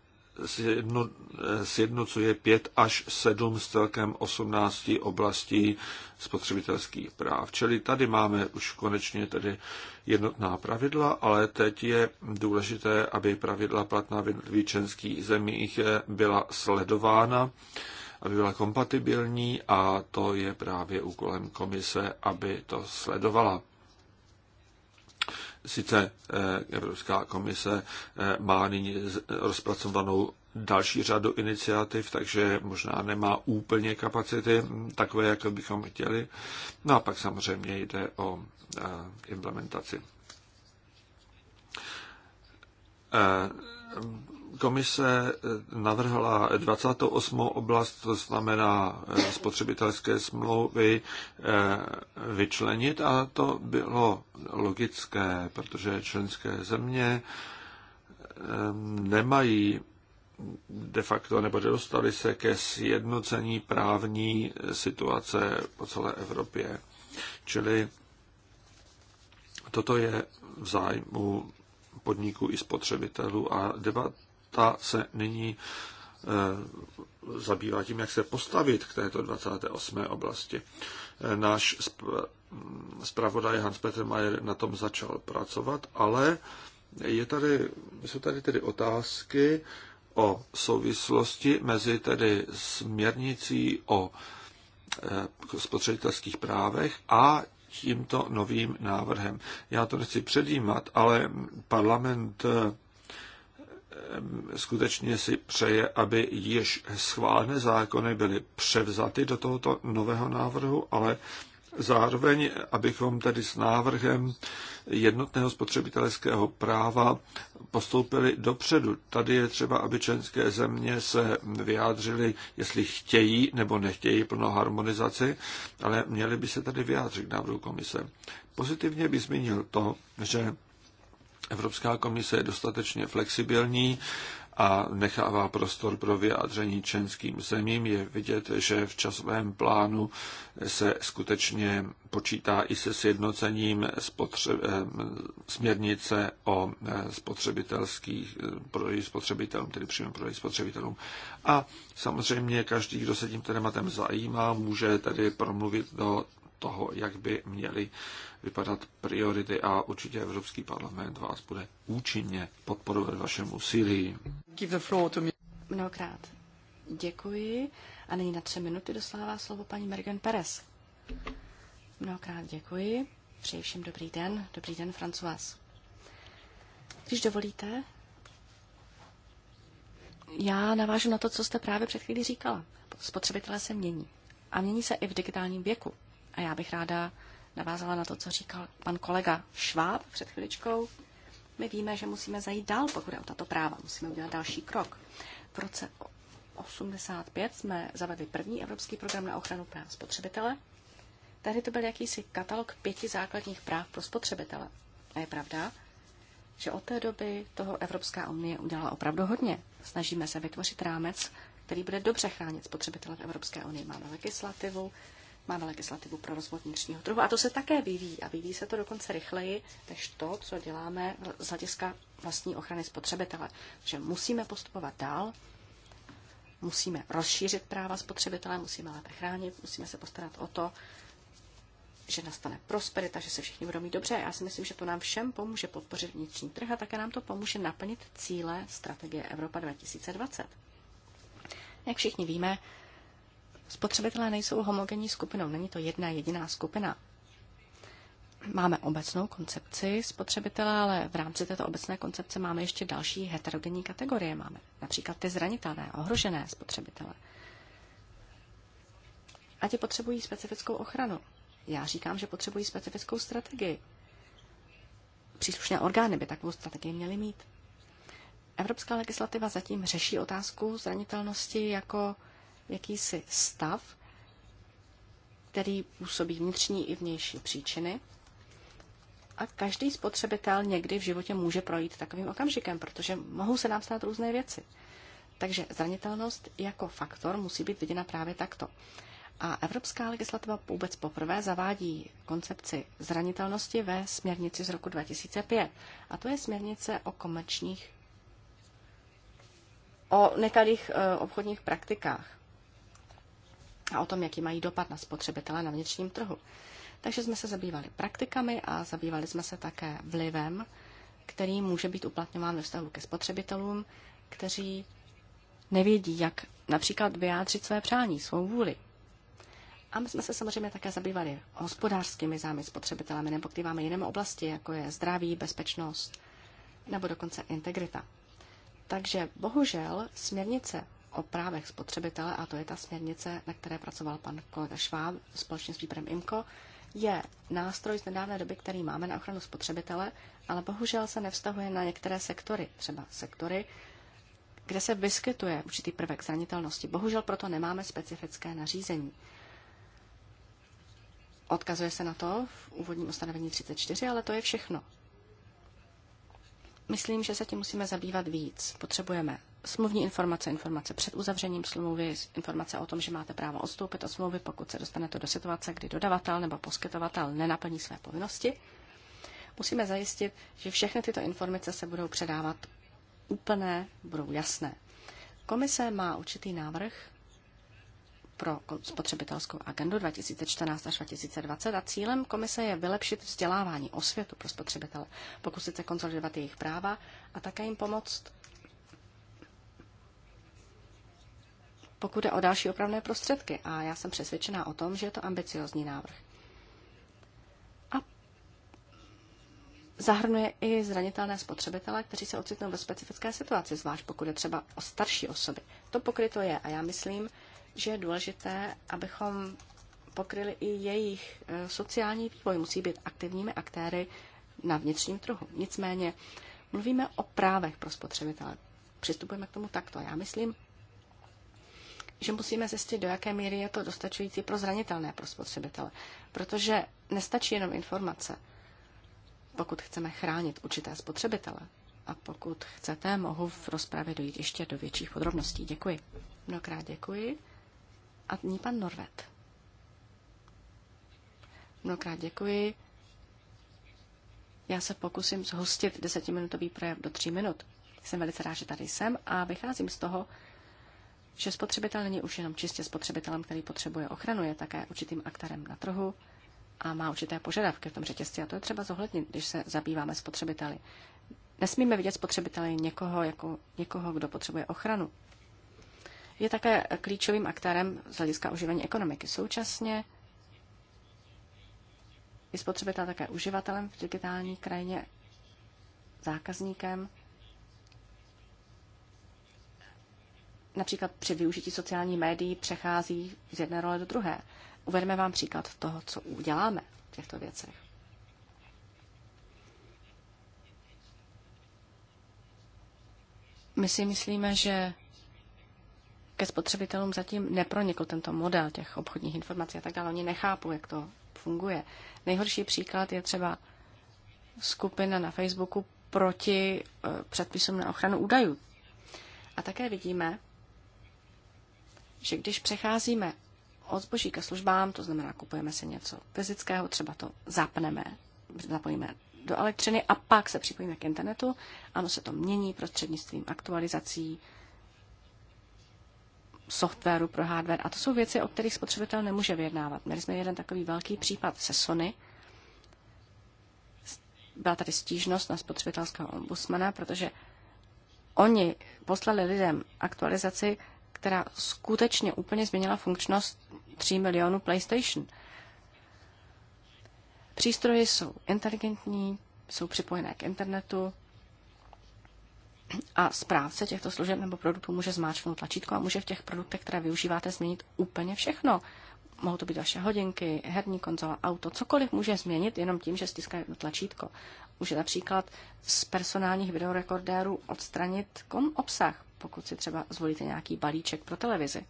sjednocuje pět až sedm z celkem 18 oblastí spotřebitelských práv. Čili tady máme už konečně tedy jednotná pravidla, ale teď je důležité, aby pravidla platná v jednotlivých členských zemích byla sledována aby byla kompatibilní a to je právě úkolem komise, aby to sledovala. Sice eh, Evropská komise eh, má nyní rozpracovanou další řadu iniciativ, takže možná nemá úplně kapacity takové, jak bychom chtěli. No a pak samozřejmě jde o eh, implementaci komise eh, navrhla 28. oblast, to znamená eh, spotřebitelské smlouvy, eh, vyčlenit a to bylo logické, protože členské země nemají de facto nebo dostali se ke sjednocení právní situace po celé Evropě. Čili toto je v zájmu podniků i spotřebitelů a debata ta se nyní eh, zabývá tím, jak se postavit k této 28. oblasti. Eh, náš mm, zpravodaj Hans Peter Mayer na tom začal pracovat, ale je tady, jsou tady tedy otázky o souvislosti mezi tedy směrnicí o eh, spotřebitelských právech a tímto novým návrhem. Já to nechci předjímat, ale parlament skutečně si přeje, aby již schválené zákony byly převzaty do tohoto nového návrhu, ale zároveň, abychom tedy s návrhem jednotného spotřebitelského práva postoupili dopředu. Tady je třeba, aby členské země se vyjádřily, jestli chtějí nebo nechtějí plnou harmonizaci, ale měli by se tady vyjádřit k návrhu komise. Pozitivně by zmínil to, že Evropská komise je dostatečně flexibilní a nechává prostor pro vyjádření členským zemím. Je vidět, že v časovém plánu se skutečně počítá i se sjednocením spotře- eh, směrnice o eh, spotřebitelských eh, prodeji spotřebitelům, tedy přímo prodeji spotřebitelům. A samozřejmě každý, kdo se tím tématem zajímá, může tedy promluvit do toho, jak by měli vypadat priority a určitě Evropský parlament vás bude účinně podporovat vašemu úsilí. Mnohokrát děkuji a nyní na tři minuty dostává slovo paní Mergen Perez. Mnohokrát děkuji. Přeji všem dobrý den. Dobrý den, Francois. Když dovolíte, já navážu na to, co jste právě před chvílí říkala. Spotřebitelé se mění. A mění se i v digitálním věku. A já bych ráda navázala na to, co říkal pan kolega Šváb před chviličkou. My víme, že musíme zajít dál, pokud je o tato práva. Musíme udělat další krok. V roce 1985 jsme zavedli první evropský program na ochranu práv spotřebitele. Tehdy to byl jakýsi katalog pěti základních práv pro spotřebitele. A je pravda, že od té doby toho Evropská unie udělala opravdu hodně. Snažíme se vytvořit rámec, který bude dobře chránit spotřebitele v Evropské unii. Máme legislativu, Máme legislativu pro rozvoj vnitřního trhu a to se také vyvíjí a vyvíjí se to dokonce rychleji než to, co děláme z hlediska vlastní ochrany spotřebitele. Že musíme postupovat dál, musíme rozšířit práva spotřebitele, musíme lépe chránit, musíme se postarat o to, že nastane prosperita, že se všichni budou mít dobře. Já si myslím, že to nám všem pomůže podpořit vnitřní trh a také nám to pomůže naplnit cíle strategie Evropa 2020. Jak všichni víme, Spotřebitelé nejsou homogenní skupinou, není to jedna jediná skupina. Máme obecnou koncepci spotřebitele, ale v rámci této obecné koncepce máme ještě další heterogenní kategorie. Máme například ty zranitelné, ohrožené spotřebitele. A ti potřebují specifickou ochranu. Já říkám, že potřebují specifickou strategii. Příslušné orgány by takovou strategii měly mít. Evropská legislativa zatím řeší otázku zranitelnosti jako jakýsi stav, který působí vnitřní i vnější příčiny. A každý spotřebitel někdy v životě může projít takovým okamžikem, protože mohou se nám stát různé věci. Takže zranitelnost jako faktor musí být viděna právě takto. A evropská legislativa vůbec poprvé zavádí koncepci zranitelnosti ve směrnici z roku 2005. A to je směrnice o komerčních, o nekalých eh, obchodních praktikách a o tom, jaký mají dopad na spotřebitele na vnitřním trhu. Takže jsme se zabývali praktikami a zabývali jsme se také vlivem, který může být uplatňován ve vztahu ke spotřebitelům, kteří nevědí, jak například vyjádřit své přání, svou vůli. A my jsme se samozřejmě také zabývali hospodářskými zámi spotřebitele. My máme jiné oblasti, jako je zdraví, bezpečnost nebo dokonce integrita. Takže bohužel směrnice o právech spotřebitele, a to je ta směrnice, na které pracoval pan kolega Šváb společně s výborem IMCO, je nástroj z nedávné doby, který máme na ochranu spotřebitele, ale bohužel se nevztahuje na některé sektory, třeba sektory, kde se vyskytuje určitý prvek zranitelnosti. Bohužel proto nemáme specifické nařízení. Odkazuje se na to v úvodním ustanovení 34, ale to je všechno. Myslím, že se tím musíme zabývat víc. Potřebujeme smluvní informace, informace před uzavřením smlouvy, informace o tom, že máte právo odstoupit od smlouvy, pokud se dostanete do situace, kdy dodavatel nebo poskytovatel nenaplní své povinnosti. Musíme zajistit, že všechny tyto informace se budou předávat úplné, budou jasné. Komise má určitý návrh pro spotřebitelskou agendu 2014 až 2020 a cílem komise je vylepšit vzdělávání osvětu pro spotřebitele, pokusit se konsolidovat jejich práva a také jim pomoct pokud je o další opravné prostředky. A já jsem přesvědčená o tom, že je to ambiciozní návrh. A zahrnuje i zranitelné spotřebitele, kteří se ocitnou ve specifické situaci, zvlášť pokud je třeba o starší osoby. To pokryto je a já myslím, že je důležité, abychom pokryli i jejich e, sociální vývoj. Musí být aktivními aktéry na vnitřním trhu. Nicméně mluvíme o právech pro spotřebitele. Přistupujeme k tomu takto. Já myslím, že musíme zjistit, do jaké míry je to dostačující pro zranitelné pro spotřebitele. Protože nestačí jenom informace, pokud chceme chránit určité spotřebitele. A pokud chcete, mohu v rozpravě dojít ještě do větších podrobností. Děkuji. Mnohokrát děkuji. A ní pan Norvet. Mnohokrát děkuji. Já se pokusím zhostit desetiminutový projev do tří minut. Jsem velice rád, že tady jsem a vycházím z toho, že spotřebitel není už jenom čistě spotřebitelem, který potřebuje ochranu, je také určitým aktorem na trhu a má určité požadavky v tom řetězci. A to je třeba zohlednit, když se zabýváme spotřebiteli. Nesmíme vidět spotřebiteli někoho, jako někoho, kdo potřebuje ochranu. Je také klíčovým aktérem z hlediska oživení ekonomiky. Současně je spotřebitel také uživatelem v digitální krajině, zákazníkem například při využití sociální médií přechází z jedné role do druhé. Uvedeme vám příklad toho, co uděláme v těchto věcech. My si myslíme, že ke spotřebitelům zatím nepronikl tento model těch obchodních informací a tak dále. Oni nechápu, jak to funguje. Nejhorší příklad je třeba skupina na Facebooku proti eh, předpisům na ochranu údajů. A také vidíme, že když přecházíme od zboží ke službám, to znamená, kupujeme si něco fyzického, třeba to zapneme, zapojíme do elektřiny a pak se připojíme k internetu. Ano, se to mění prostřednictvím aktualizací softwaru pro hardware. A to jsou věci, o kterých spotřebitel nemůže vyjednávat. Měli jsme jeden takový velký případ se Sony. Byla tady stížnost na spotřebitelského ombudsmana, protože oni poslali lidem aktualizaci, která skutečně úplně změnila funkčnost 3 milionů PlayStation. Přístroje jsou inteligentní, jsou připojené k internetu a zprávce těchto služeb nebo produktů může zmáčknout tlačítko a může v těch produktech, které využíváte, změnit úplně všechno. Mohou to být vaše hodinky, herní konzola, auto, cokoliv může změnit jenom tím, že stiskne tlačítko. Může například z personálních videorekordérů odstranit kom obsah, pokud si třeba zvolíte nějaký balíček pro televizi.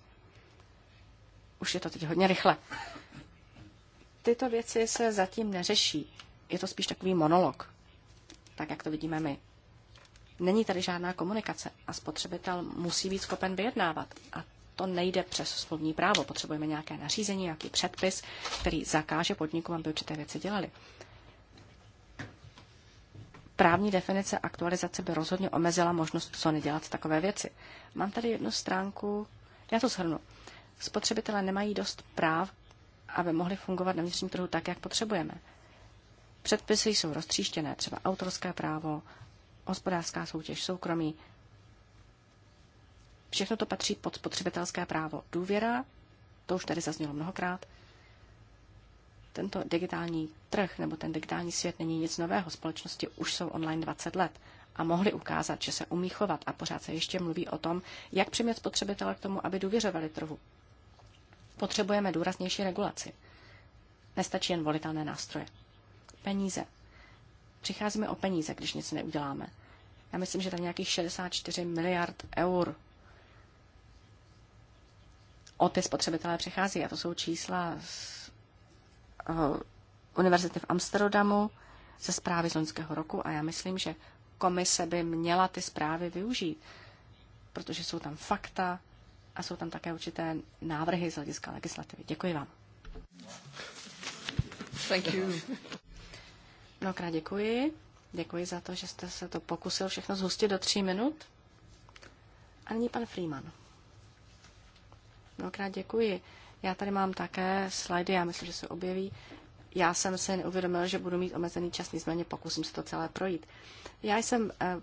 Už je to teď hodně rychle. Tyto věci se zatím neřeší. Je to spíš takový monolog, tak jak to vidíme my. Není tady žádná komunikace a spotřebitel musí být schopen vyjednávat. A to nejde přes smluvní právo. Potřebujeme nějaké nařízení, nějaký předpis, který zakáže podnikům, aby určité věci dělali právní definice aktualizace by rozhodně omezila možnost co nedělat takové věci. Mám tady jednu stránku, já to shrnu. Spotřebitelé nemají dost práv, aby mohli fungovat na vnitřním trhu tak, jak potřebujeme. Předpisy jsou roztříštěné, třeba autorské právo, hospodářská soutěž, soukromí. Všechno to patří pod spotřebitelské právo. Důvěra, to už tady zaznělo mnohokrát, tento digitální trh nebo ten digitální svět není nic nového. Společnosti už jsou online 20 let a mohli ukázat, že se umí chovat a pořád se ještě mluví o tom, jak přimět spotřebitele k tomu, aby důvěřovali trhu. Potřebujeme důraznější regulaci. Nestačí jen volitelné nástroje. Peníze. Přicházíme o peníze, když nic neuděláme. Já myslím, že tam nějakých 64 miliard eur o ty spotřebitelé přichází. A to jsou čísla z Eh, univerzity v Amsterdamu ze zprávy z loňského roku a já myslím, že komise by měla ty zprávy využít, protože jsou tam fakta a jsou tam také určité návrhy z hlediska legislativy. Děkuji vám. Thank you. Mnohokrát děkuji. Děkuji za to, že jste se to pokusil všechno zhustit do tří minut. A nyní pan Freeman. Mnohokrát děkuji. Já tady mám také slajdy, já myslím, že se objeví. Já jsem se neuvědomil, že budu mít omezený čas, nicméně pokusím se to celé projít. Já jsem eh,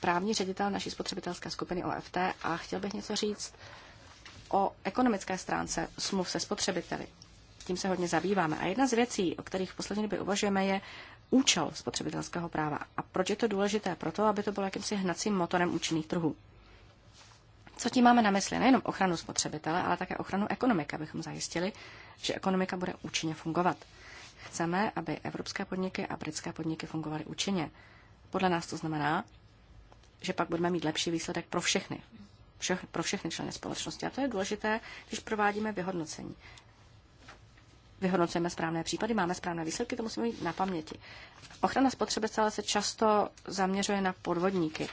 právní ředitel naší spotřebitelské skupiny OFT a chtěl bych něco říct o ekonomické stránce smluv se spotřebiteli. Tím se hodně zabýváme. A jedna z věcí, o kterých v poslední době uvažujeme, je účel spotřebitelského práva. A proč je to důležité? Proto, aby to bylo jakýmsi hnacím motorem účinných trhů. Co tím máme na mysli? Nejenom ochranu spotřebitele, ale také ochranu ekonomiky, abychom zajistili, že ekonomika bude účinně fungovat. Chceme, aby evropské podniky a britské podniky fungovaly účinně. Podle nás to znamená, že pak budeme mít lepší výsledek pro všechny, všech, pro všechny členy společnosti. A to je důležité, když provádíme vyhodnocení. Vyhodnocujeme správné případy, máme správné výsledky, to musíme mít na paměti. Ochrana spotřebitele se často zaměřuje na podvodníky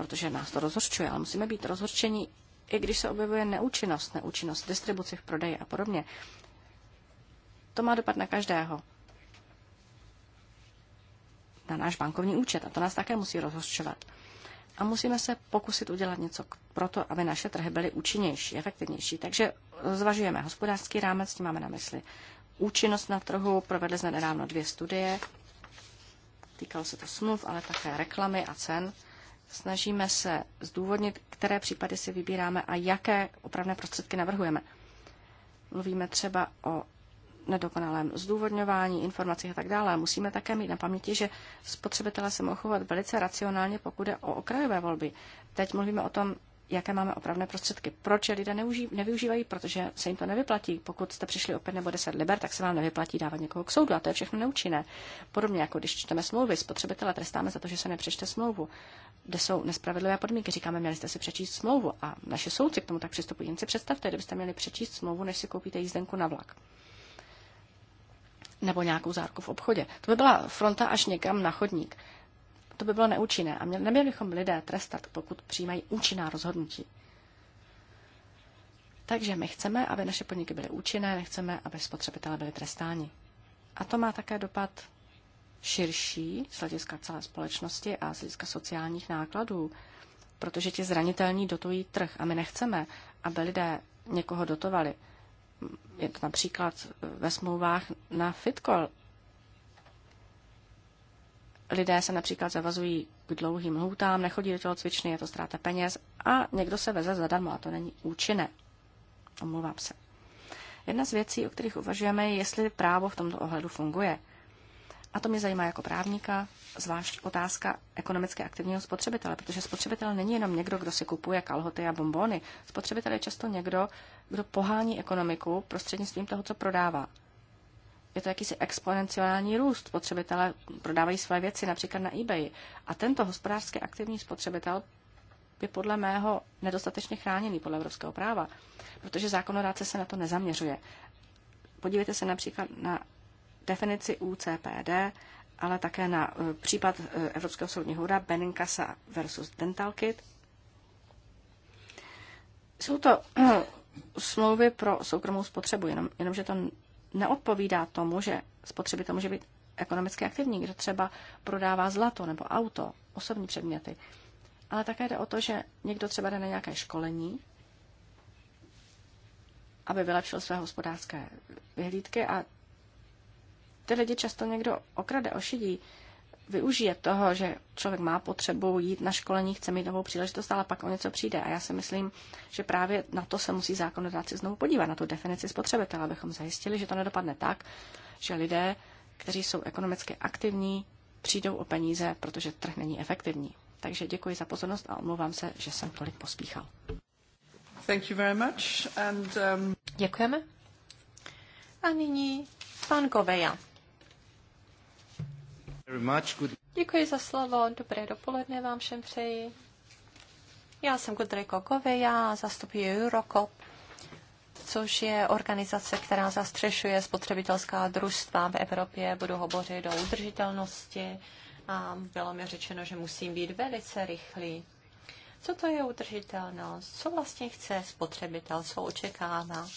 protože nás to rozhorčuje, ale musíme být rozhorčení, i když se objevuje neúčinnost, neúčinnost distribuci v prodeji a podobně. To má dopad na každého. Na náš bankovní účet. A to nás také musí rozhořčovat. A musíme se pokusit udělat něco pro to, aby naše trhy byly účinnější, efektivnější. Takže zvažujeme hospodářský rámec, tím máme na mysli účinnost na trhu. Provedli jsme nedávno dvě studie. Týkalo se to smluv, ale také reklamy a cen. Snažíme se zdůvodnit, které případy si vybíráme a jaké opravné prostředky navrhujeme. Mluvíme třeba o nedokonalém zdůvodňování, informacích a tak dále. Musíme také mít na paměti, že spotřebitelé se mohou chovat velice racionálně, pokud je o okrajové volby. Teď mluvíme o tom, jaké máme opravné prostředky. Proč je lidé neuží, nevyužívají? Protože se jim to nevyplatí. Pokud jste přišli o 5 nebo 10 liber, tak se vám nevyplatí dávat někoho k soudu a to je všechno neúčinné. Podobně jako když čteme smlouvy, spotřebitele trestáme za to, že se nepřečte smlouvu, kde jsou nespravedlivé podmínky. Říkáme, měli jste si přečíst smlouvu a naše soudci k tomu tak přistupují. Jen si představte, kdybyste měli přečíst smlouvu, než si koupíte jízdenku na vlak nebo nějakou zárku v obchodě. To by byla fronta až někam na chodník to by bylo neúčinné a neměli bychom lidé trestat, pokud přijímají účinná rozhodnutí. Takže my chceme, aby naše podniky byly účinné, nechceme, aby spotřebitelé byli trestáni. A to má také dopad širší z hlediska celé společnosti a z hlediska sociálních nákladů, protože ti zranitelní dotují trh a my nechceme, aby lidé někoho dotovali. Je to například ve smlouvách na FITCOL lidé se například zavazují k dlouhým hůtám, nechodí do cvičny, je to ztráta peněz a někdo se veze zadarmo a to není účinné. Omlouvám se. Jedna z věcí, o kterých uvažujeme, je, jestli právo v tomto ohledu funguje. A to mě zajímá jako právníka, zvlášť otázka ekonomicky aktivního spotřebitele, protože spotřebitel není jenom někdo, kdo si kupuje kalhoty a bombony. Spotřebitel je často někdo, kdo pohání ekonomiku prostřednictvím toho, co prodává je to jakýsi exponenciální růst. Spotřebitelé prodávají své věci například na eBay. A tento hospodářsky aktivní spotřebitel je podle mého nedostatečně chráněný podle evropského práva, protože zákonodáce se na to nezaměřuje. Podívejte se například na definici UCPD, ale také na e, případ e, Evropského soudního hora Beninkasa versus Dental Kit. Jsou to e, smlouvy pro soukromou spotřebu, jenom, jenomže to neodpovídá tomu, že spotřebitel může být ekonomicky aktivní, kdo třeba prodává zlato nebo auto, osobní předměty. Ale také jde o to, že někdo třeba jde na nějaké školení, aby vylepšil své hospodářské vyhlídky a ty lidi často někdo okrade, ošidí, využije toho, že člověk má potřebu jít na školení, chce mít novou příležitost, ale pak o něco přijde. A já si myslím, že právě na to se musí zákonodáci znovu podívat, na tu definici spotřebitele, abychom zajistili, že to nedopadne tak, že lidé, kteří jsou ekonomicky aktivní, přijdou o peníze, protože trh není efektivní. Takže děkuji za pozornost a omlouvám se, že jsem tolik pospíchal. Thank you very much and, um... Děkujeme. A nyní pan Koveja. Děkuji za slovo, dobré dopoledne vám všem přeji. Já jsem Gudriko Kove, já zastupuji Eurocop, což je organizace, která zastřešuje spotřebitelská družstva v Evropě. Budu hovořit o udržitelnosti a bylo mi řečeno, že musím být velice rychlý. Co to je udržitelnost? Co vlastně chce spotřebitel? Co očekává?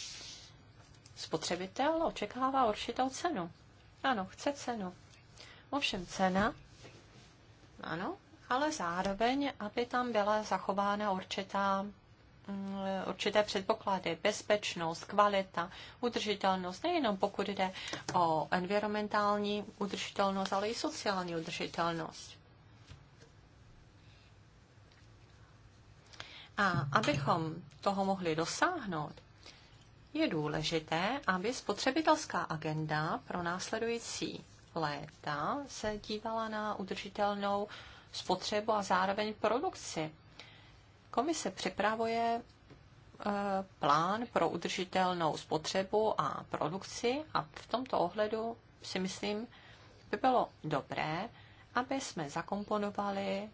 Spotřebitel očekává určitou cenu. Ano, chce cenu. Ovšem cena, ano, ale zároveň, aby tam byla zachována určitá mm, určité předpoklady, bezpečnost, kvalita, udržitelnost, nejenom pokud jde o environmentální udržitelnost, ale i sociální udržitelnost. A abychom toho mohli dosáhnout, je důležité, aby spotřebitelská agenda pro následující léta se dívala na udržitelnou spotřebu a zároveň produkci. Komise připravuje eh, plán pro udržitelnou spotřebu a produkci a v tomto ohledu si myslím, by bylo dobré, aby jsme zakomponovali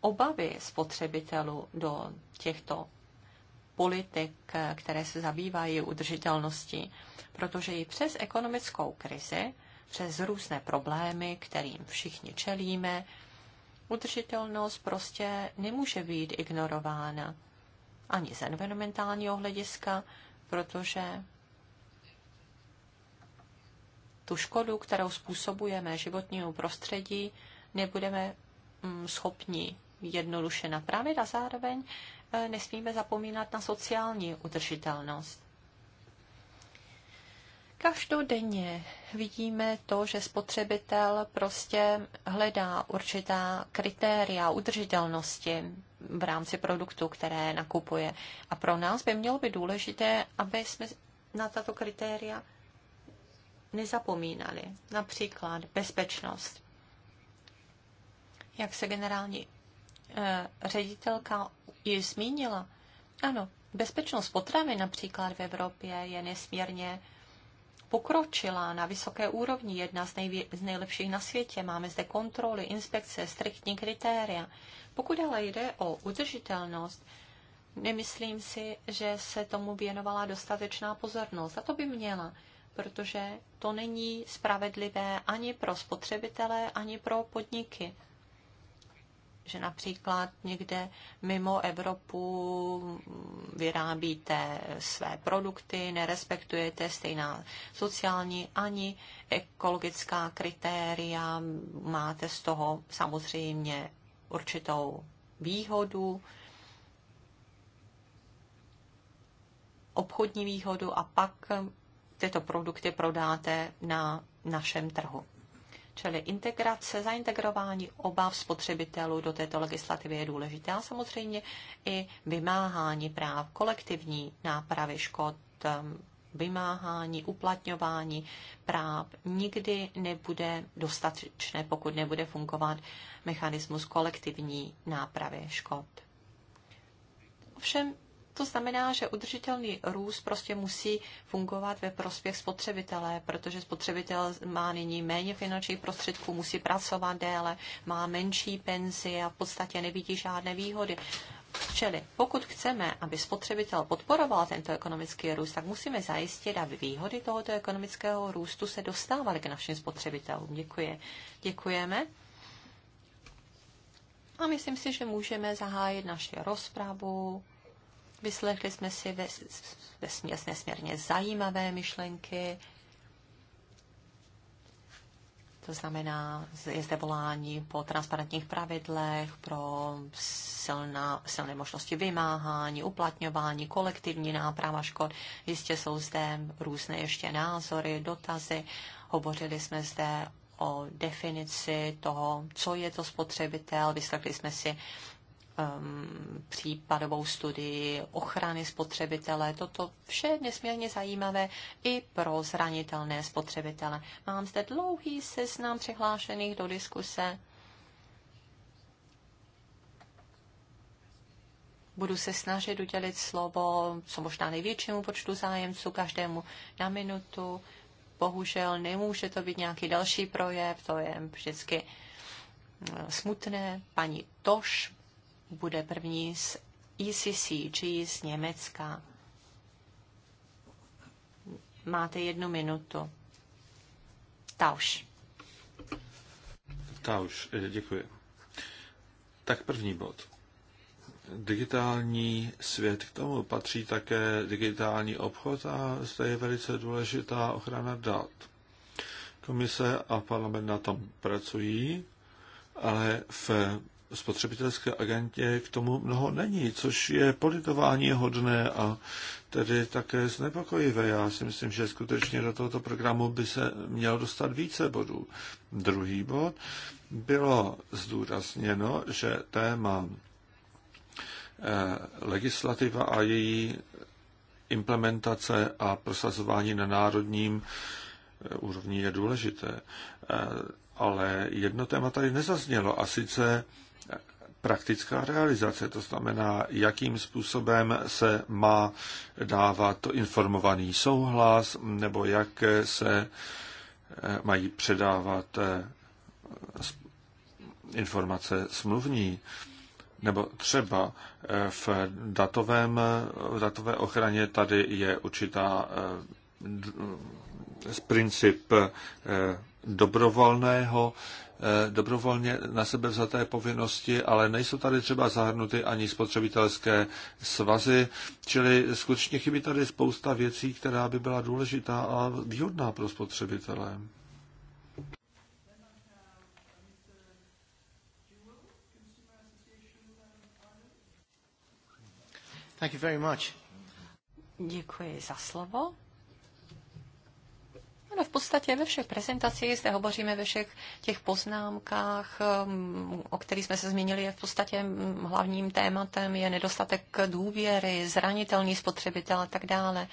obavy spotřebitelů do těchto politik, eh, které se zabývají udržitelností, protože i přes ekonomickou krizi přes různé problémy, kterým všichni čelíme, udržitelnost prostě nemůže být ignorována ani z environmentálního hlediska, protože tu škodu, kterou způsobujeme životnímu prostředí, nebudeme mm, schopni jednoduše napravit a zároveň eh, nesmíme zapomínat na sociální udržitelnost. Každodenně vidíme to, že spotřebitel prostě hledá určitá kritéria udržitelnosti v rámci produktu, které nakupuje. A pro nás by mělo být důležité, aby jsme na tato kritéria nezapomínali. Například bezpečnost. Jak se generální eh, ředitelka ji zmínila, ano, bezpečnost potravy například v Evropě je nesmírně Pokročila na vysoké úrovni, jedna z, nejvě- z nejlepších na světě. Máme zde kontroly, inspekce, striktní kritéria. Pokud ale jde o udržitelnost, nemyslím si, že se tomu věnovala dostatečná pozornost. A to by měla, protože to není spravedlivé ani pro spotřebitele, ani pro podniky že například někde mimo Evropu vyrábíte své produkty, nerespektujete stejná sociální ani ekologická kritéria, máte z toho samozřejmě určitou výhodu, obchodní výhodu a pak tyto produkty prodáte na našem trhu. Čili integrace, zaintegrování obav spotřebitelů do této legislativy je důležité a samozřejmě i vymáhání práv, kolektivní nápravy škod, um, vymáhání, uplatňování práv nikdy nebude dostatečné, pokud nebude fungovat mechanismus kolektivní nápravy škod. Ovšem to znamená, že udržitelný růst prostě musí fungovat ve prospěch spotřebitele, protože spotřebitel má nyní méně finančních prostředků, musí pracovat déle, má menší penzi a v podstatě nevidí žádné výhody. Čili pokud chceme, aby spotřebitel podporoval tento ekonomický růst, tak musíme zajistit, aby výhody tohoto ekonomického růstu se dostávaly k našim spotřebitelům. Děkuji. Děkujeme. A myslím si, že můžeme zahájit naši rozpravu. Vyslechli jsme si ve, ve nesmírně zajímavé myšlenky. To znamená, je zde volání po transparentních pravidlech, pro silná, silné možnosti vymáhání, uplatňování, kolektivní náprava škod. Jistě jsou zde různé ještě názory, dotazy. Hovořili jsme zde o definici toho, co je to spotřebitel. Vyslechli jsme si um, případovou studii ochrany spotřebitele. Toto vše je nesmírně zajímavé i pro zranitelné spotřebitele. Mám zde dlouhý seznam přihlášených do diskuse. Budu se snažit udělit slovo co možná největšímu počtu zájemců, každému na minutu. Bohužel nemůže to být nějaký další projev, to je vždycky eh, smutné. Paní Toš bude první z e či z Německa. Máte jednu minutu. Tauš. Tauš, eh, děkuji. Tak první bod. Digitální svět. K tomu patří také digitální obchod a zde je velice důležitá ochrana dat. Komise a parlament na tom pracují, ale v spotřebitelské agentě k tomu mnoho není, což je politování hodné a tedy také znepokojivé. Já si myslím, že skutečně do tohoto programu by se mělo dostat více bodů. Druhý bod bylo zdůrazněno, že téma eh, legislativa a její implementace a prosazování na národním eh, úrovni je důležité. Eh, ale jedno téma tady nezaznělo a sice praktická realizace, to znamená, jakým způsobem se má dávat to informovaný souhlas, nebo jak se eh, mají předávat eh, informace smluvní, nebo třeba eh, v, datovém, v datové ochraně tady je určitá princip dobrovolného Eh, dobrovolně na sebe vzaté povinnosti, ale nejsou tady třeba zahrnuty ani spotřebitelské svazy, čili skutečně chybí tady spousta věcí, která by byla důležitá a výhodná pro spotřebitele. Thank you very much. Děkuji za slovo. Ano, v podstatě ve všech prezentacích zde hovoříme ve všech těch poznámkách, um, o kterých jsme se zmínili, je v podstatě um, hlavním tématem je nedostatek důvěry, zranitelný spotřebitel a tak dále.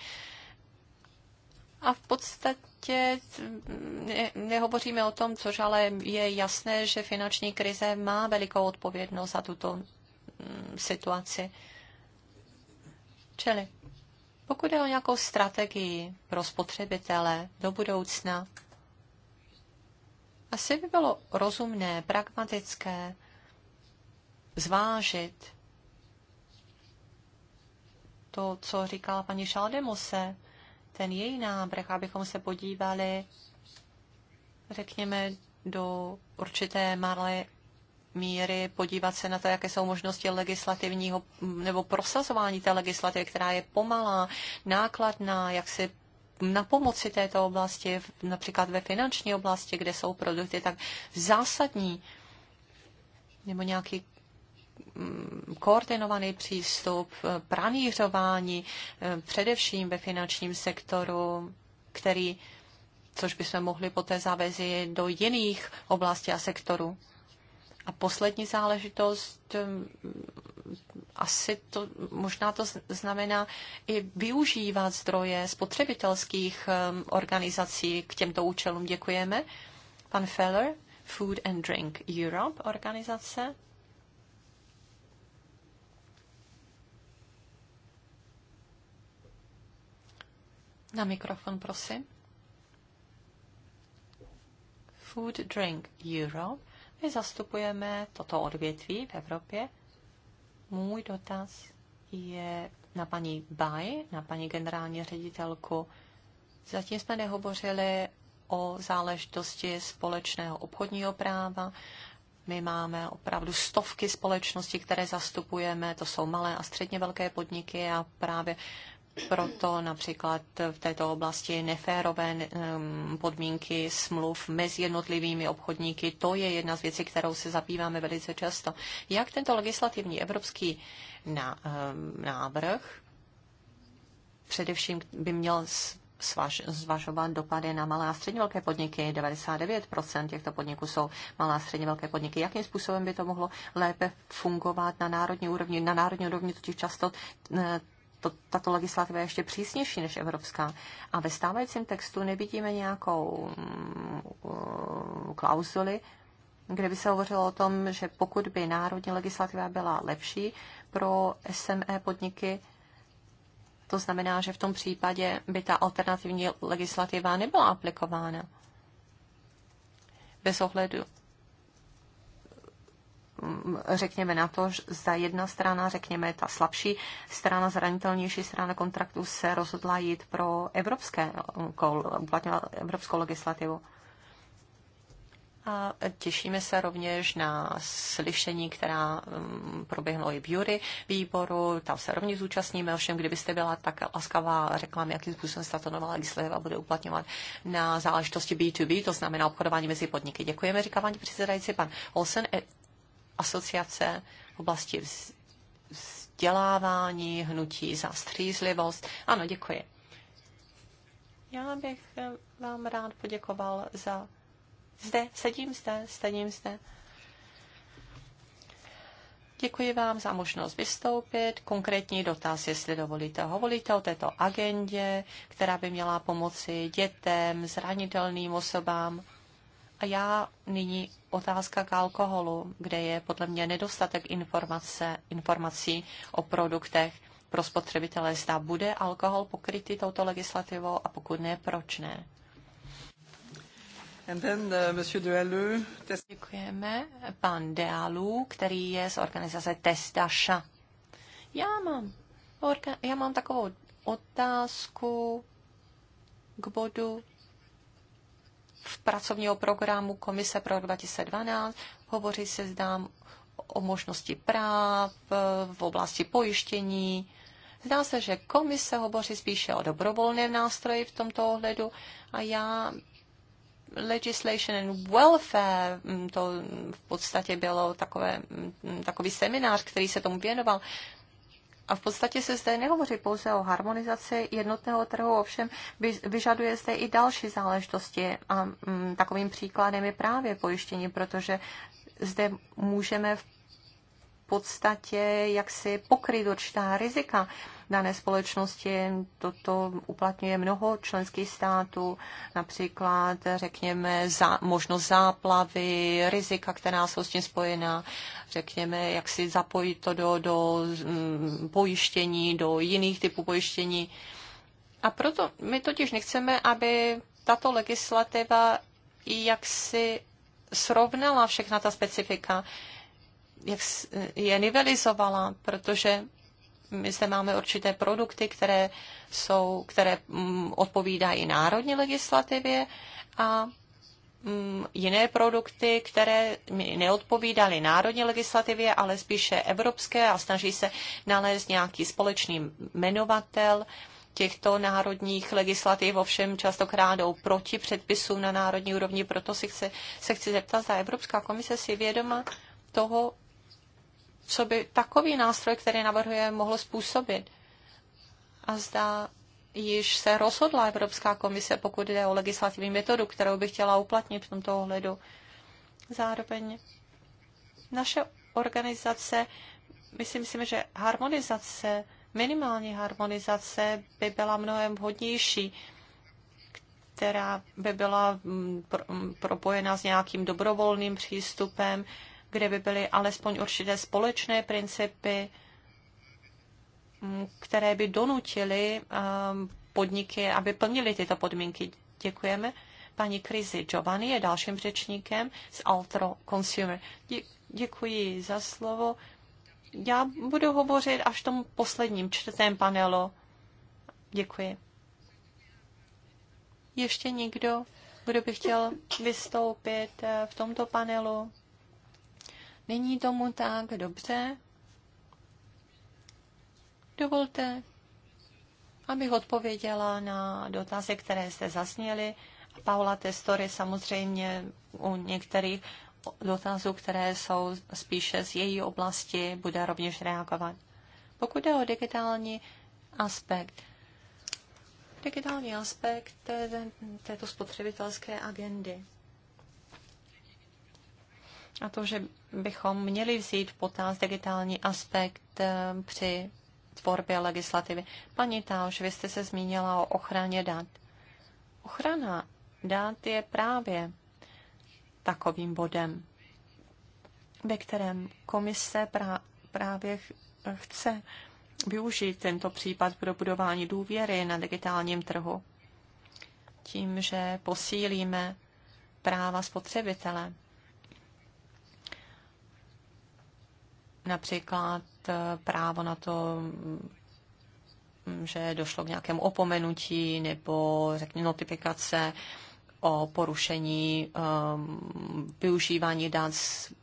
A v podstatě um, ne, nehovoříme o tom, což ale je jasné, že finanční krize má velikou odpovědnost za tuto situaci. Čili pokud je o nějakou strategii pro spotřebitele do budoucna, asi by bylo rozumné, pragmatické zvážit to, co říkala paní Šaldemose, ten její návrh, abychom se podívali, řekněme, do určité malé míry podívat se na to, jaké jsou možnosti legislativního mm, nebo prosazování té legislativy, která je pomalá, nákladná, jak si na pomoci této oblasti, například ve finanční oblasti, kde jsou produkty tak zásadní, nebo nějaký mm, koordinovaný přístup, eh, pranířování, eh, především ve finančním sektoru, který, což bychom mohli poté zavést do jiných oblastí a sektorů. A poslední záležitost, um, asi to, možná to znamená i využívat zdroje spotřebitelských um, organizací k těmto účelům. Děkujeme. Pan Feller, Food and Drink Europe organizace. Na mikrofon, prosím. Food Drink Europe. My zastupujeme toto odvětví v Evropě. Můj dotaz je na paní Baj, na paní generální ředitelku. Zatím jsme nehovořili o záležitosti společného obchodního práva. My máme opravdu stovky společností, které zastupujeme, to jsou malé a středně velké podniky a právě proto například v této oblasti neférové mm, podmínky smluv mezi jednotlivými obchodníky. To je jedna z věcí, kterou se zabýváme velice často. Jak tento legislativní evropský mm, návrh především by měl svaž, zvažovat dopady na malé a středně velké podniky. 99% těchto podniků jsou malé a středně velké podniky. Jakým způsobem by to mohlo lépe fungovat na národní úrovni? Na národní úrovni totiž často to, tato legislativa je ještě přísnější než evropská. A ve stávajícím textu nevidíme nějakou uh, klauzuli, kde by se hovořilo o tom, že pokud by národní legislativa byla lepší pro SME podniky, to znamená, že v tom případě by ta alternativní legislativa nebyla aplikována. Bez ohledu Mm, řekněme na to, že za jedna strana, řekněme ta slabší strana, zranitelnější strana kontraktu se rozhodla jít pro evropské, mm, uplatňovat evropskou legislativu. A těšíme se rovněž na slyšení, která mm, proběhlo i v jury výboru. Tam se rovněž zúčastníme. Ovšem, kdybyste byla tak laskavá a řekla mi, jakým způsobem se tato nová legislativa bude uplatňovat na záležitosti B2B, to znamená obchodování mezi podniky. Děkujeme, říká paní předsedající, pan Olsen asociace v oblasti vzdělávání, hnutí za střízlivost. Ano, děkuji. Já bych eh, vám rád poděkoval za... Zde, sedím zde, sedím zde. Děkuji vám za možnost vystoupit. Konkrétní dotaz, jestli dovolíte. hovolíte o této agendě, která by měla pomoci dětem, zranitelným osobám. A já nyní otázka k alkoholu, kde je podle mě nedostatek informace, informací o produktech pro spotřebitele. Zda bude alkohol pokrytý touto legislativou a pokud ne, proč ne? And then, uh, Dualu, test... Děkujeme. Pan Dealu, který je z organizace Testaša. Já mám, orga, já mám takovou otázku k bodu v pracovního programu Komise pro 2012. Hovoří se zdám o možnosti práv v oblasti pojištění. Zdá se, že komise hovoří spíše o dobrovolném nástroji v tomto ohledu a já legislation and welfare, mm, to v podstatě bylo takové, mm, takový seminář, který se tomu věnoval, a v podstatě se zde nehovoří pouze o harmonizaci jednotného trhu, ovšem vyžaduje zde i další záležitosti. A mm, takovým příkladem je právě pojištění, protože zde můžeme v podstatě jaksi pokryt určitá rizika dané společnosti. Toto uplatňuje mnoho členských států, například, řekněme, za, možnost záplavy, rizika, která jsou s tím spojená, řekněme, jak si zapojit to do, do mm, pojištění, do jiných typů pojištění. A proto my totiž nechceme, aby tato legislativa jak si srovnala všechna ta specifika, jak je nivelizovala, protože my zde máme určité produkty, které, jsou, které mm, odpovídají národní legislativě a mm, jiné produkty, které neodpovídaly národní legislativě, ale spíše evropské a snaží se nalézt nějaký společný jmenovatel těchto národních legislativ, ovšem častokrát jdou proti předpisům na národní úrovni. Proto si chci, se chci zeptat, zda Evropská komise si vědoma toho, co by takový nástroj, který navrhuje, mohl způsobit. A zda již se rozhodla Evropská komise, pokud jde o legislativní metodu, kterou by chtěla uplatnit v tomto ohledu. Zároveň naše organizace, my si myslíme, že harmonizace, minimální harmonizace by byla mnohem vhodnější, která by byla mm, mm, propojena s nějakým dobrovolným přístupem, kde by byly alespoň určité společné principy, které by donutily um, podniky, aby plnili tyto podmínky. Děkujeme. Paní Krizi Giovanni je dalším řečníkem z Altro Consumer. Děkuji za slovo. Já budu hovořit až v tom posledním čtvrtém panelu. Děkuji. Ještě někdo, kdo by chtěl vystoupit eh, v tomto panelu? Není tomu tak, dobře. Dovolte, abych odpověděla na dotazy, které jste zasněli. Paula Testory samozřejmě u některých dotazů, které jsou spíše z její oblasti, bude rovněž reagovat. Pokud jde o digitální aspekt, digitální aspekt této spotřebitelské agendy a to, že bychom měli vzít v potaz digitální aspekt eh, při tvorbě legislativy. Paní Tauš, vy jste se zmínila o ochraně dat. Ochrana dat je právě takovým bodem, ve kterém komise pra- právě chce využít tento případ pro budování důvěry na digitálním trhu tím, že posílíme práva spotřebitele. například eh, právo na to, mm, že došlo k nějakému opomenutí nebo řekněme notifikace o porušení um, využívání dat,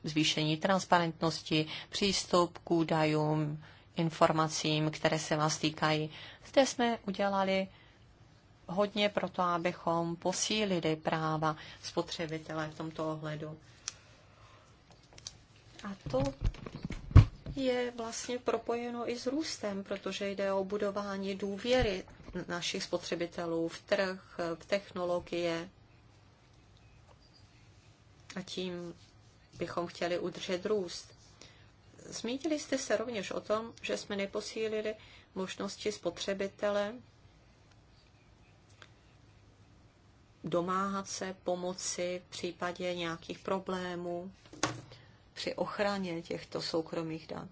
zvýšení transparentnosti, přístup k údajům, informacím, které se vás týkají. Zde jsme udělali hodně pro to, abychom posílili práva spotřebitele v tomto ohledu. A to je vlastně propojeno i s růstem, protože jde o budování důvěry našich spotřebitelů v trh, v technologie. A tím bychom chtěli udržet růst. Zmítili jste se rovněž o tom, že jsme neposílili možnosti spotřebitele domáhat se pomoci v případě nějakých problémů, při ochraně těchto soukromých dat.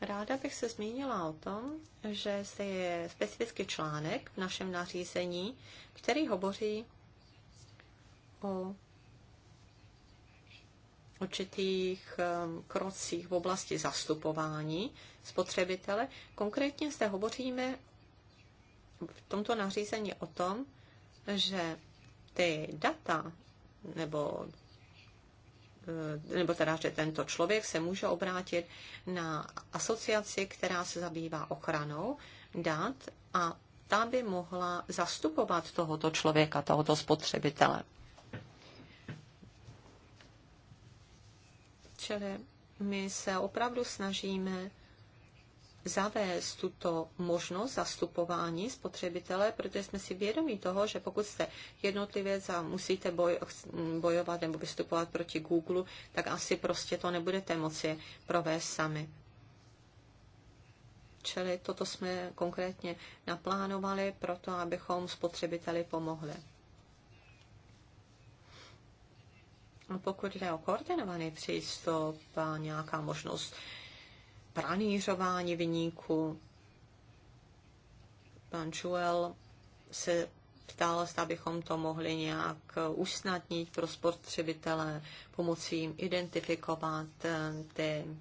Ráda bych se zmínila o tom, že se je specifický článek v našem nařízení, který hovoří o určitých um, krocích v oblasti zastupování spotřebitele. Konkrétně zde hovoříme v tomto nařízení o tom, že ty data nebo Eh, nebo teda, že tento člověk se může obrátit na asociaci, která se zabývá ochranou dat a ta by mohla zastupovat tohoto člověka, tohoto spotřebitele. Čili my se opravdu snažíme zavést tuto možnost zastupování spotřebitele, protože jsme si vědomí toho, že pokud jste jednotlivě a musíte boj, bojovat nebo vystupovat proti Google, tak asi prostě to nebudete moci provést sami. Čili toto jsme konkrétně naplánovali proto, abychom spotřebiteli pomohli. A pokud jde o koordinovaný přístup, nějaká možnost pranířování vyníku. Pan Čuel se ptal, zda bychom to mohli nějak usnadnit pro spotřebitele, pomocí jim identifikovat eh, ty eh,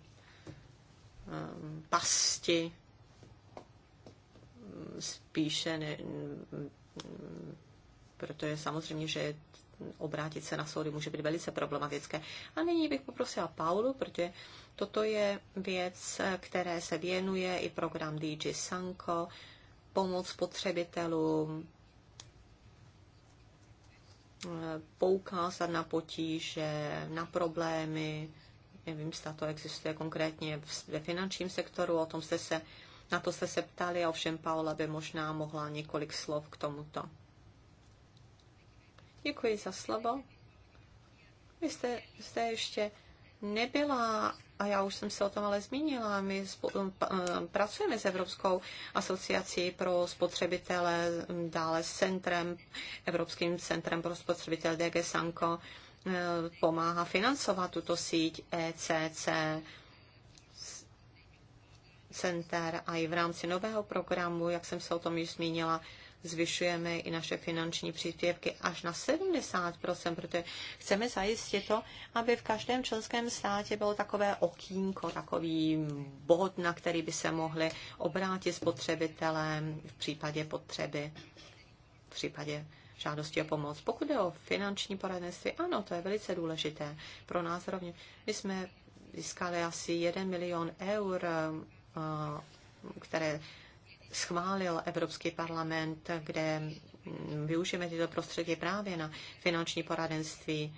pasti spíše ne, protože samozřejmě, že obrátit se na soudy může být velice problematické. A nyní bych poprosila Paulu, protože toto je věc, které se věnuje i program DG Sanko, pomoc spotřebitelům, poukázat na potíže, na problémy, nevím, zda to existuje konkrétně ve finančním sektoru, o tom jste se, na to jste se ptali, ovšem Paula by možná mohla několik slov k tomuto. Děkuji za slovo. Vy jste, jste ještě nebyla, a já už jsem se o tom ale zmínila, my spolu, pracujeme s Evropskou asociací pro spotřebitele, dále s centrem, Evropským centrem pro spotřebitele DG Sanko, e, pomáhá financovat tuto síť ECC center a i v rámci nového programu, jak jsem se o tom již zmínila, zvyšujeme i naše finanční příspěvky až na 70%, protože chceme zajistit to, aby v každém členském státě bylo takové okýnko, takový bod, na který by se mohli obrátit spotřebitelé v případě potřeby, v případě žádosti o pomoc. Pokud je o finanční poradenství, ano, to je velice důležité pro nás rovně. My jsme získali asi 1 milion eur, eh, které schválil Evropský parlament, kde využijeme tyto prostředky právě na finanční poradenství.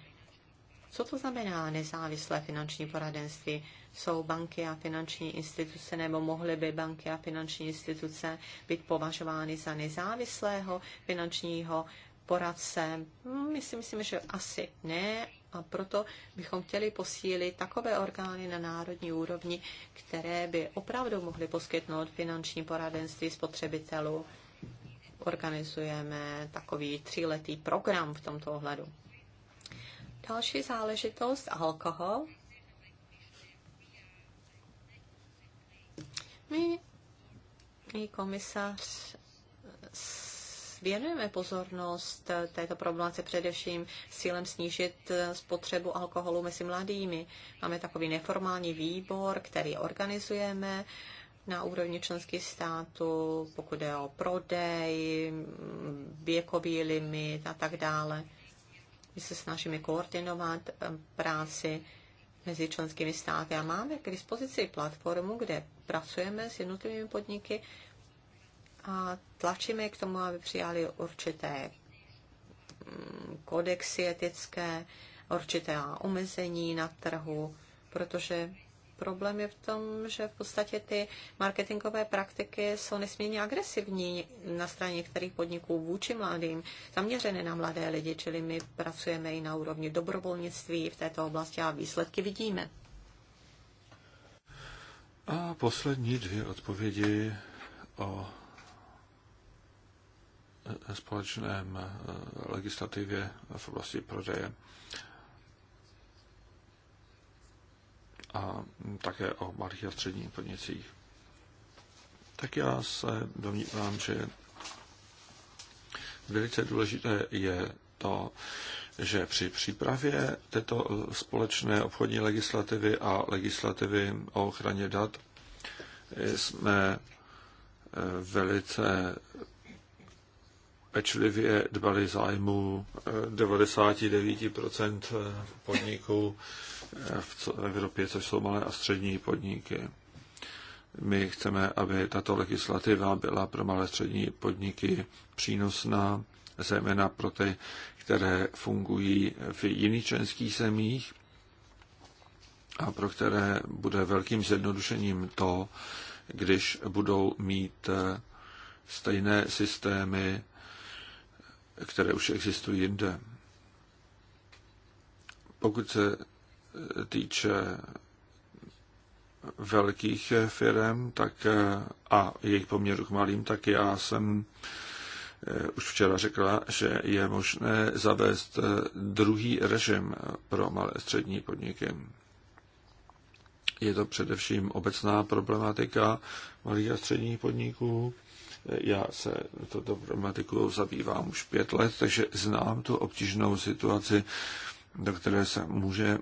Co to znamená nezávislé finanční poradenství? Jsou banky a finanční instituce, nebo mohly by banky a finanční instituce být považovány za nezávislého finančního poradce? My si myslíme, že asi ne a proto bychom chtěli posílit takové orgány na národní úrovni, které by opravdu mohly poskytnout finanční poradenství spotřebitelů. Organizujeme takový tříletý program v tomto ohledu. Další záležitost, alkohol. My, my komisař s věnujeme pozornost této problematice především s cílem snížit spotřebu alkoholu mezi mladými. Máme takový neformální výbor, který organizujeme na úrovni členských států, pokud je o prodej, věkový limit a tak dále. My se snažíme koordinovat práci mezi členskými státy a máme k dispozici platformu, kde pracujeme s jednotlivými podniky a tlačíme k tomu, aby přijali určité mm, kodexy etické, určité omezení na trhu, protože problém je v tom, že v podstatě ty marketingové praktiky jsou nesmírně agresivní na straně některých podniků vůči mladým, zaměřené na mladé lidi, čili my pracujeme i na úrovni dobrovolnictví v této oblasti a výsledky vidíme. A poslední dvě odpovědi o společném eh, legislativě v oblasti prodeje a také o malých a středních podnicích. Tak já se domnívám, že velice důležité je to, že při přípravě této společné obchodní legislativy a legislativy o ochraně dat jsme eh, velice pečlivě dbali zájmu 99% eh, eh, podniků eh, v Evropě, což jsou malé a střední podniky. My chceme, aby tato legislativa byla pro malé a střední podniky přínosná, zejména pro ty, které fungují v jiných členských zemích a pro které bude velkým zjednodušením to, když budou mít stejné systémy které už existují jinde. Pokud se týče velkých firm tak, a jejich poměru k malým, tak já jsem eh, už včera řekla, že je možné zavést eh, druhý režim pro malé střední podniky. Je to především obecná problematika malých a středních podniků, já se toto problematikou zabývám už pět let, takže znám tu obtížnou situaci, do které se může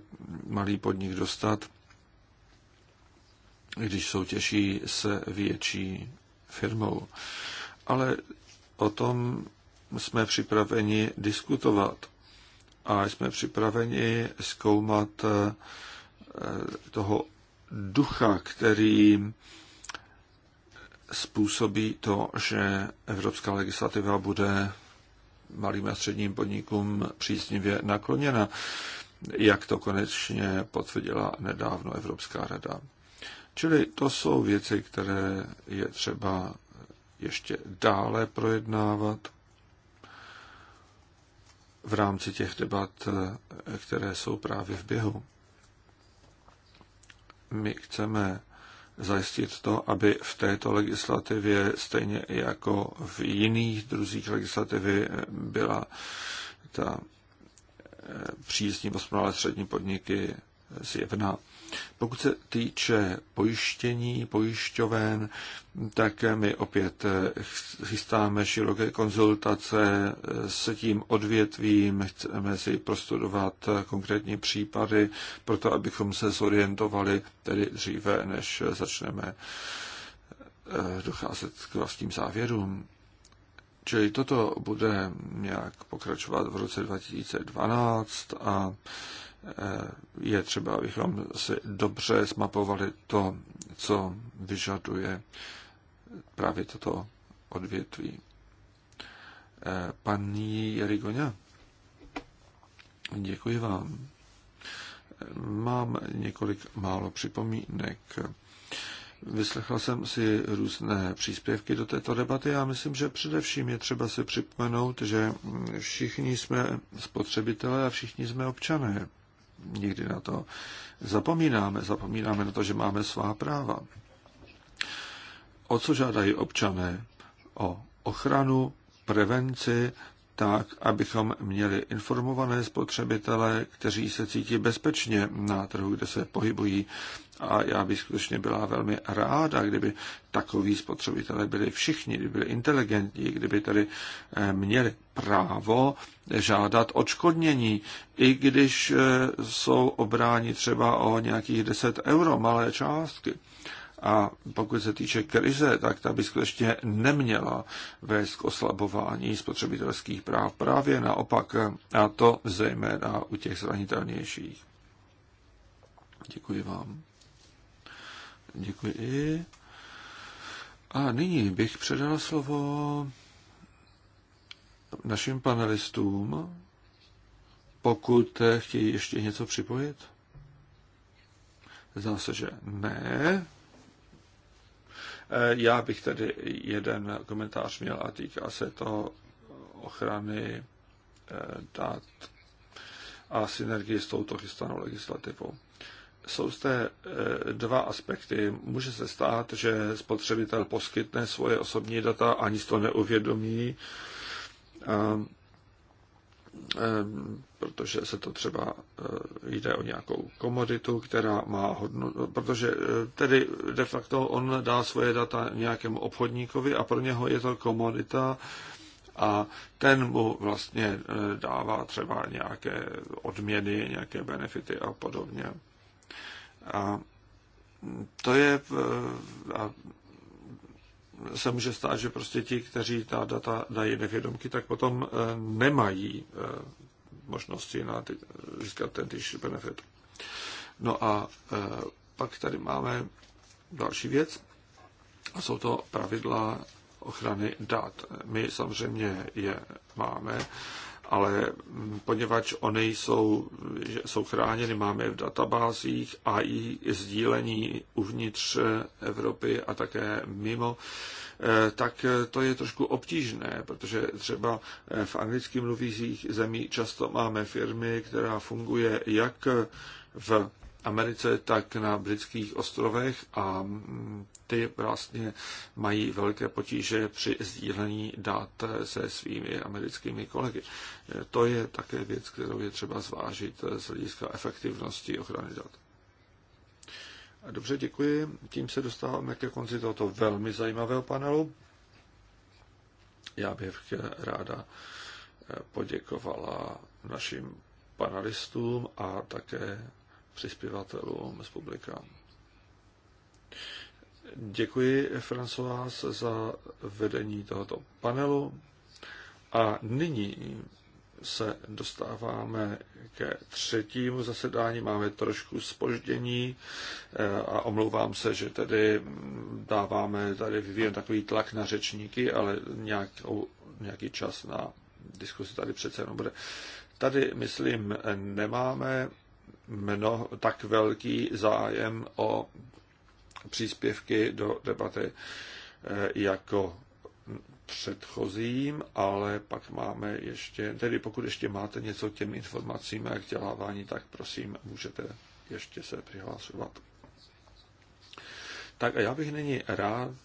malý podnik dostat, když soutěží se větší firmou. Ale o tom jsme připraveni diskutovat a jsme připraveni zkoumat eh, toho ducha, který způsobí to, že evropská legislativa bude malým a středním podnikům příznivě nakloněna, jak to konečně potvrdila nedávno Evropská rada. Čili to jsou věci, které je třeba ještě dále projednávat v rámci těch debat, které jsou právě v běhu. My chceme zajistit to, aby v této legislativě, stejně jako v jiných druzích legislativy, byla ta eh, příznivost pro střední podniky zjevná. Pokud se týče pojištění, pojišťoven, tak my opět eh, chystáme široké konzultace eh, s tím odvětvím, chceme si prostudovat eh, konkrétní případy, proto abychom se zorientovali tedy dříve, než začneme docházet k vlastním závěrům. Čili toto bude nějak pokračovat v roce 2012 a Eh, je třeba, abychom si dobře zmapovali to, co vyžaduje právě toto odvětví. Eh, paní Rigoňa, děkuji vám. Mám několik málo připomínek. Vyslechl jsem si různé příspěvky do této debaty a myslím, že především je třeba si připomenout, že všichni jsme spotřebitelé a všichni jsme občané někdy na to zapomínáme. Zapomínáme na to, že máme svá práva. O co žádají občané? O ochranu, prevenci, tak, abychom měli informované spotřebitele, kteří se cítí bezpečně na trhu, kde se pohybují. A já bych skutečně byla velmi ráda, kdyby takoví spotřebitelé byli všichni, kdyby byli inteligentní, kdyby tedy eh, měli právo žádat odškodnění, i když eh, jsou obráni třeba o nějakých 10 euro, malé částky. A pokud se týče krize, tak ta by skutečně neměla vést k oslabování spotřebitelských práv. Právě naopak, a to zejména u těch zranitelnějších. Děkuji vám. Děkuji. A nyní bych předal slovo našim panelistům, pokud chtějí ještě něco připojit. zase že ne. Eh, já bych tedy jeden komentář měl a týká se to ochrany eh, dat a synergie s touto chystanou legislativou. Jsou zde eh, dva aspekty. Může se stát, že spotřebitel poskytne svoje osobní data, ani to neuvědomí ehm, Ehm, protože se to třeba eh, jde o nějakou komoditu, která má hodnotu, protože eh, tedy de facto on dá svoje data nějakému obchodníkovi a pro něho je to komodita a ten mu vlastně eh, dává třeba nějaké odměny, nějaké benefity a podobně. A to je, a se může stát, že prostě ti, kteří ta data dají nevědomky, tak potom eh, nemají eh, možnosti na ty, získat ten týž benefit. No a eh, pak tady máme další věc. A jsou to pravidla ochrany dat. My samozřejmě je máme, ale poněvadž ony jsou, jsou chráněny, máme je v databázích a i sdílení uvnitř Evropy a také mimo, eh, tak to je trošku obtížné, protože třeba eh, v anglicky mluvících zemí často máme firmy, která funguje jak v Americe, tak na britských ostrovech a mm, ty vlastně mají velké potíže při sdílení dat se svými americkými kolegy. E, to je také věc, kterou je třeba zvážit z hlediska efektivnosti ochrany dat. Dobře, děkuji. Tím se dostáváme ke konci tohoto velmi zajímavého panelu. Já bych ráda e, poděkovala našim panelistům a také přispěvatelům z publika. Děkuji, François, za vedení tohoto panelu. A nyní se dostáváme ke třetímu zasedání. Máme trošku spoždění eh, a omlouvám se, že tedy dáváme tady vyvíjen takový tlak na řečníky, ale nějakou, nějaký čas na diskusi tady přece jenom bude. Tady, myslím, nemáme mno, tak velký zájem o příspěvky do debaty eh, jako předchozím, ale pak máme ještě, tedy pokud ještě máte něco k těm informacím a k dělávání, tak prosím, můžete ještě se přihlásovat. Tak a já bych nyní rád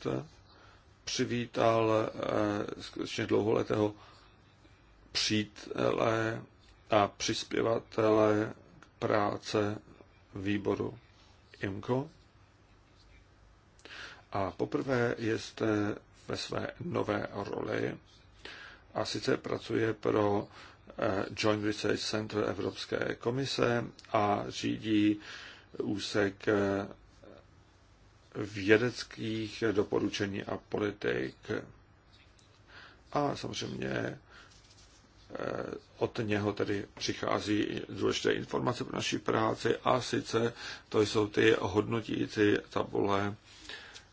přivítal eh, skutečně dlouholetého přítele a přispěvatele práce výboru IMCO. A poprvé jste ve své nové roli a sice pracuje pro eh, Joint Research Center Evropské komise a řídí úsek eh, vědeckých doporučení a politik. A samozřejmě Eh, od něho tedy přichází důležité informace pro naší práci a sice to jsou ty hodnotící tabule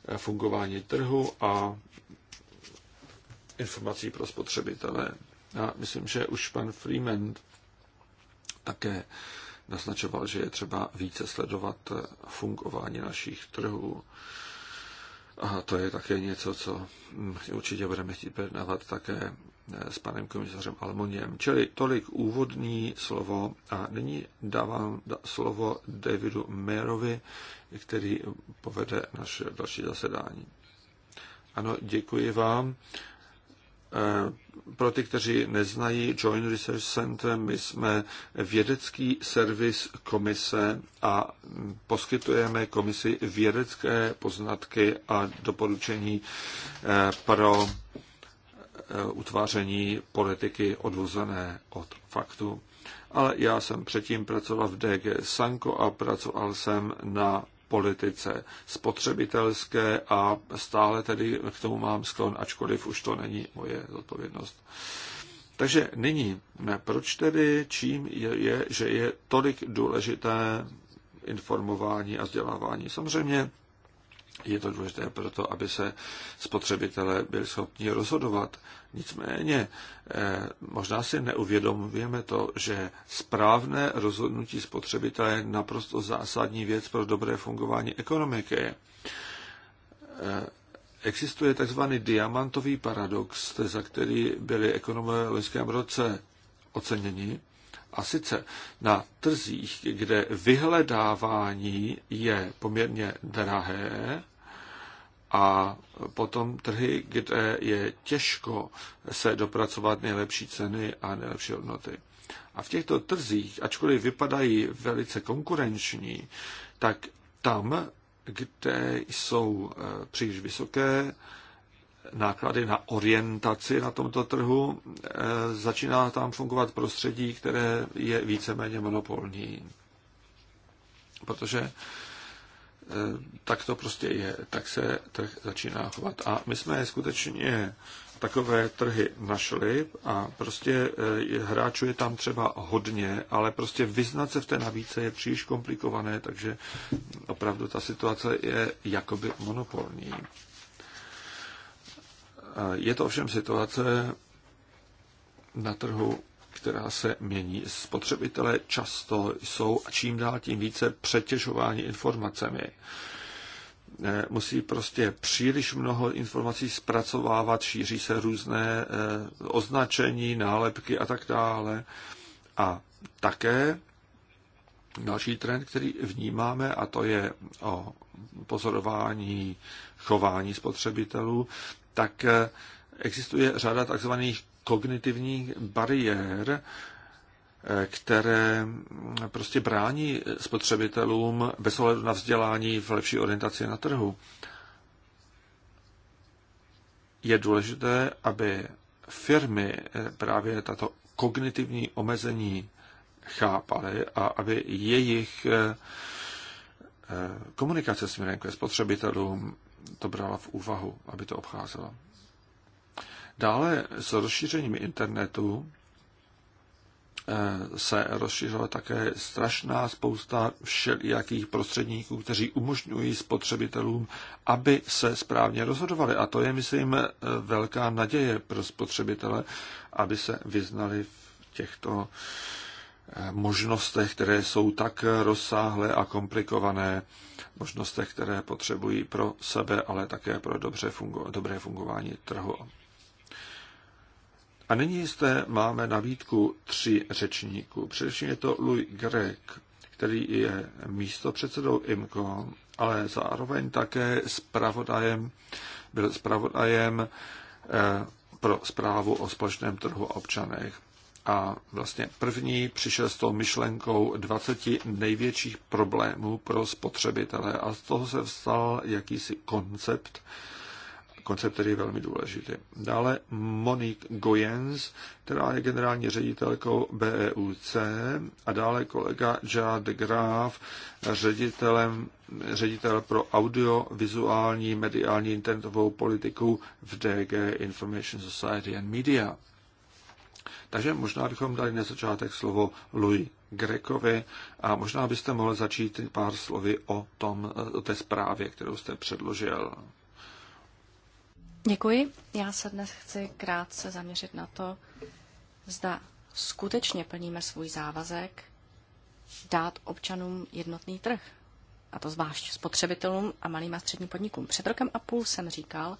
eh, fungování trhu a informací pro spotřebitele. Já myslím, že už pan Freeman také naznačoval, že je třeba více sledovat eh, fungování našich trhů. A to je také něco, co hm, určitě budeme chtít projednávat také s panem komisařem Almoniem. Čili tolik úvodní slovo a nyní dávám slovo Davidu Mérovi, který povede naše další zasedání. Ano, děkuji vám. Eh, pro ty, kteří neznají Joint Research Center, my jsme vědecký servis komise a poskytujeme komisi vědecké poznatky a doporučení eh, pro Eh, utváření politiky odvozené od faktu. Ale já jsem předtím pracoval v DG Sanko a pracoval jsem na politice spotřebitelské a stále tedy k tomu mám sklon, ačkoliv už to není moje zodpovědnost. Takže nyní, proč tedy, čím je, je že je tolik důležité informování a vzdělávání? Samozřejmě je to důležité proto, aby se spotřebitelé byli schopni rozhodovat, Nicméně eh, možná si neuvědomujeme to, že správné rozhodnutí spotřebitele je naprosto zásadní věc pro dobré fungování ekonomiky. Eh, existuje tzv. diamantový paradox, za který byli ekonomové v loňském roce oceněni. A sice na trzích, kde vyhledávání je poměrně drahé, a potom trhy, kde je těžko se dopracovat nejlepší ceny a nejlepší hodnoty. A v těchto trzích, ačkoliv vypadají velice konkurenční, tak tam, kde jsou eh, příliš vysoké náklady na orientaci na tomto trhu, eh, začíná tam fungovat prostředí, které je víceméně monopolní. Protože Eh, tak to prostě je, tak se trh začíná chovat. A my jsme skutečně takové trhy našli a prostě eh, hráčů je tam třeba hodně, ale prostě vyznat se v té nabídce je příliš komplikované, takže opravdu ta situace je jakoby monopolní. Eh, je to ovšem situace na trhu, která se mění. Spotřebitelé často jsou čím dál tím více přetěžováni informacemi. Eh, musí prostě příliš mnoho informací zpracovávat, šíří se různé eh, označení, nálepky a tak dále. A také další trend, který vnímáme, a to je o pozorování chování spotřebitelů, tak eh, existuje řada takzvaných kognitivních bariér, eh, které prostě brání spotřebitelům bez ohledu na vzdělání v lepší orientaci na trhu. Je důležité, aby firmy eh, právě tato kognitivní omezení chápaly a aby jejich eh, komunikace směrem ke spotřebitelům to brala v úvahu, aby to obcházela. Dále s rozšířením internetu eh, se rozšířila také strašná spousta všelijakých prostředníků, kteří umožňují spotřebitelům, aby se správně rozhodovali. A to je, myslím, eh, velká naděje pro spotřebitele, aby se vyznali v těchto eh, možnostech, které jsou tak rozsáhlé a komplikované, možnostech, které potřebují pro sebe, ale také pro dobře fungo- dobré fungování trhu a nyní zde máme nabídku tři řečníků. Především je to Louis Greg, který je místo předsedou IMCO, ale zároveň také zpravodajem, byl zpravodajem eh, pro zprávu o společném trhu a občanech. A vlastně první přišel s tou myšlenkou 20 největších problémů pro spotřebitele a z toho se vstal jakýsi koncept, koncept, který je velmi důležitý. Dále Monique Goyens, která je generální ředitelkou BEUC a dále kolega Ja de Graaf, ředitelem, ředitel pro audiovizuální mediální internetovou politiku v DG Information Society and Media. Takže možná bychom dali na začátek slovo Louis Grekovi a možná byste mohl začít pár slovy o, tom, o té zprávě, kterou jste předložil. Děkuji. Já se dnes chci krátce zaměřit na to, zda skutečně plníme svůj závazek dát občanům jednotný trh. A to zvlášť spotřebitelům a malým a středním podnikům. Před rokem a půl jsem říkal,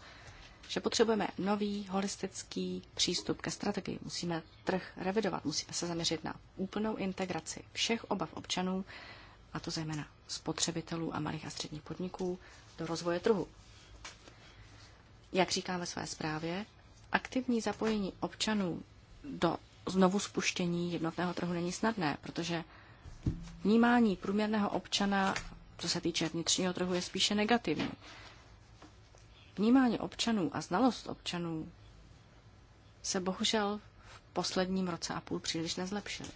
že potřebujeme nový holistický přístup ke strategii. Musíme trh revidovat, musíme se zaměřit na úplnou integraci všech obav občanů, a to zejména spotřebitelů a malých a středních podniků, do rozvoje trhu jak říká ve své zprávě, aktivní zapojení občanů do znovu spuštění jednotného trhu není snadné, protože vnímání průměrného občana, co se týče vnitřního trhu, je spíše negativní. Vnímání občanů a znalost občanů se bohužel v posledním roce a půl příliš nezlepšily.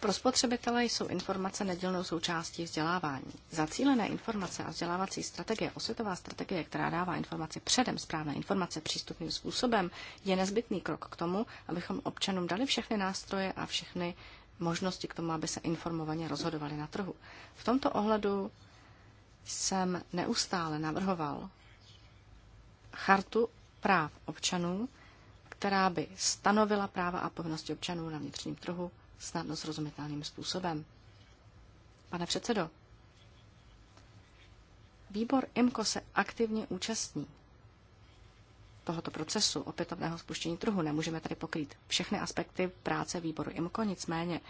Pro spotřebitele jsou informace nedělnou součástí vzdělávání. Zacílené informace a vzdělávací strategie, osvětová strategie, která dává informace předem, správné informace přístupným způsobem, je nezbytný krok k tomu, abychom občanům dali všechny nástroje a všechny možnosti k tomu, aby se informovaně rozhodovali na trhu. V tomto ohledu jsem neustále navrhoval chartu práv občanů, která by stanovila práva a povinnosti občanů na vnitřním trhu snadno srozumitelným způsobem. Pane předsedo, výbor IMCO se aktivně účastní tohoto procesu opětovného spuštění trhu. Nemůžeme tady pokrýt všechny aspekty práce výboru IMCO, nicméně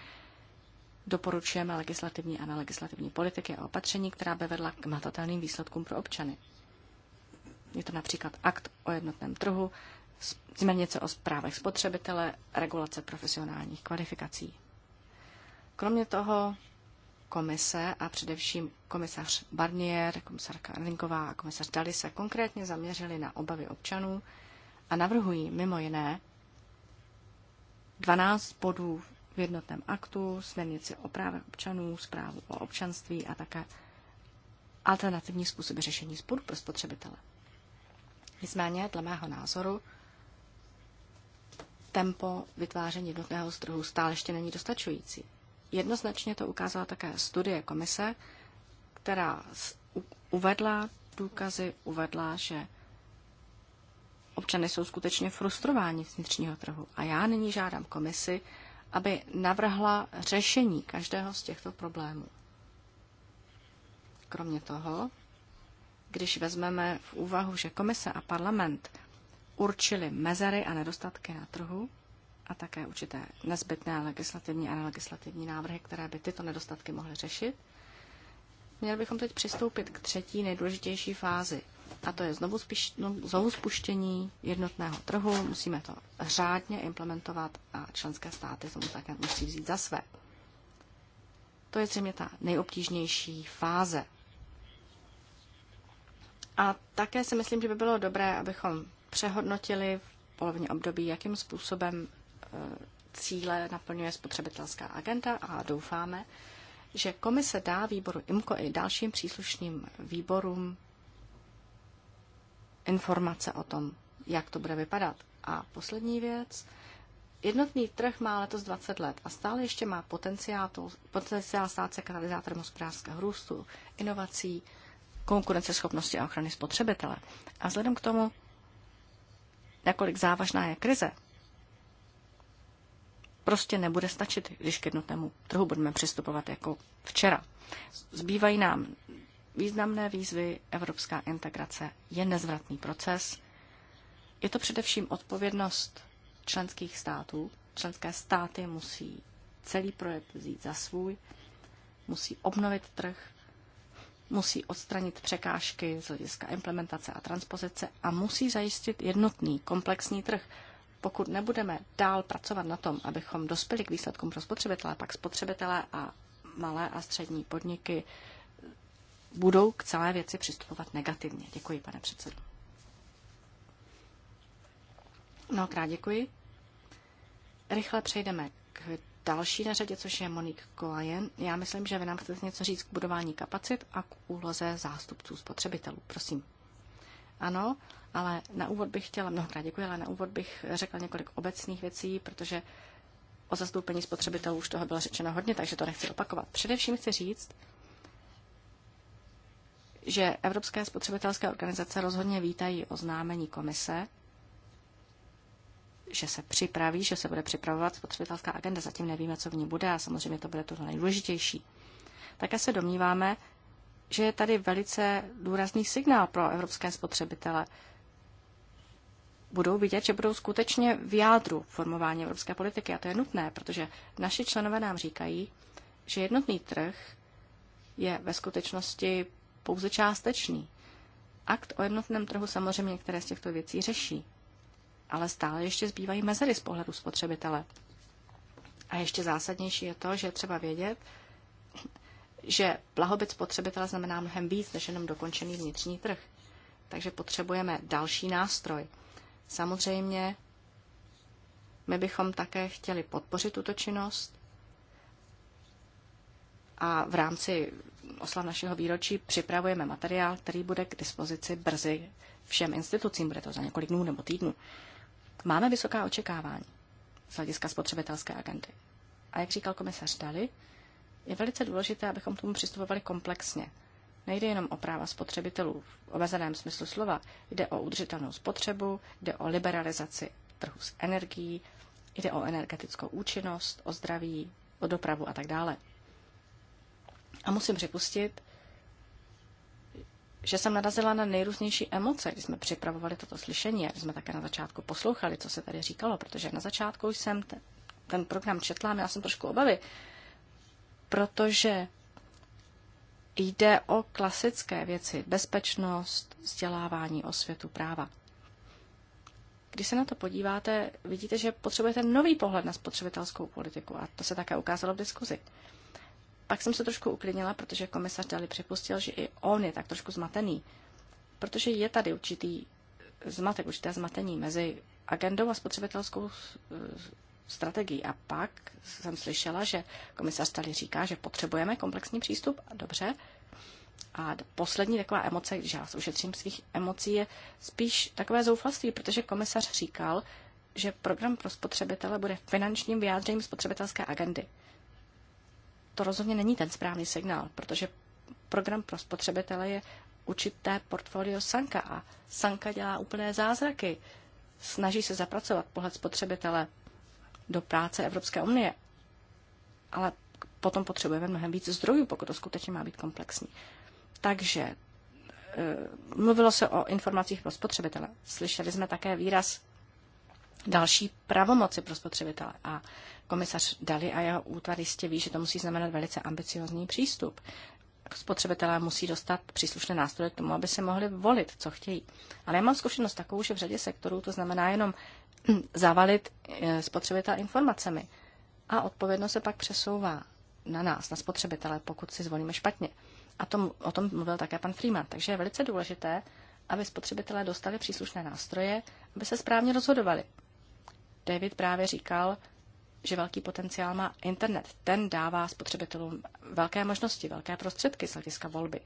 doporučujeme legislativní a nelegislativní politiky a opatření, která by vedla k matatelným výsledkům pro občany. Je to například akt o jednotném trhu, směrnice o zprávech spotřebitele, regulace profesionálních kvalifikací. Kromě toho komise a především komisař Barnier, komisar Karlinková a komisař Dali se konkrétně zaměřili na obavy občanů a navrhují mimo jiné 12 bodů v jednotném aktu, směrnici o právech občanů, zprávu o občanství a také alternativní způsoby řešení sporu pro spotřebitele. Nicméně, dle mého názoru, tempo vytváření jednotného trhu stále ještě není dostačující. Jednoznačně to ukázala také studie komise, která uvedla důkazy, uvedla, že občany jsou skutečně frustrováni z vnitřního trhu. A já nyní žádám komisi, aby navrhla řešení každého z těchto problémů. Kromě toho, když vezmeme v úvahu, že komise a parlament určili mezery a nedostatky na trhu a také určité nezbytné legislativní a nelegislativní návrhy, které by tyto nedostatky mohly řešit. Měli bychom teď přistoupit k třetí nejdůležitější fázi, a to je znovu, spíš, no, znovu spuštění jednotného trhu. Musíme to řádně implementovat a členské státy tomu také musí vzít za své. To je zřejmě ta nejobtížnější fáze. A také si myslím, že by bylo dobré, abychom přehodnotili v polovině období, jakým způsobem e, cíle naplňuje spotřebitelská agenda a doufáme, že komise dá výboru IMCO i dalším příslušným výborům informace o tom, jak to bude vypadat. A poslední věc. Jednotný trh má letos 20 let a stále ještě má potenciál, to, potenciál stát se katalyzátorem hospodářského růstu, inovací, konkurenceschopnosti a ochrany spotřebitele. A vzhledem k tomu nakolik závažná je krize, prostě nebude stačit, když k jednotnému trhu budeme přistupovat jako včera. Zbývají nám významné výzvy, evropská integrace je nezvratný proces. Je to především odpovědnost členských států. Členské státy musí celý projekt vzít za svůj, musí obnovit trh, musí odstranit překážky z hlediska implementace a transpozice a musí zajistit jednotný komplexní trh. Pokud nebudeme dál pracovat na tom, abychom dospěli k výsledkům pro spotřebitele, pak spotřebitelé a malé a střední podniky budou k celé věci přistupovat negativně. Děkuji, pane předsedo. Mnohokrát děkuji. Rychle přejdeme k další na řadě, což je Monique Kolajen. Já myslím, že vy nám chcete něco říct k budování kapacit a k úloze zástupců spotřebitelů. Prosím. Ano, ale na úvod bych chtěla, mnohokrát děkuji, ale na úvod bych řekla několik obecných věcí, protože o zastoupení spotřebitelů už toho bylo řečeno hodně, takže to nechci opakovat. Především chci říct, že Evropské spotřebitelské organizace rozhodně vítají oznámení komise že se připraví, že se bude připravovat spotřebitelská agenda. Zatím nevíme, co v ní bude a samozřejmě to bude to nejdůležitější. Také se domníváme, že je tady velice důrazný signál pro evropské spotřebitele. Budou vidět, že budou skutečně v jádru formování evropské politiky a to je nutné, protože naši členové nám říkají, že jednotný trh je ve skutečnosti pouze částečný. Akt o jednotném trhu samozřejmě některé z těchto věcí řeší ale stále ještě zbývají mezery z pohledu spotřebitele. A ještě zásadnější je to, že třeba vědět, že blahobyt spotřebitele znamená mnohem víc než jenom dokončený vnitřní trh. Takže potřebujeme další nástroj. Samozřejmě my bychom také chtěli podpořit tuto činnost a v rámci oslav našeho výročí připravujeme materiál, který bude k dispozici brzy všem institucím. Bude to za několik dnů nebo týdnů. Máme vysoká očekávání z hlediska spotřebitelské agendy. A jak říkal komisař Dali, je velice důležité, abychom tomu přistupovali komplexně. Nejde jenom o práva spotřebitelů v omezeném smyslu slova, jde o udržitelnou spotřebu, jde o liberalizaci trhu s energií, jde o energetickou účinnost, o zdraví, o dopravu a tak dále. A musím připustit, že jsem narazila na nejrůznější emoce, když jsme připravovali toto slyšení a když jsme také na začátku poslouchali, co se tady říkalo, protože na začátku jsem ten, ten program četla, měla jsem trošku obavy, protože jde o klasické věci, bezpečnost, vzdělávání, osvětu, práva. Když se na to podíváte, vidíte, že potřebujete nový pohled na spotřebitelskou politiku a to se také ukázalo v diskuzi. Pak jsem se trošku uklidnila, protože komisař Dali připustil, že i on je tak trošku zmatený, protože je tady určitý zmatek, určité zmatení mezi agendou a spotřebitelskou strategií. A pak jsem slyšela, že komisař Dali říká, že potřebujeme komplexní přístup, dobře. A poslední taková emoce, když já ušetřím svých emocí, je spíš takové zoufalství, protože komisař říkal, že program pro spotřebitele bude finančním vyjádřením spotřebitelské agendy to rozhodně není ten správný signál, protože program pro spotřebitele je určité portfolio Sanka a Sanka dělá úplné zázraky. Snaží se zapracovat pohled spotřebitele do práce Evropské unie, ale potom potřebujeme mnohem víc zdrojů, pokud to skutečně má být komplexní. Takže eh, mluvilo se o informacích pro spotřebitele. Slyšeli jsme také výraz další pravomoci pro spotřebitele. A komisař Dali a jeho útvar jistě ví, že to musí znamenat velice ambiciozní přístup. Spotřebitelé musí dostat příslušné nástroje k tomu, aby se mohli volit, co chtějí. Ale já mám zkušenost takovou, že v řadě sektorů to znamená jenom [CLEARS THROAT] zavalit eh, spotřebitel informacemi. A odpovědnost se pak přesouvá na nás, na spotřebitele, pokud si zvolíme špatně. A tom, o tom mluvil také pan Freeman. Takže je velice důležité, aby spotřebitelé dostali příslušné nástroje, aby se správně rozhodovali. David právě říkal, že velký potenciál má internet. Ten dává spotřebitelům velké možnosti, velké prostředky z hlediska volby.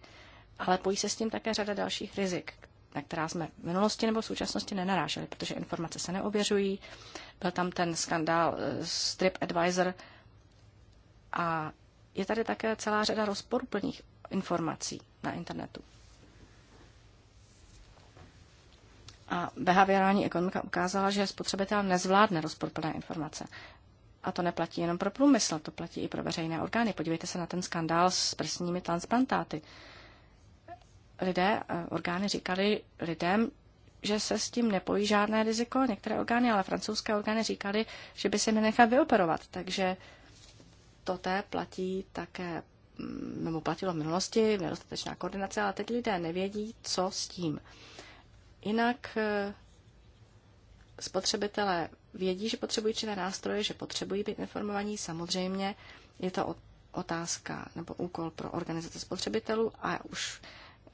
Ale pojí se s tím také řada dalších rizik, na která jsme v minulosti nebo v současnosti nenaráželi, protože informace se neověřují. Byl tam ten skandál eh, s TripAdvisor a je tady také celá řada rozporuplných informací na internetu. A behaviorální ekonomika ukázala, že spotřebitel nezvládne rozporplné informace. A to neplatí jenom pro průmysl, to platí i pro veřejné orgány. Podívejte se na ten skandál s prsními transplantáty. Lidé, eh, orgány říkali lidem, že se s tím nepojí žádné riziko. Některé orgány, ale francouzské orgány říkali, že by se mi nechal vyoperovat. Takže to té platí také, mm, nebo platilo v minulosti, nedostatečná koordinace, ale teď lidé nevědí, co s tím. Jinak eh, spotřebitelé vědí, že potřebují činné nástroje, že potřebují být informovaní. Samozřejmě je to otázka nebo úkol pro organizace spotřebitelů a už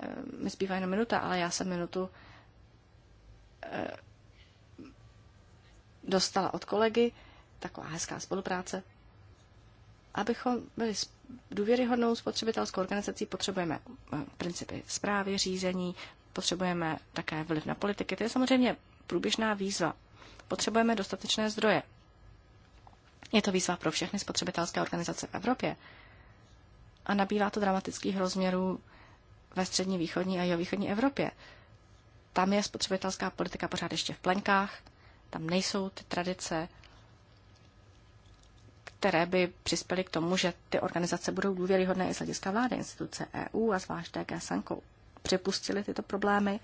eh, mi zbývá jenom minuta, ale já jsem minutu eh, dostala od kolegy, taková hezká spolupráce. Abychom byli důvěryhodnou spotřebitelskou organizací, potřebujeme principy zprávy, řízení, potřebujeme také vliv na politiky. To je samozřejmě průběžná výzva. Potřebujeme dostatečné zdroje. Je to výzva pro všechny spotřebitelské organizace v Evropě. A nabývá to dramatických rozměrů ve střední, východní a jihovýchodní Evropě. Tam je spotřebitelská politika pořád ještě v plenkách, tam nejsou ty tradice, které by přispěly k tomu, že ty organizace budou důvěryhodné i z hlediska vlády, instituce EU a zvlášť DG Sankou přepustili tyto problémy,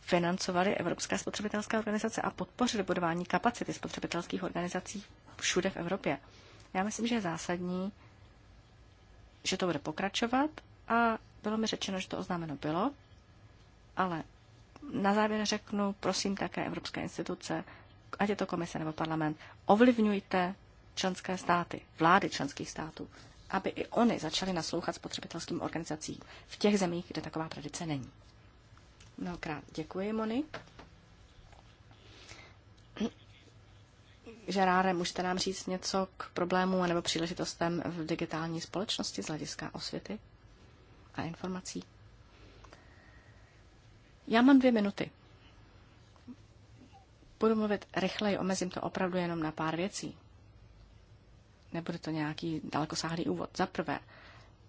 financovali Evropské spotřebitelské organizace a podpořili budování kapacity spotřebitelských organizací všude v Evropě. Já myslím, že je zásadní, že to bude pokračovat a bylo mi řečeno, že to oznámeno bylo, ale na závěr řeknu, prosím také Evropské instituce, ať je to komise nebo parlament, ovlivňujte členské státy, vlády členských států aby i oni začali naslouchat spotřebitelským organizacím v těch zemích, kde taková tradice není. Mnohokrát děkuji, Moni. Žeráre, můžete nám říct něco k problému nebo příležitostem v digitální společnosti z hlediska osvěty a informací? Já mám dvě minuty. Budu mluvit rychleji, omezím to opravdu jenom na pár věcí. Nebude to nějaký dalekosáhlý úvod. Za prvé,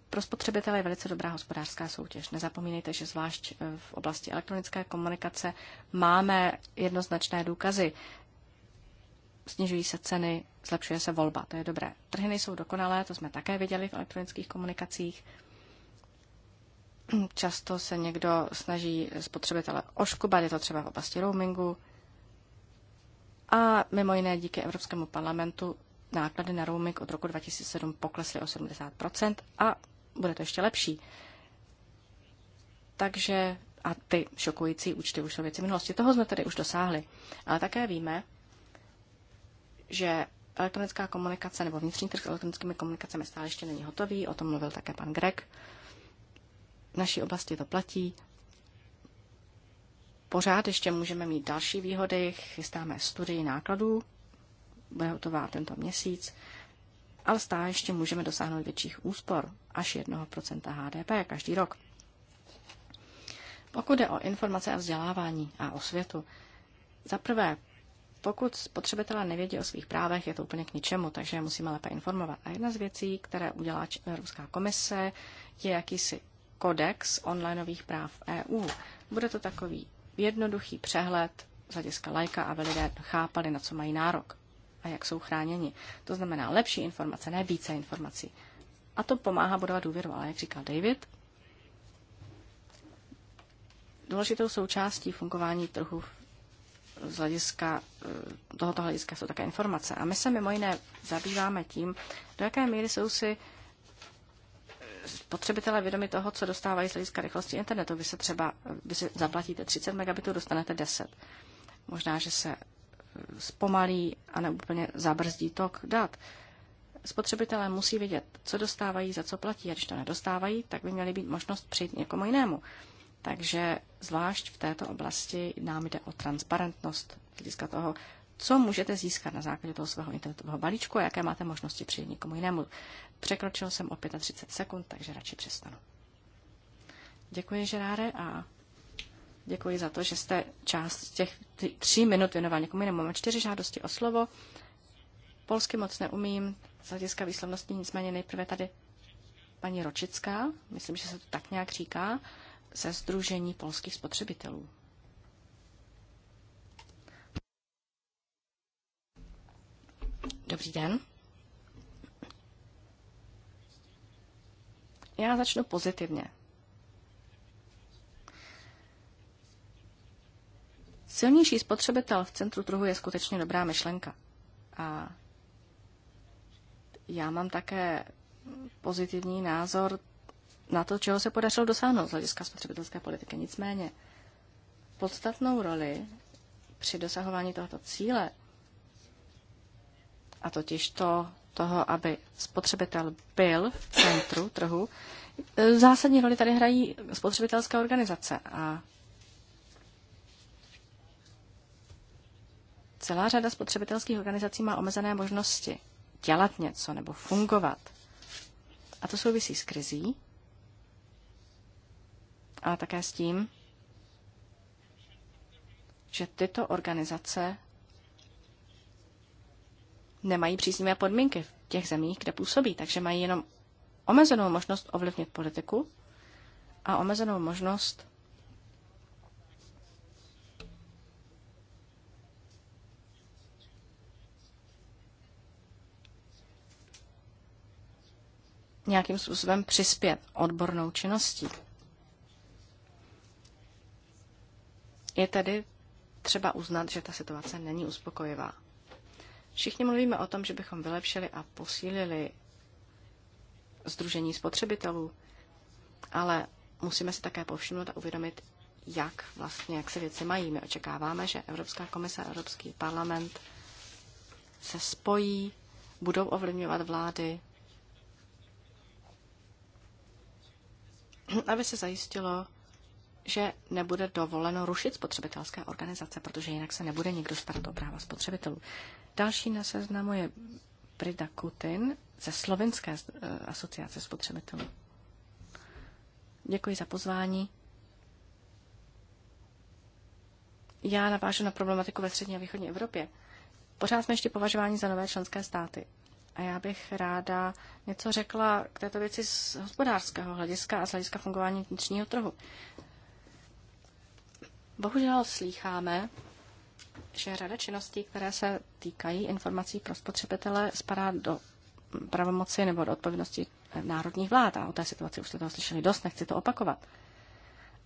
pro spotřebitele je velice dobrá hospodářská soutěž. Nezapomínejte, že zvlášť eh, v oblasti elektronické komunikace máme jednoznačné důkazy. Snižují se ceny, zlepšuje se volba, to je dobré. Trhy nejsou dokonalé, to jsme také viděli v elektronických komunikacích. [CLEARS THROAT] Často se někdo snaží spotřebitele oškubat, je to třeba v oblasti roamingu. A mimo jiné díky Evropskému parlamentu náklady na roaming od roku 2007 poklesly o 70 a bude to ještě lepší. Takže a ty šokující účty už jsou věci minulosti. Toho jsme tedy už dosáhli. Ale také víme, že elektronická komunikace nebo vnitřní trh s elektronickými komunikacemi stále ještě není hotový, o tom mluvil také pan Greg. V naší oblasti to platí. Pořád ještě můžeme mít další výhody, chystáme studii nákladů bude hotová tento měsíc, ale stále ještě můžeme dosáhnout větších úspor, až 1% HDP každý rok. Pokud jde o informace a vzdělávání a o světu, za prvé, pokud spotřebitelé nevědí o svých právech, je to úplně k ničemu, takže je musíme lépe informovat. A jedna z věcí, které udělá Evropská komise, je jakýsi kodex onlineových práv EU. Bude to takový jednoduchý přehled z hlediska lajka, aby lidé chápali, na co mají nárok a jak jsou chráněni. To znamená lepší informace, ne více informací. A to pomáhá budovat důvěru, ale jak říkal David, důležitou součástí fungování trhu z hlediska, eh, tohoto hlediska jsou také informace. A my se mimo jiné zabýváme tím, do jaké míry jsou si eh, spotřebitelé vědomi toho, co dostávají z hlediska rychlosti internetu. Vy se třeba eh, vy si zaplatíte 30 megabitů, dostanete 10. Možná, že se zpomalí a neúplně zabrzdí tok dat. Spotřebitelé musí vědět, co dostávají, za co platí a když to nedostávají, tak by měly být možnost přijít někomu jinému. Takže zvlášť v této oblasti nám jde o transparentnost hlediska toho, co můžete získat na základě toho svého internetového balíčku a jaké máte možnosti přijít někomu jinému. Překročil jsem o 35 sekund, takže radši přestanu. Děkuji, Žeráre, a Děkuji za to, že jste část těch tří minut věnoval jako někomu jinému. Mám čtyři žádosti o slovo. Polsky moc neumím, z hlediska výslovnosti nicméně nejprve tady paní Ročická, myslím, že se to tak nějak říká, ze Združení polských spotřebitelů. Dobrý den. Já začnu pozitivně. Silnější spotřebitel v centru trhu je skutečně dobrá myšlenka. A já mám také pozitivní názor na to, čeho se podařilo dosáhnout z hlediska spotřebitelské politiky. Nicméně podstatnou roli při dosahování tohoto cíle, a totiž to, toho, aby spotřebitel byl v centru trhu, zásadní roli tady hrají spotřebitelské organizace a Celá řada spotřebitelských organizací má omezené možnosti dělat něco nebo fungovat. A to souvisí s krizí, ale také s tím, že tyto organizace nemají příznivé podmínky v těch zemích, kde působí, takže mají jenom omezenou možnost ovlivnit politiku a omezenou možnost nějakým způsobem přispět odbornou činností. Je tedy třeba uznat, že ta situace není uspokojivá. Všichni mluvíme o tom, že bychom vylepšili a posílili Združení spotřebitelů, ale musíme si také povšimnout a uvědomit, jak vlastně, jak se věci mají. My očekáváme, že Evropská komise a Evropský parlament se spojí, budou ovlivňovat vlády, aby se zajistilo, že nebude dovoleno rušit spotřebitelské organizace, protože jinak se nebude nikdo starat o práva spotřebitelů. Další na seznamu je Brida Kutin ze Slovenské eh, asociace spotřebitelů. Děkuji za pozvání. Já navážu na problematiku ve střední a východní Evropě. Pořád jsme ještě považováni za nové členské státy. A já bych ráda něco řekla k této věci z hospodářského hlediska a z hlediska fungování vnitřního trhu. Bohužel slýcháme, že řada činností, které se týkají informací pro spotřebitele, spadá do pravomoci nebo do odpovědnosti národních vlád. A o té situaci už jste toho slyšeli dost, nechci to opakovat.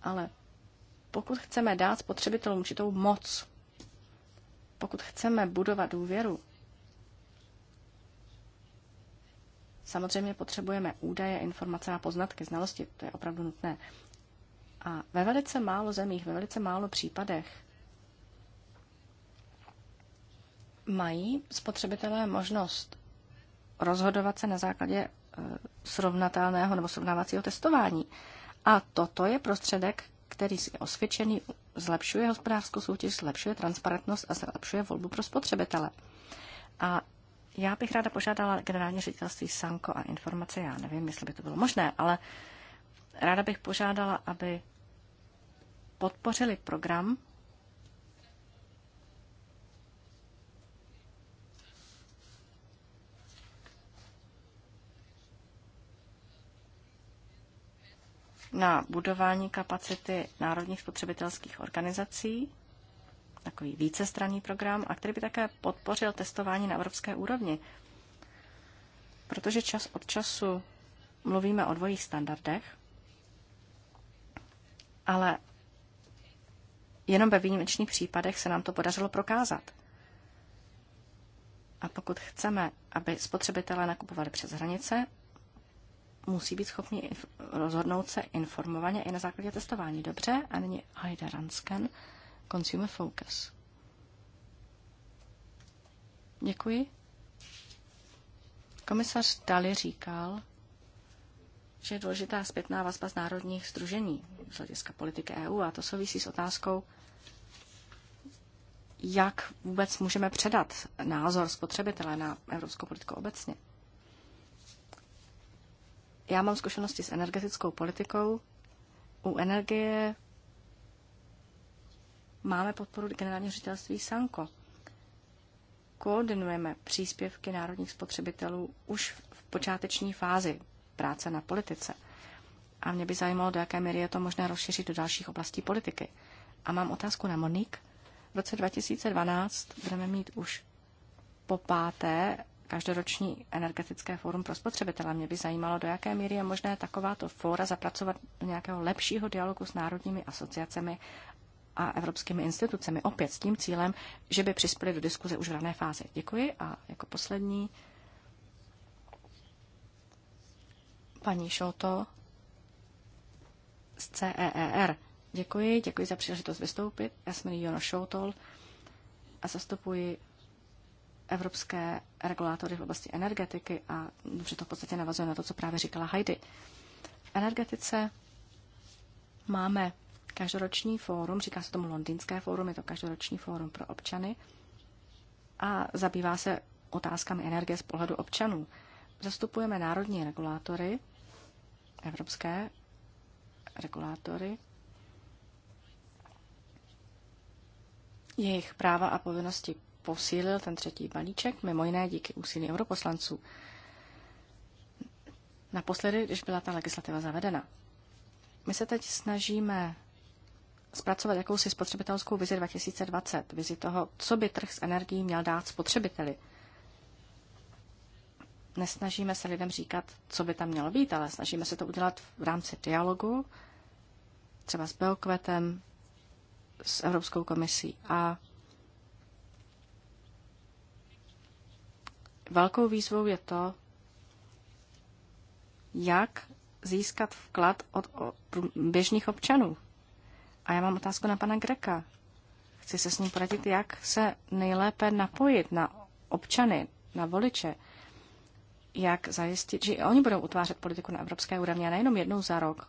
Ale pokud chceme dát spotřebitelům určitou moc, pokud chceme budovat důvěru, Samozřejmě potřebujeme údaje, informace a poznatky, znalosti, to je opravdu nutné. A ve velice málo zemích, ve velice málo případech mají spotřebitelé možnost rozhodovat se na základě e, srovnatelného nebo srovnávacího testování. A toto je prostředek, který je osvědčený, zlepšuje hospodářskou soutěž, zlepšuje transparentnost a zlepšuje volbu pro spotřebitele. A já bych ráda požádala generální ředitelství Sanko a informace, já nevím, jestli by to bylo možné, ale ráda bych požádala, aby podpořili program, na budování kapacity národních spotřebitelských organizací takový vícestranný program a který by také podpořil testování na evropské úrovni. Protože čas od času mluvíme o dvojích standardech, ale jenom ve výjimečných případech se nám to podařilo prokázat. A pokud chceme, aby spotřebitelé nakupovali přes hranice, musí být schopni rozhodnout se informovaně i na základě testování. Dobře, a nyní Aida Ransken. Consumer Focus. Děkuji. Komisař Dali říkal, že je důležitá zpětná vazba z národních združení z hlediska politiky EU a to souvisí s otázkou, jak vůbec můžeme předat názor spotřebitele na evropskou politiku obecně. Já mám zkušenosti s energetickou politikou. U energie máme podporu generálního ředitelství Sanko. Koordinujeme příspěvky národních spotřebitelů už v počáteční fázi práce na politice. A mě by zajímalo, do jaké míry je to možné rozšířit do dalších oblastí politiky. A mám otázku na Monik. V roce 2012 budeme mít už po páté každoroční energetické fórum pro spotřebitele. Mě by zajímalo, do jaké míry je možné takováto fóra zapracovat do nějakého lepšího dialogu s národními asociacemi a evropskými institucemi. Opět s tím cílem, že by přispěli do diskuze už v rané fázi. Děkuji a jako poslední paní Šoto z CEER. Děkuji, děkuji za příležitost vystoupit. Já jsem Jono Šoutol a zastupuji evropské regulátory v oblasti energetiky a dobře to v podstatě navazuje na to, co právě říkala Heidi. V energetice máme každoroční fórum, říká se tomu Londýnské fórum, je to každoroční fórum pro občany a zabývá se otázkami energie z pohledu občanů. Zastupujeme národní regulátory, evropské regulátory, jejich práva a povinnosti posílil ten třetí balíček, mimo jiné díky úsilí europoslanců. Naposledy, když byla ta legislativa zavedena. My se teď snažíme zpracovat jakousi spotřebitelskou vizi 2020, vizi toho, co by trh s energií měl dát spotřebiteli. Nesnažíme se lidem říkat, co by tam mělo být, ale snažíme se to udělat v rámci dialogu, třeba s Belkvetem, s Evropskou komisí a velkou výzvou je to, jak získat vklad od běžných občanů. A já mám otázku na pana Greka. Chci se s ním poradit, jak se nejlépe napojit na občany, na voliče, jak zajistit, že oni budou utvářet politiku na evropské úrovni a nejenom jednou za rok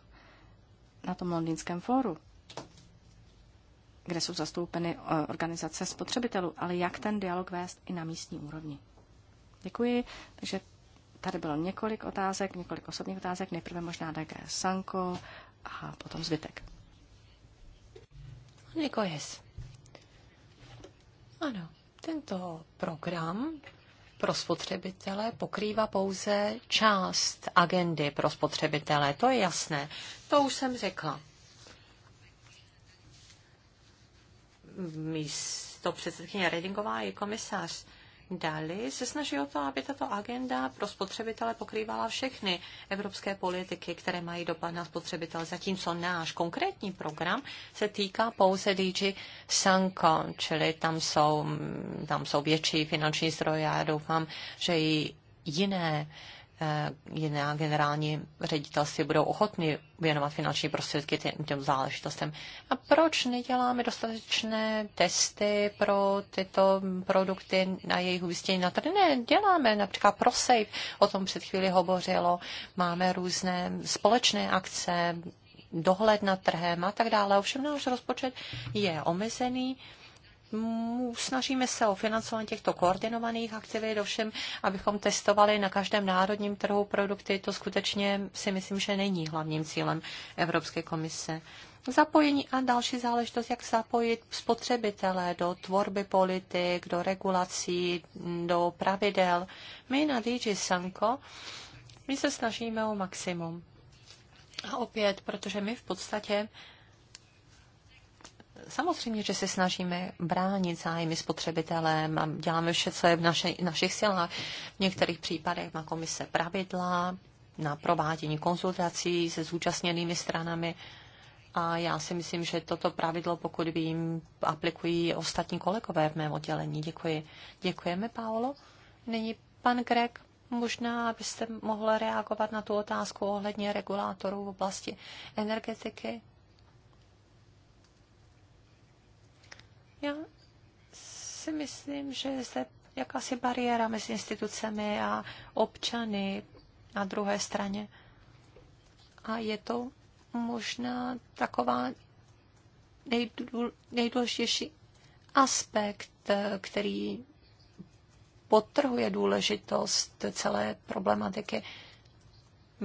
na tom londýnském fóru, kde jsou zastoupeny eh, organizace spotřebitelů, ale jak ten dialog vést i na místní úrovni. Děkuji. Takže tady bylo několik otázek, několik osobních otázek, nejprve možná DG Sanko a potom zbytek. Nikojes. Ano, tento program pro spotřebitele pokrývá pouze část agendy pro spotřebitele. To je jasné. To už jsem řekla. Místo předsedkyně Redingová je komisař dali, se snaží o to, aby tato agenda pro spotřebitele pokrývala všechny evropské politiky, které mají dopad na spotřebitele, zatímco náš konkrétní program se týká pouze DG Sanko, čili tam jsou, tam jsou větší finanční zdroje a já doufám, že i jiné uh, Eh, jiná generální ředitelství budou ochotny věnovat finanční prostředky těm, těm záležitostem. A proč neděláme dostatečné testy pro tyto produkty na jejich umístění na no, trhu? Ne, děláme například pro safe, o tom před chvíli hovořilo, máme různé společné akce, dohled nad trhem a tak dále. Ovšem náš rozpočet je omezený snažíme se o financování těchto koordinovaných aktivit, ovšem, abychom testovali na každém národním trhu produkty, to skutečně si myslím, že není hlavním cílem Evropské komise. Zapojení a další záležitost, jak zapojit spotřebitele do tvorby politik, do regulací, do pravidel. My na DG Sanko, my se snažíme o maximum. A opět, protože my v podstatě Samozřejmě, že se snažíme bránit zájmy spotřebitelem a děláme vše, co je v naši, našich silách. V některých případech má komise pravidla na provádění konzultací se zúčastněnými stranami. A já si myslím, že toto pravidlo, pokud vím, aplikují ostatní kolegové v mém oddělení. Děkuji. Děkujeme, Paolo. Není pan Greg, možná byste mohl reagovat na tu otázku ohledně regulátorů v oblasti energetiky. Já si myslím, že je zde jakási bariéra mezi institucemi a občany na druhé straně. A je to možná taková nejdůležitější aspekt, který potrhuje důležitost celé problematiky.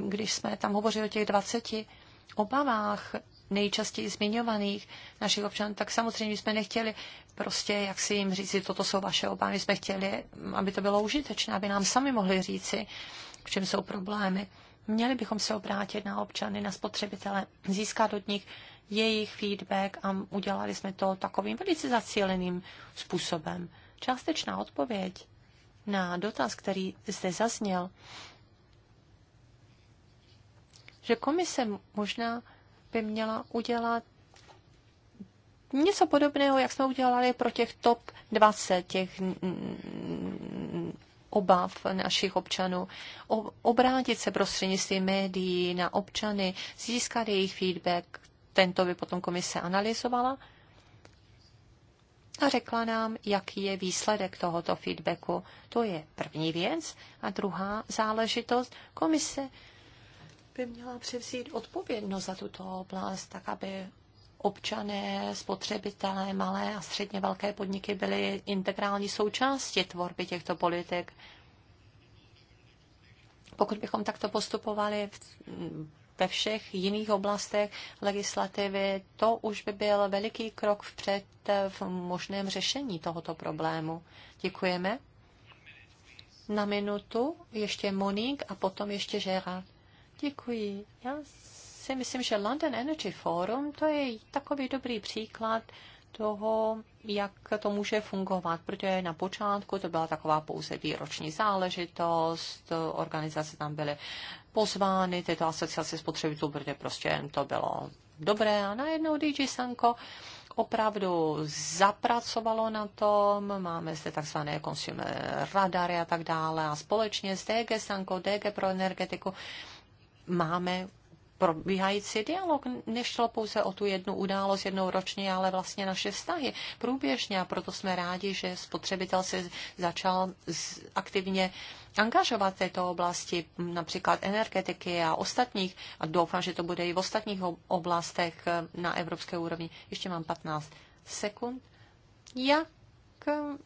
Když jsme tam hovořili o těch 20 obavách nejčastěji zmiňovaných našich občanů, tak samozřejmě jsme nechtěli prostě, jak si jim říci, toto jsou vaše obavy, jsme chtěli, aby to bylo užitečné, aby nám sami mohli říci, v čem jsou problémy. Měli bychom se obrátit na občany, na spotřebitele, získat od nich jejich feedback a udělali jsme to takovým velice zacíleným způsobem. Částečná odpověď na dotaz, který zde zazněl, že komise možná by měla udělat něco podobného, jak jsme udělali pro těch top 20, těch obav našich občanů, obrátit se prostřednictvím médií na občany, získat jejich feedback. Tento by potom komise analyzovala a řekla nám, jaký je výsledek tohoto feedbacku. To je první věc. A druhá záležitost, komise by měla převzít odpovědnost za tuto oblast, tak aby občané, spotřebitelé, malé a středně velké podniky byly integrální součástí tvorby těchto politik. Pokud bychom takto postupovali ve všech jiných oblastech legislativy, to už by byl veliký krok vpřed v možném řešení tohoto problému. Děkujeme. Na minutu ještě Monique a potom ještě Gerard. Děkuji. Já si myslím, že London Energy Forum to je takový dobrý příklad toho, jak to může fungovat, protože na počátku to byla taková pouze výroční záležitost, organizace tam byly pozvány, tyto asociace spotřebitelů, protože prostě to bylo dobré a najednou DJ Sanko opravdu zapracovalo na tom, máme zde takzvané consumer radary a tak dále a společně s DG Sanko, DG pro energetiku, máme probíhající dialog. Nešlo pouze o tu jednu událost jednou ročně, ale vlastně naše vztahy průběžně a proto jsme rádi, že spotřebitel se začal aktivně angažovat v této oblasti, například energetiky a ostatních, a doufám, že to bude i v ostatních oblastech eh, na evropské úrovni. Ještě mám 15 sekund. Jak Mm,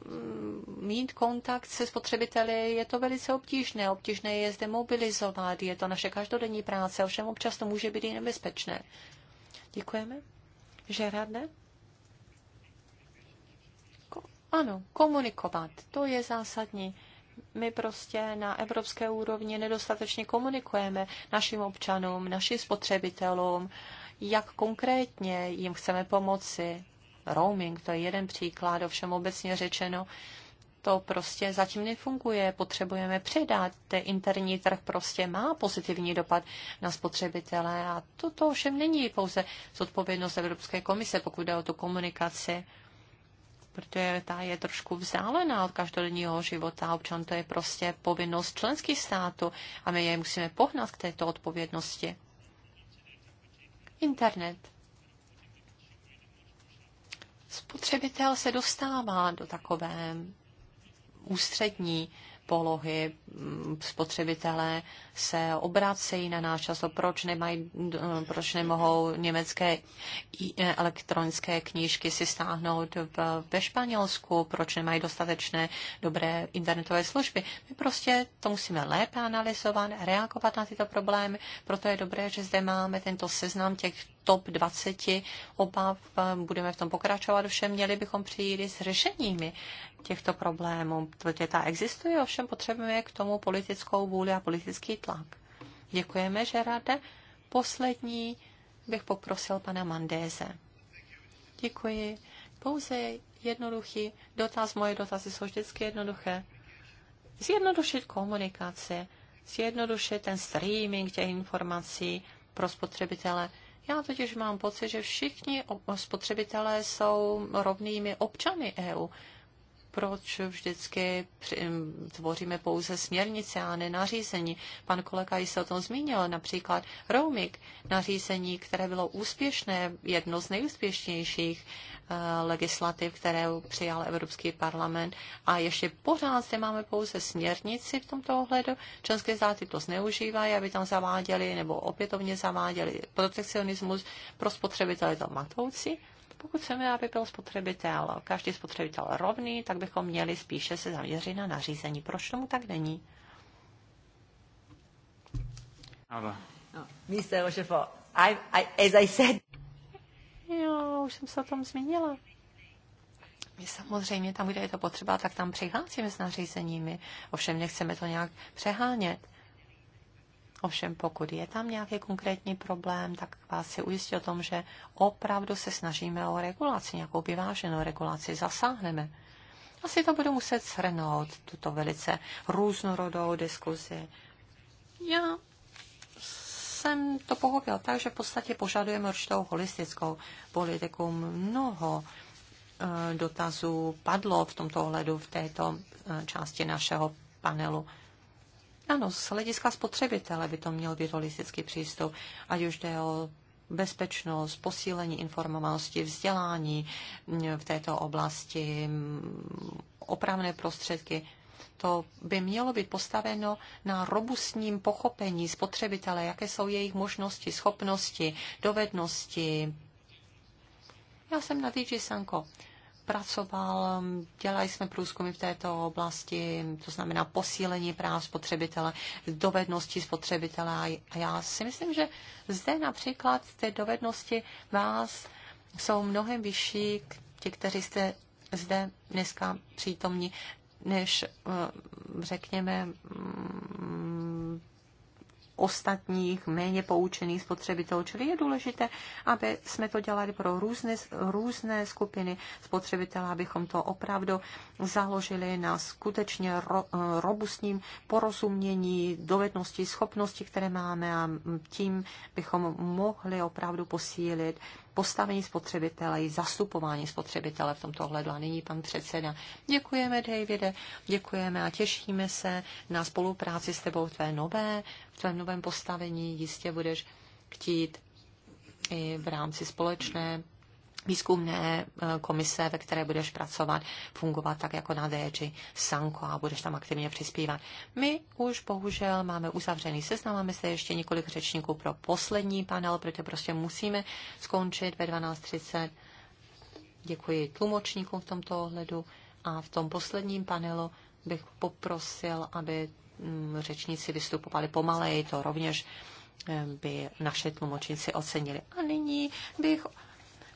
mít kontakt se spotřebiteli je to velice obtížné. Obtížné je zde mobilizovat, je to naše každodenní práce, ovšem občas to může být i nebezpečné. Děkujeme. radne? Ko- ano, komunikovat, to je zásadní. My prostě na evropské úrovni nedostatečně komunikujeme našim občanům, našim spotřebitelům, jak konkrétně jim chceme pomoci, roaming, to je jeden příklad, ovšem obecně řečeno, to prostě zatím nefunguje, potřebujeme předat. Ten interní trh prostě má pozitivní dopad na spotřebitele a toto ovšem není pouze zodpovědnost Evropské komise, pokud jde o tu komunikaci protože ta je trošku vzdálená od každodenního života. Občan to je prostě povinnost členských států a my je musíme pohnat k této odpovědnosti. Internet spotřebitel se dostává do takové ústřední polohy mm, spotřebitelé se obracejí na náš často, proč, nemají, eh, proč nemohou německé eh, elektronické knížky si stáhnout ve Španělsku, proč nemají dostatečné dobré internetové služby. My prostě to musíme lépe analyzovat, reagovat na tyto problémy, proto je dobré, že zde máme tento seznam těch top 20 obav, budeme v tom pokračovat, všem měli bychom přijít s řešeními těchto problémů, protože ta existuje, ovšem potřebujeme k tomu politickou vůli a politický tlak. Děkujeme, že rade. Poslední bych poprosil pana Mandéze. Děkuji. Pouze jednoduchý dotaz. Moje dotazy jsou vždycky jednoduché. Zjednodušit komunikaci, zjednodušit ten streaming těch informací pro spotřebitele. Já totiž mám pocit, že všichni spotřebitelé jsou rovnými občany EU proč vždycky tvoříme pouze směrnice a ne nařízení. Pan kolega již se o tom zmínil, například roaming, nařízení, které bylo úspěšné, jedno z nejúspěšnějších eh, legislativ, které přijal Evropský parlament. A ještě pořád zde máme pouze směrnici v tomto ohledu. Členské státy to zneužívají, aby tam zaváděli nebo opětovně zaváděli protekcionismus pro spotřebitele to matoucí. Pokud chceme, aby byl spotřebitel, každý spotřebitel rovný, tak bychom měli spíše se zaměřit na nařízení. Proč tomu tak není? Ale. No, I, I, as I said... Jo, už jsem se o tom zmínila. My samozřejmě tam, kde je to potřeba, tak tam přicházíme s nařízeními. Ovšem nechceme to nějak přehánět. Ovšem, pokud je tam nějaký konkrétní problém, tak vás si ujistí o tom, že opravdu se snažíme o regulaci, nějakou vyváženou regulaci, zasáhneme. Asi to budu muset shrnout, tuto velice různorodou diskuzi. Já jsem to pochopil tak, že v podstatě požadujeme určitou holistickou politiku. Mnoho eh, dotazů padlo v tomto ohledu v této eh, části našeho panelu. Ano, z hlediska spotřebitele by to měl být holistický přístup, ať už jde o bezpečnost, posílení informovanosti, vzdělání mm, v této oblasti, mm, opravné prostředky. To by mělo být postaveno na robustním pochopení spotřebitele, jaké jsou jejich možnosti, schopnosti, dovednosti. Já jsem na DJ Sanko pracoval, dělali jsme průzkumy v této oblasti, to znamená posílení práv spotřebitele, dovednosti spotřebitele a já si myslím, že zde například ty dovednosti vás jsou mnohem vyšší, ti, kteří jste zde dneska přítomní, než eh, řekněme ostatních méně poučených spotřebitelů. Čili je důležité, aby jsme to dělali pro různé, různé skupiny spotřebitelů, abychom to opravdu založili na skutečně ro, eh, robustním porozumění, dovednosti, schopnosti, které máme a tím bychom mohli opravdu posílit postavení spotřebitele i zastupování spotřebitele v tomto ohledu. A nyní pan předseda. Děkujeme, Davide, děkujeme a těšíme se na spolupráci s tebou v tvé nové, v tvém novém postavení. Jistě budeš chtít i v rámci společné výzkumné eh, komise, ve které budeš pracovat, fungovat tak jako na DG Sanko a budeš tam aktivně přispívat. My už bohužel máme uzavřený seznam, máme se ještě několik řečníků pro poslední panel, protože prostě musíme skončit ve 12.30. Děkuji tlumočníkům v tomto ohledu a v tom posledním panelu bych poprosil, aby mm, řečníci vystupovali pomaleji, to rovněž eh, by naše tlumočníci ocenili. A nyní bych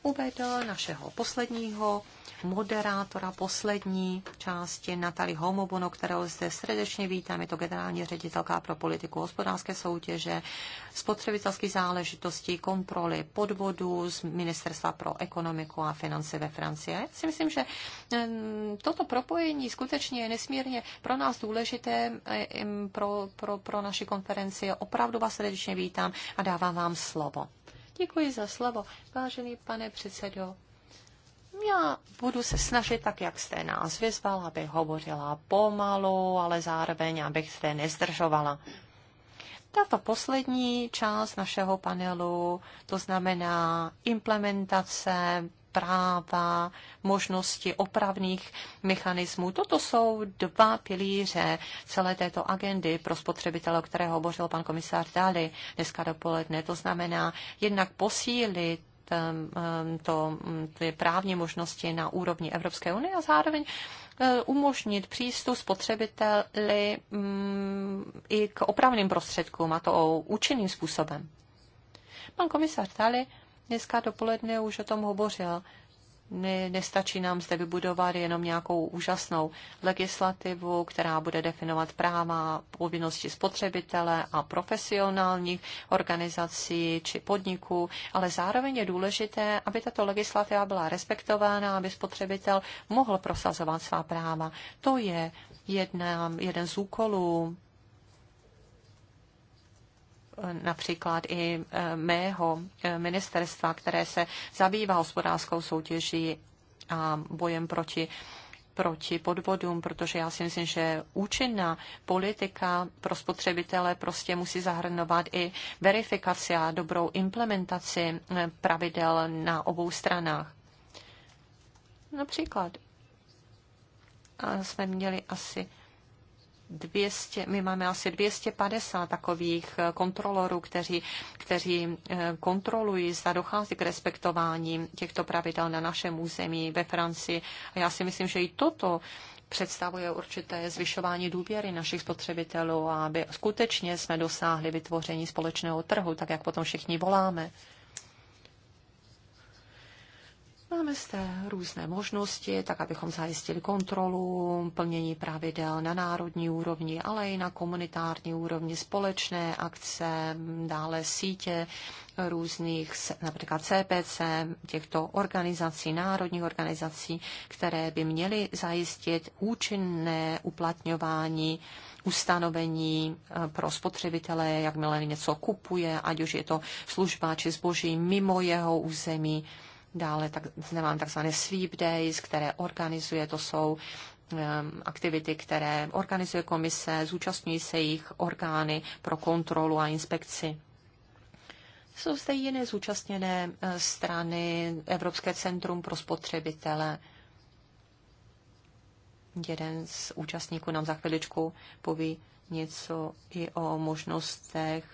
uvedl našeho posledního moderátora poslední části Natali Homobono, kterou zde srdečně vítám. Je to generální ředitelka pro politiku hospodářské soutěže, spotřebitelské záležitosti, kontroly podvodů z Ministerstva pro ekonomiku a finance ve Francii. Já si myslím, že toto propojení skutečně je nesmírně pro nás důležité, pro, pro, pro naši konferenci. Opravdu vás srdečně vítám a dávám vám slovo. Děkuji za slovo, vážený pane předsedo. Já budu se snažit tak, jak jste nás vyzval, abych hovořila pomalu, ale zároveň, abych se nezdržovala. Tato poslední část našeho panelu, to znamená implementace práva, možnosti opravných mechanismů. Toto jsou dva pilíře celé této agendy pro spotřebitele, o které hovořil pan komisár Dali dneska dopoledne. To znamená jednak posílit um, um, to, um, ty právní možnosti na úrovni Evropské unie a zároveň uh, umožnit přístup spotřebiteli i k opravným prostředkům, a to účinným způsobem. Pan komisař Tali dneska dopoledne už o tom hovořil. Ne, nestačí nám zde vybudovat jenom nějakou úžasnou legislativu, která bude definovat práva, povinnosti spotřebitele a profesionálních organizací či podniků, ale zároveň je důležité, aby tato legislativa byla respektována, aby spotřebitel mohl prosazovat svá práva. To je jedna, jeden z úkolů například i eh, mého eh, ministerstva, které se zabývá hospodářskou soutěží a bojem proti proti podvodům, protože já si myslím, že účinná politika pro spotřebitele prostě musí zahrnovat i verifikaci a dobrou implementaci eh, pravidel na obou stranách. Například jsme měli asi 200, my máme asi 250 takových eh, kontrolorů, kteří, kteří eh, kontrolují, zda dochází k respektování těchto pravidel na našem území ve Francii. A já si myslím, že i toto představuje určité zvyšování důvěry našich spotřebitelů, aby skutečně jsme dosáhli vytvoření společného trhu, tak jak potom všichni voláme. Máme zde různé možnosti, tak abychom zajistili kontrolu, plnění pravidel na národní úrovni, ale i na komunitární úrovni, společné akce, dále sítě různých, například CPC, těchto organizací, národních organizací, které by měly zajistit účinné uplatňování ustanovení eh, pro spotřebitele, jakmile něco kupuje, ať už je to služba či zboží mimo jeho území Dále tak, znám takzvané sweep days, které organizuje, to jsou ehm, aktivity, které organizuje komise, zúčastňují se jich orgány pro kontrolu a inspekci. Jsou zde jiné zúčastněné eh, strany, Evropské centrum pro spotřebitele. Jeden z účastníků nám za chviličku poví něco i o možnostech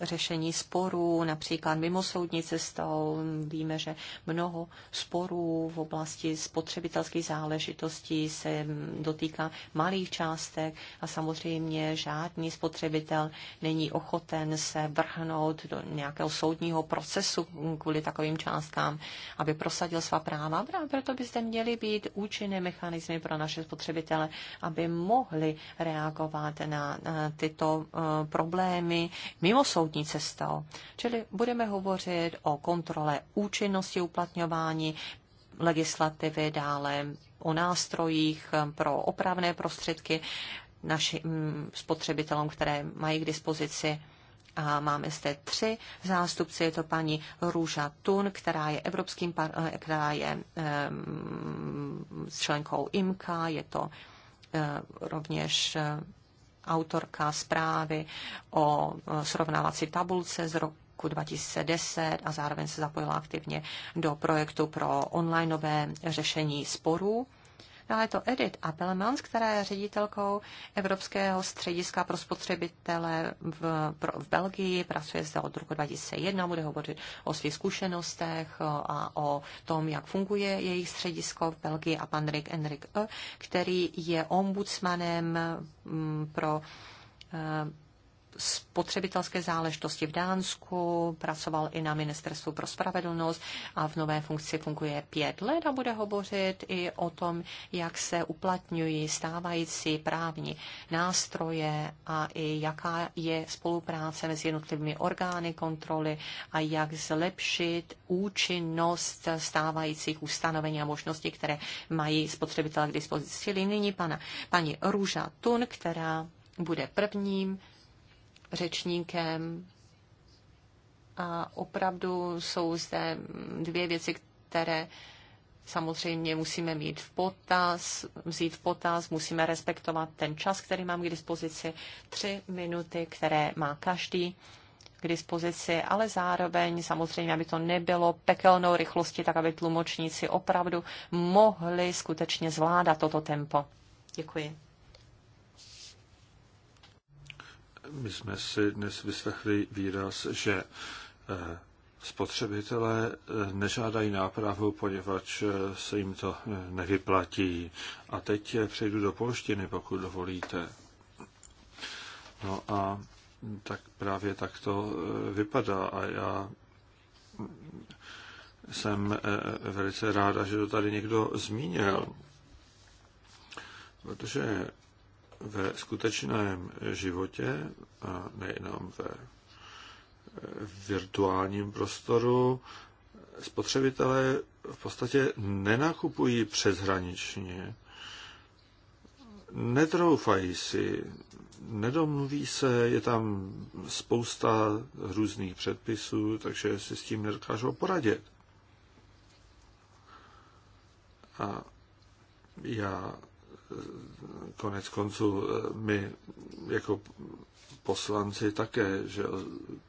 řešení sporů, například mimosoudní cestou. Víme, že mnoho sporů v oblasti spotřebitelských záležitostí se dotýká malých částek a samozřejmě žádný spotřebitel není ochoten se vrhnout do nějakého soudního procesu kvůli takovým částkám, aby prosadil svá práva. proto by zde měly být účinné mechanismy pro naše spotřebitele, aby mohli reagovat na tyto eh, problémy mimo soudní soudní cestou. Čili budeme hovořit o kontrole účinnosti uplatňování legislativy, dále o nástrojích pro opravné prostředky našim mm, spotřebitelům, které mají k dispozici. A máme zde tři zástupce. Je to paní Růža Tun, která je evropským, eh, která je um, členkou IMKA, je to eh, rovněž eh, autorka zprávy o srovnávací tabulce z roku roku 2010 a zároveň se zapojila aktivně do projektu pro onlineové řešení sporů. Dále je to Edith Appelmans, která je ředitelkou Evropského střediska pro spotřebitele v, pro, v Belgii, pracuje zde od roku 2001, bude hovořit o svých zkušenostech a o tom, jak funguje jejich středisko v Belgii a pan Rick Enrik, který je ombudsmanem pro spotřebitelské záležitosti v Dánsku, pracoval i na Ministerstvu pro spravedlnost a v nové funkci funguje pět let a bude hovořit i o tom, jak se uplatňují stávající právní nástroje a i jaká je spolupráce mezi jednotlivými orgány kontroly a jak zlepšit účinnost stávajících ustanovení a možností, které mají spotřebitelé k dispozici. Čili nyní pana, paní Růža Tun, která bude prvním řečníkem. A opravdu jsou zde dvě věci, které samozřejmě musíme mít v potaz, vzít v potaz, musíme respektovat ten čas, který mám k dispozici, tři minuty, které má každý k dispozici, ale zároveň samozřejmě, aby to nebylo pekelnou rychlosti, tak aby tlumočníci opravdu mohli skutečně zvládat toto tempo. Děkuji. My jsme si dnes vyslechli výraz, že eh, spotřebitelé eh, nežádají nápravu, poněvadž eh, se jim to nevyplatí. A teď přejdu do polštiny, pokud dovolíte. No a tak právě tak to vypadá a já jsem velice ráda, že to tady někdo zmínil, protože ve skutečném životě a nejenom ve eh, virtuálním prostoru spotřebitelé v podstatě nenakupují přeshraničně, netroufají si, nedomluví se, je tam spousta různých předpisů, takže si s tím nedokážou poradit. A já konec konců eh, my jako poslanci také, že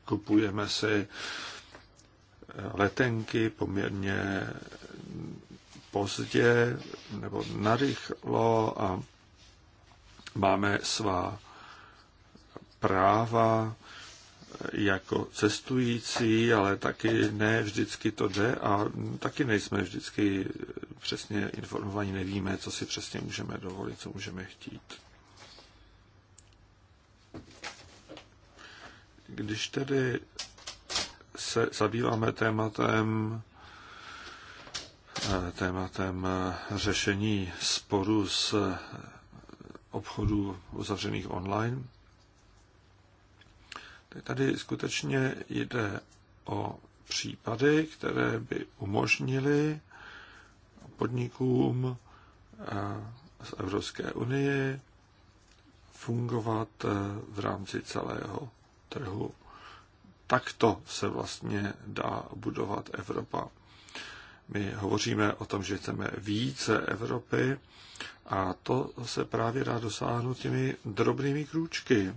kupujeme si eh, letenky poměrně pozdě nebo narychlo a máme svá práva, jako cestující, ale taky ne vždycky to jde a taky nejsme vždycky přesně informovaní, nevíme, co si přesně můžeme dovolit, co můžeme chtít. Když tedy se zabýváme tématem tématem řešení sporu s obchodů uzavřených online, Tady skutečně jde o případy, které by umožnily podnikům eh, z Evropské unie fungovat eh, v rámci celého trhu. Takto se vlastně dá budovat Evropa. My hovoříme o tom, že chceme více Evropy a to se právě dá dosáhnout těmi drobnými krůčky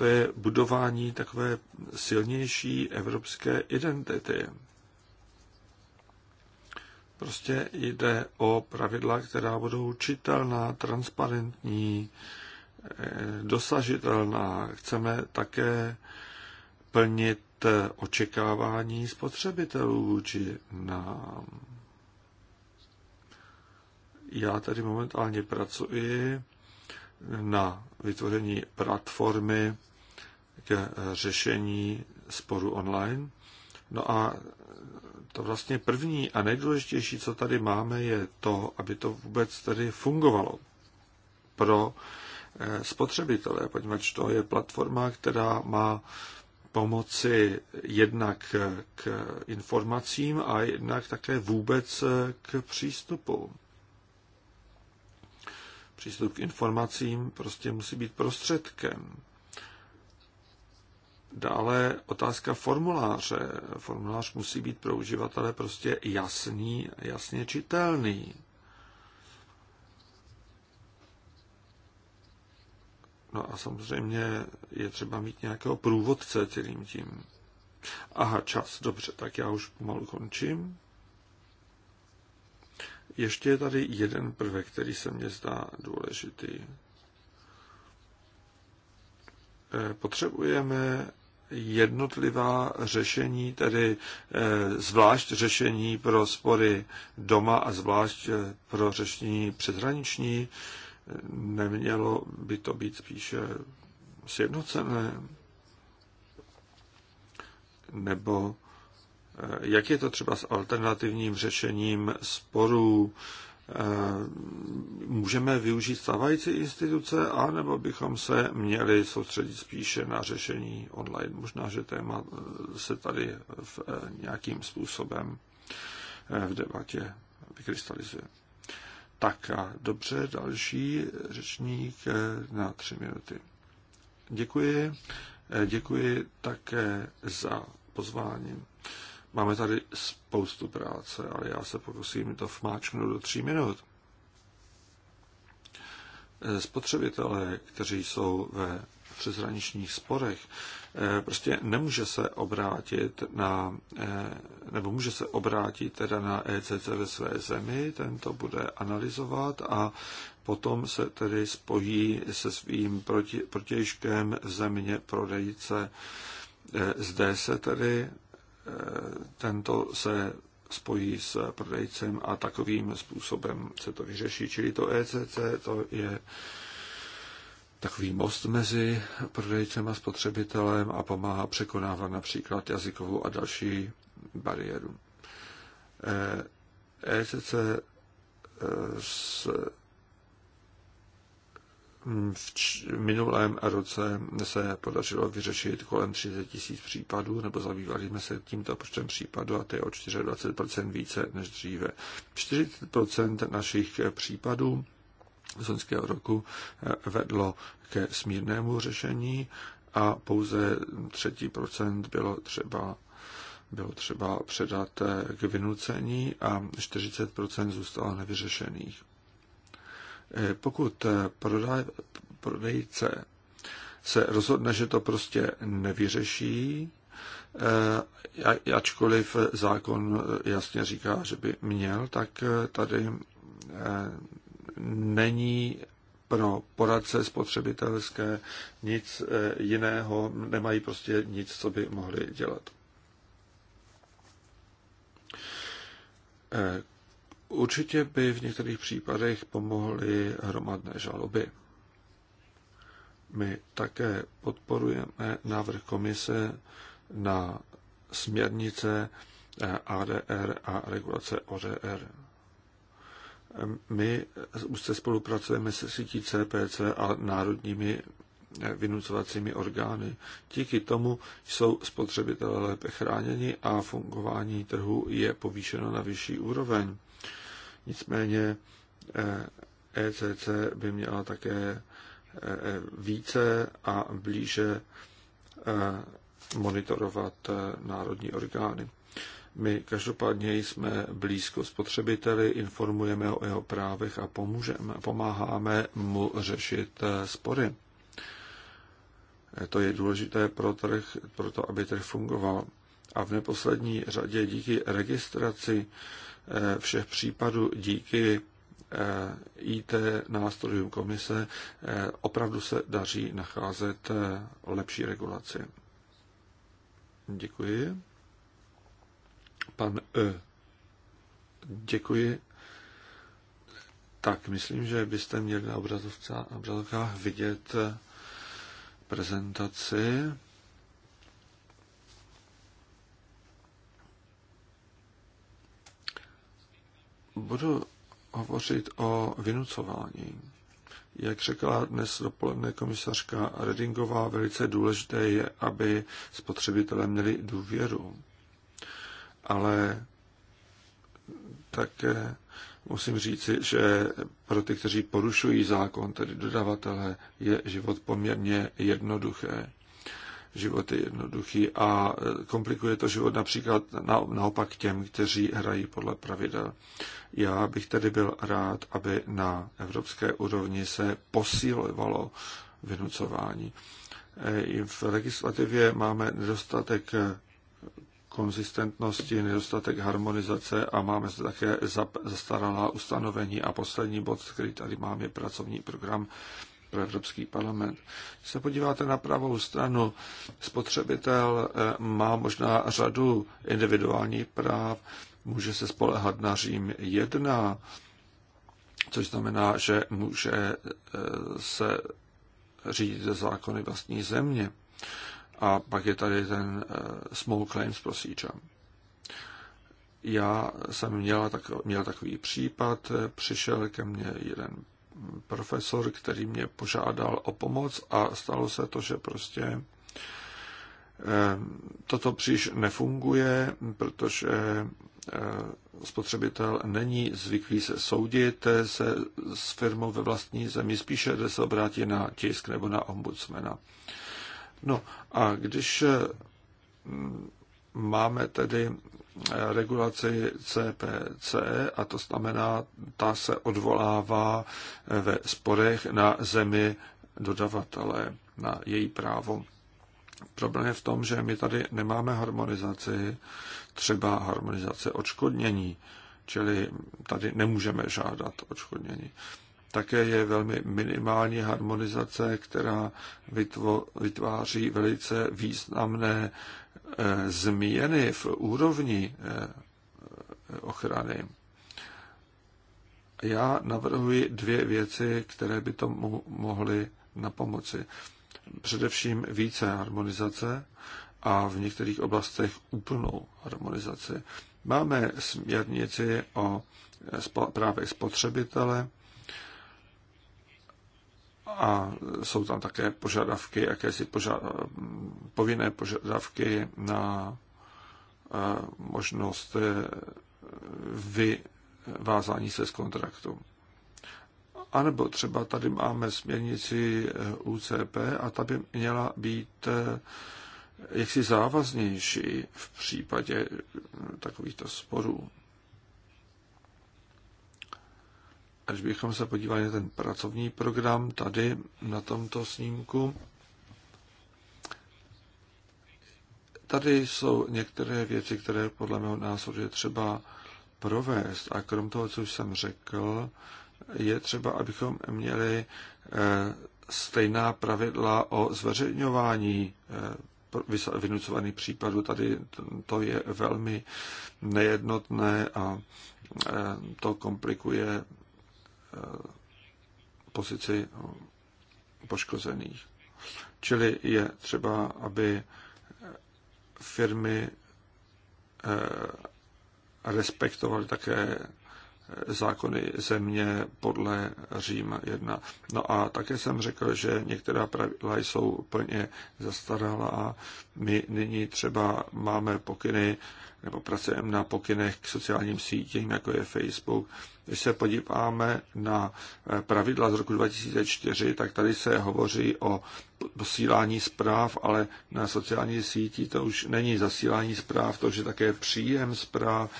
to je budování takové silnější evropské identity. Prostě jde o pravidla, která budou čitelná, transparentní, eh, dosažitelná. Chceme také plnit očekávání spotřebitelů vůči nám. Já tady momentálně pracuji na vytvoření platformy k eh, řešení sporu online. No a to vlastně první a nejdůležitější, co tady máme, je to, aby to vůbec tady fungovalo pro eh, spotřebitele, poněvadž to je platforma, která má pomoci jednak k informacím a jednak také vůbec eh, k přístupu. Přístup k informacím prostě musí být prostředkem Dále otázka formuláře. Formulář musí být pro uživatele prostě jasný, jasně čitelný. No a samozřejmě je třeba mít nějakého průvodce celým tím. Aha, čas, dobře, tak já už pomalu končím. Ještě je tady jeden prvek, který se mně zdá důležitý. Eh, potřebujeme jednotlivá řešení, tedy eh, zvlášť řešení pro spory doma a zvlášť eh, pro řešení přeshraniční, eh, nemělo by to být spíše sjednocené? Nebo jak je to třeba s alternativním řešením sporů Eh, můžeme využít stávající instituce, anebo bychom se měli soustředit spíše na řešení online. Možná, že téma eh, se tady v eh, nějakým způsobem v debatě vykrystalizuje. Tak a dobře, další řečník na tři minuty. Děkuji. Děkuji také za pozvání. Máme tady spoustu práce, ale já se pokusím to vmáčknout do tří minut. Eh, spotřebitelé, kteří jsou ve přeshraničních sporech, eh, prostě nemůže se obrátit na, eh, nebo může se obrátit teda na ECC ve své zemi, ten to bude analyzovat a potom se tedy spojí se svým proti, protějškem v země prodejce. Zde se tedy tento se spojí s prodejcem a takovým způsobem se to vyřeší. Čili to ECC to je takový most mezi prodejcem a spotřebitelem a pomáhá překonávat například jazykovou a další bariéru. ECC Mm, v minulém roce se podařilo vyřešit kolem 30 tisíc případů, nebo zabývali jsme se tímto počtem případů a to je o 24% více než dříve. 40% našich případů z loňského roku eh, vedlo ke smírnému řešení a pouze 3% bylo třeba bylo třeba předat eh, k vynucení a 40% zůstalo nevyřešených. Eh, pokud eh, prodejce se rozhodne, že to prostě nevyřeší, eh, ačkoliv zákon jasně říká, že by měl, tak tady není pro poradce spotřebitelské nic jiného, nemají prostě nic, co by mohli dělat. Určitě by v některých případech pomohly hromadné žaloby. My také podporujeme návrh komise na směrnice ADR a regulace ODR. My už se spolupracujeme se sítí CPC a národními vynucovacími orgány. Díky tomu jsou spotřebitelé lépe chráněni a fungování trhu je povýšeno na vyšší úroveň. Nicméně ECC eh, e by měla také eh, více a blíže eh, monitorovat národní orgány. My každopádně jsme blízko spotřebiteli, informujeme o jeho právech a pomůžeme, pomáháme mu řešit spory. To je důležité pro, trh, pro to, aby trh fungoval. A v neposlední řadě díky registraci Eh, všech případů díky eh, IT nástrojům komise eh, opravdu se daří nacházet lepší regulaci. Děkuji. Pan E. Děkuji. Tak, myslím, že byste měli na obrazovkách vidět prezentaci. Budu hovořit o vynucování. Jak řekla dnes dopoledne komisařka Redingová, velice důležité je, aby spotřebitelé měli důvěru. Ale také musím říci, že pro ty, kteří porušují zákon, tedy dodavatele, je život poměrně jednoduché život je jednoduchý a e, komplikuje to život například na, naopak těm, kteří hrají podle pravidel. Já bych tedy byl rád, aby na evropské úrovni se posílovalo vynucování. E, I v legislativě máme nedostatek e, konzistentnosti, nedostatek harmonizace a máme zde také zastaralá ustanovení. A poslední bod, který tady mám, je pracovní program pro Evropský parlament. Když se podíváte na pravou stranu, spotřebitel eh, má možná řadu individuálních práv, může se spolehat na Řím 1, což znamená, že může eh, se řídit ze zákony vlastní země. A pak je tady ten eh, small claims procedure. Já jsem měla takový, měl takový případ, přišel ke mně jeden profesor, který mě požádal o pomoc a stalo se to, že prostě eh, toto příliš nefunguje, protože eh, spotřebitel není zvyklý se soudit eh, se s firmou ve vlastní zemi, spíše jde se obrátit na tisk nebo na ombudsmana. No a když máme tedy regulaci CPC a to znamená, ta se odvolává ve sporech na zemi dodavatele, na její právo. Problém je v tom, že my tady nemáme harmonizaci, třeba harmonizace odškodnění, čili tady nemůžeme žádat odškodnění. Také je velmi minimální harmonizace, která vytváří velice významné Eh, změny v úrovni eh, ochrany, já navrhuji dvě věci, které by tomu mohly na pomoci. Především více harmonizace a v některých oblastech úplnou harmonizaci. Máme směrnici o právech spotřebitele, a jsou tam také požadavky, jakési poža, povinné požadavky na eh, možnost eh, vyvázání se z kontraktu. A nebo třeba tady máme směrnici eh, UCP a ta by měla být jaksi závaznější v případě takovýchto sporů. Až bychom se podívali na ten pracovní program tady na tomto snímku, tady jsou některé věci, které podle mého názoru je třeba provést. A krom toho, co jsem řekl, je třeba, abychom měli eh, stejná pravidla o zveřejňování eh, vynucovaných případů. Tady to je velmi nejednotné a eh, to komplikuje Eh, pozici poškozených. Čili je třeba, aby firmy eh, respektovaly také eh, zákony země podle Říma 1. No a také jsem řekl, že některá pravidla jsou plně zastaralá a my nyní třeba máme pokyny nebo pracujeme na pokynech k sociálním sítím, jako je Facebook. Když se podíváme na eh, pravidla z roku 2004, tak tady se hovoří o posílání zpráv, ale na sociální síti to už není zasílání zpráv, to už je také příjem zpráv.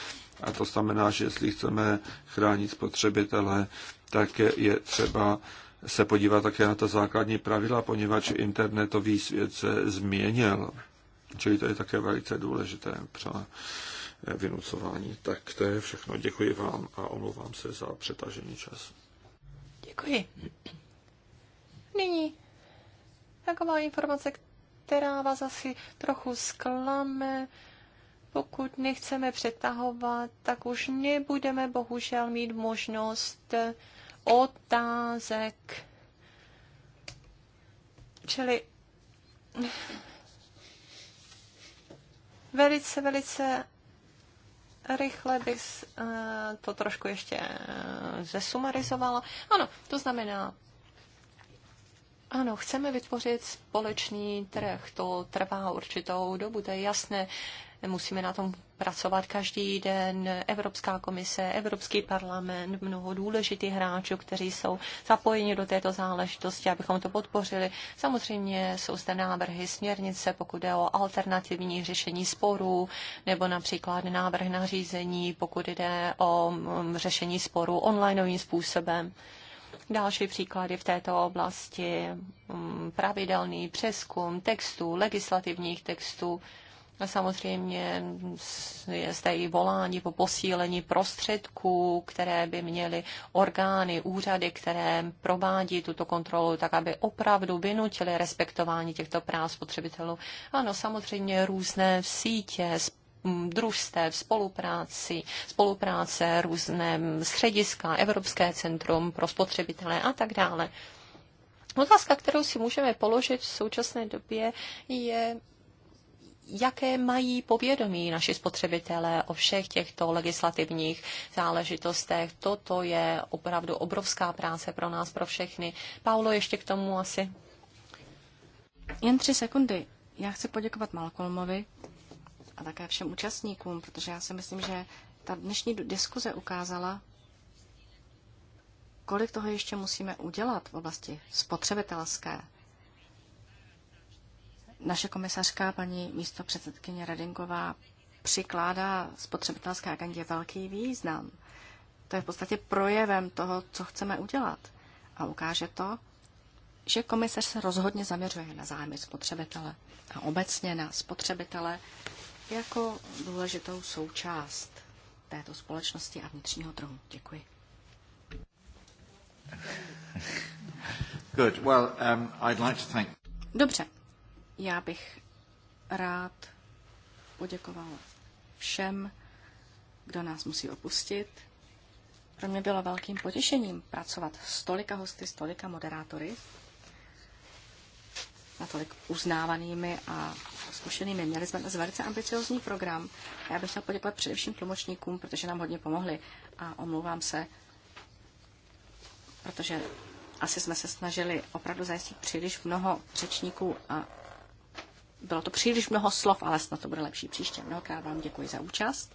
A to znamená, že jestli chceme chránit spotřebitele, tak je třeba se podívat také na ta základní pravidla, poněvadž internetový svět se změnil. Čili to je také velice důležité pro eh, vynucování. Tak to je všechno. Děkuji vám a omlouvám se za přetažený čas. Děkuji. Nyní taková informace, která vás asi trochu zklame. Pokud nechceme přetahovat, tak už nebudeme bohužel mít možnost otázek. Čili Velice, velice rychle bych eh, to trošku ještě eh, zesumarizovala. Ano, to znamená, ano, chceme vytvořit společný trh, to trvá určitou dobu, to je jasné musíme na tom pracovat každý den. Evropská komise, Evropský parlament, mnoho důležitých hráčů, kteří jsou zapojeni do této záležitosti, abychom to podpořili. Samozřejmě jsou zde návrhy směrnice, pokud je o alternativní řešení sporů, nebo například návrh na řízení, pokud jde o mm, řešení sporů onlineovým způsobem. Další příklady v této oblasti, mm, pravidelný přeskum textů, legislativních textů, Samozřejmě je zde i volání po posílení prostředků, které by měly orgány, úřady, které provádí tuto kontrolu, tak aby opravdu vynutili respektování těchto práv spotřebitelů. Ano, samozřejmě různé sítě, družstev, spolupráci, spolupráce, různé střediska, Evropské centrum pro spotřebitele a tak dále. Otázka, kterou si můžeme položit v současné době, je, jaké mají povědomí naši spotřebitelé o všech těchto legislativních záležitostech. Toto je opravdu obrovská práce pro nás, pro všechny. Paulo, ještě k tomu asi. Jen tři sekundy. Já chci poděkovat Malcolmovi a také všem účastníkům, protože já si myslím, že ta dnešní diskuze ukázala, kolik toho ještě musíme udělat v oblasti spotřebitelské naše komisařka, paní místo předsedkyně radinková, přikládá spotřebitelské agendě velký význam. To je v podstatě projevem toho, co chceme udělat. A ukáže to, že komisař se rozhodně zaměřuje na zájmy spotřebitele a obecně na spotřebitele jako důležitou součást této společnosti a vnitřního trhu. Děkuji. Good. Well, um, I'd like to thank... Dobře, já bych rád poděkoval všem, kdo nás musí opustit. Pro mě bylo velkým potěšením pracovat s tolika hosty, s tolika moderátory, natolik uznávanými a zkušenými. Měli jsme dnes velice ambiciozní program já bych chtěl poděkovat především tlumočníkům, protože nám hodně pomohli a omlouvám se, protože asi jsme se snažili opravdu zajistit příliš mnoho řečníků a bylo to příliš mnoho slov, ale snad to bude lepší příště. Mnohokrát vám děkuji za účast.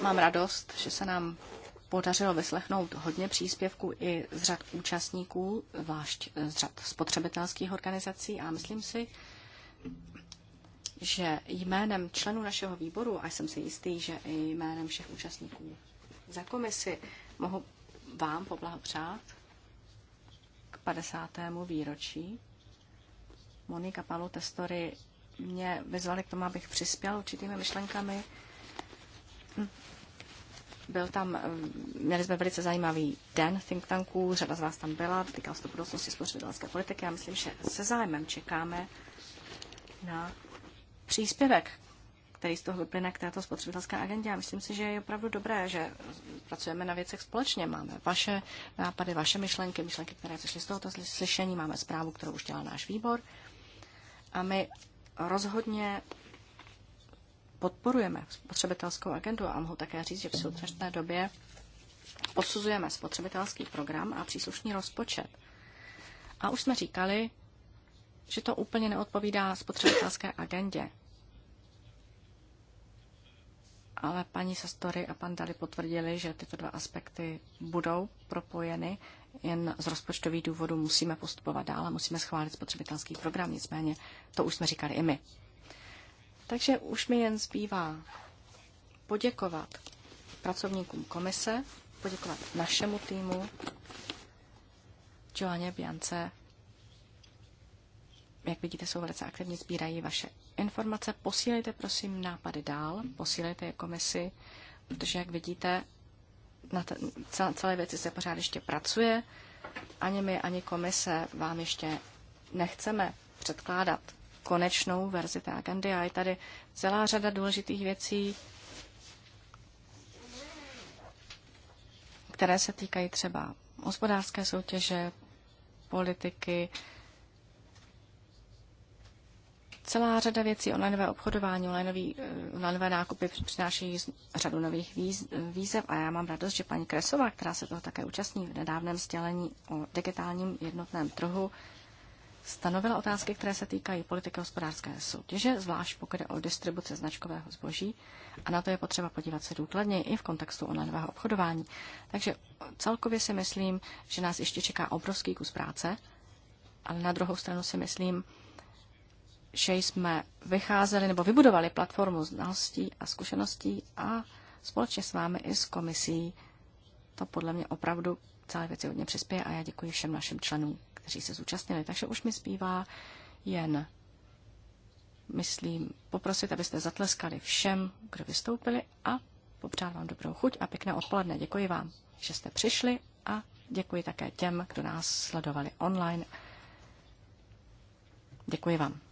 Mám radost, že se nám podařilo vyslechnout hodně příspěvků i z řad účastníků, zvlášť z řad spotřebitelských organizací a myslím si, že jménem členů našeho výboru, a jsem si jistý, že i jménem všech účastníků za komisi, mohu vám poblahopřát k 50. výročí Monika Palu Testory mě vyzvali k tomu, abych přispěl určitými myšlenkami. Byl tam, eh, měli jsme velice zajímavý den think tanků, řada z vás tam byla, týkal se to budoucnosti spotřebitelské politiky. Já myslím, že se zájmem čekáme na příspěvek, který z toho vyplyne k této spotřebitelské agendě. A myslím si, že je opravdu dobré, že pracujeme na věcech společně. Máme vaše nápady, vaše myšlenky, myšlenky, které přišly z tohoto slyšení, máme zprávu, kterou už dělal náš výbor. A my rozhodně podporujeme spotřebitelskou agendu a mohu také říct, že v současné době posuzujeme spotřebitelský program a příslušný rozpočet. A už jsme říkali, že to úplně neodpovídá spotřebitelské agendě. Ale paní Sastory a pan Dali potvrdili, že tyto dva aspekty budou propojeny jen z rozpočtových důvodů musíme postupovat dál a musíme schválit spotřebitelský program, nicméně to už jsme říkali i my. Takže už mi jen zbývá poděkovat pracovníkům komise, poděkovat našemu týmu, Joanne Biance. Jak vidíte, jsou velice aktivní, sbírají vaše informace. Posílejte prosím nápady dál, posílejte je komisi, protože jak vidíte, na t- celé, celé věci se pořád ještě pracuje. Ani my, ani komise vám ještě nechceme předkládat konečnou verzi té agendy a je tady celá řada důležitých věcí, které se týkají třeba hospodářské soutěže, politiky, Celá řada věcí onlineové obchodování, onlineový, eh, onlineové nákupy přináší řadu nových výz, výzev a já mám radost, že paní Kresová, která se toho také účastní v nedávném sdělení o digitálním jednotném trhu, stanovila otázky, které se týkají politiky hospodářské soutěže, zvlášť pokud je o distribuce značkového zboží a na to je potřeba podívat se důkladněji i v kontextu onlineového obchodování. Takže celkově si myslím, že nás ještě čeká obrovský kus práce, ale na druhou stranu si myslím, že jsme vycházeli nebo vybudovali platformu znalostí a zkušeností a společně s vámi i s komisí to podle mě opravdu celé věci hodně přispěje a já děkuji všem našim členům, kteří se zúčastnili. Takže už mi zbývá jen, myslím, poprosit, abyste zatleskali všem, kdo vystoupili a popřát vám dobrou chuť a pěkné odpoledne. Děkuji vám, že jste přišli a děkuji také těm, kdo nás sledovali online. Děkuji vám.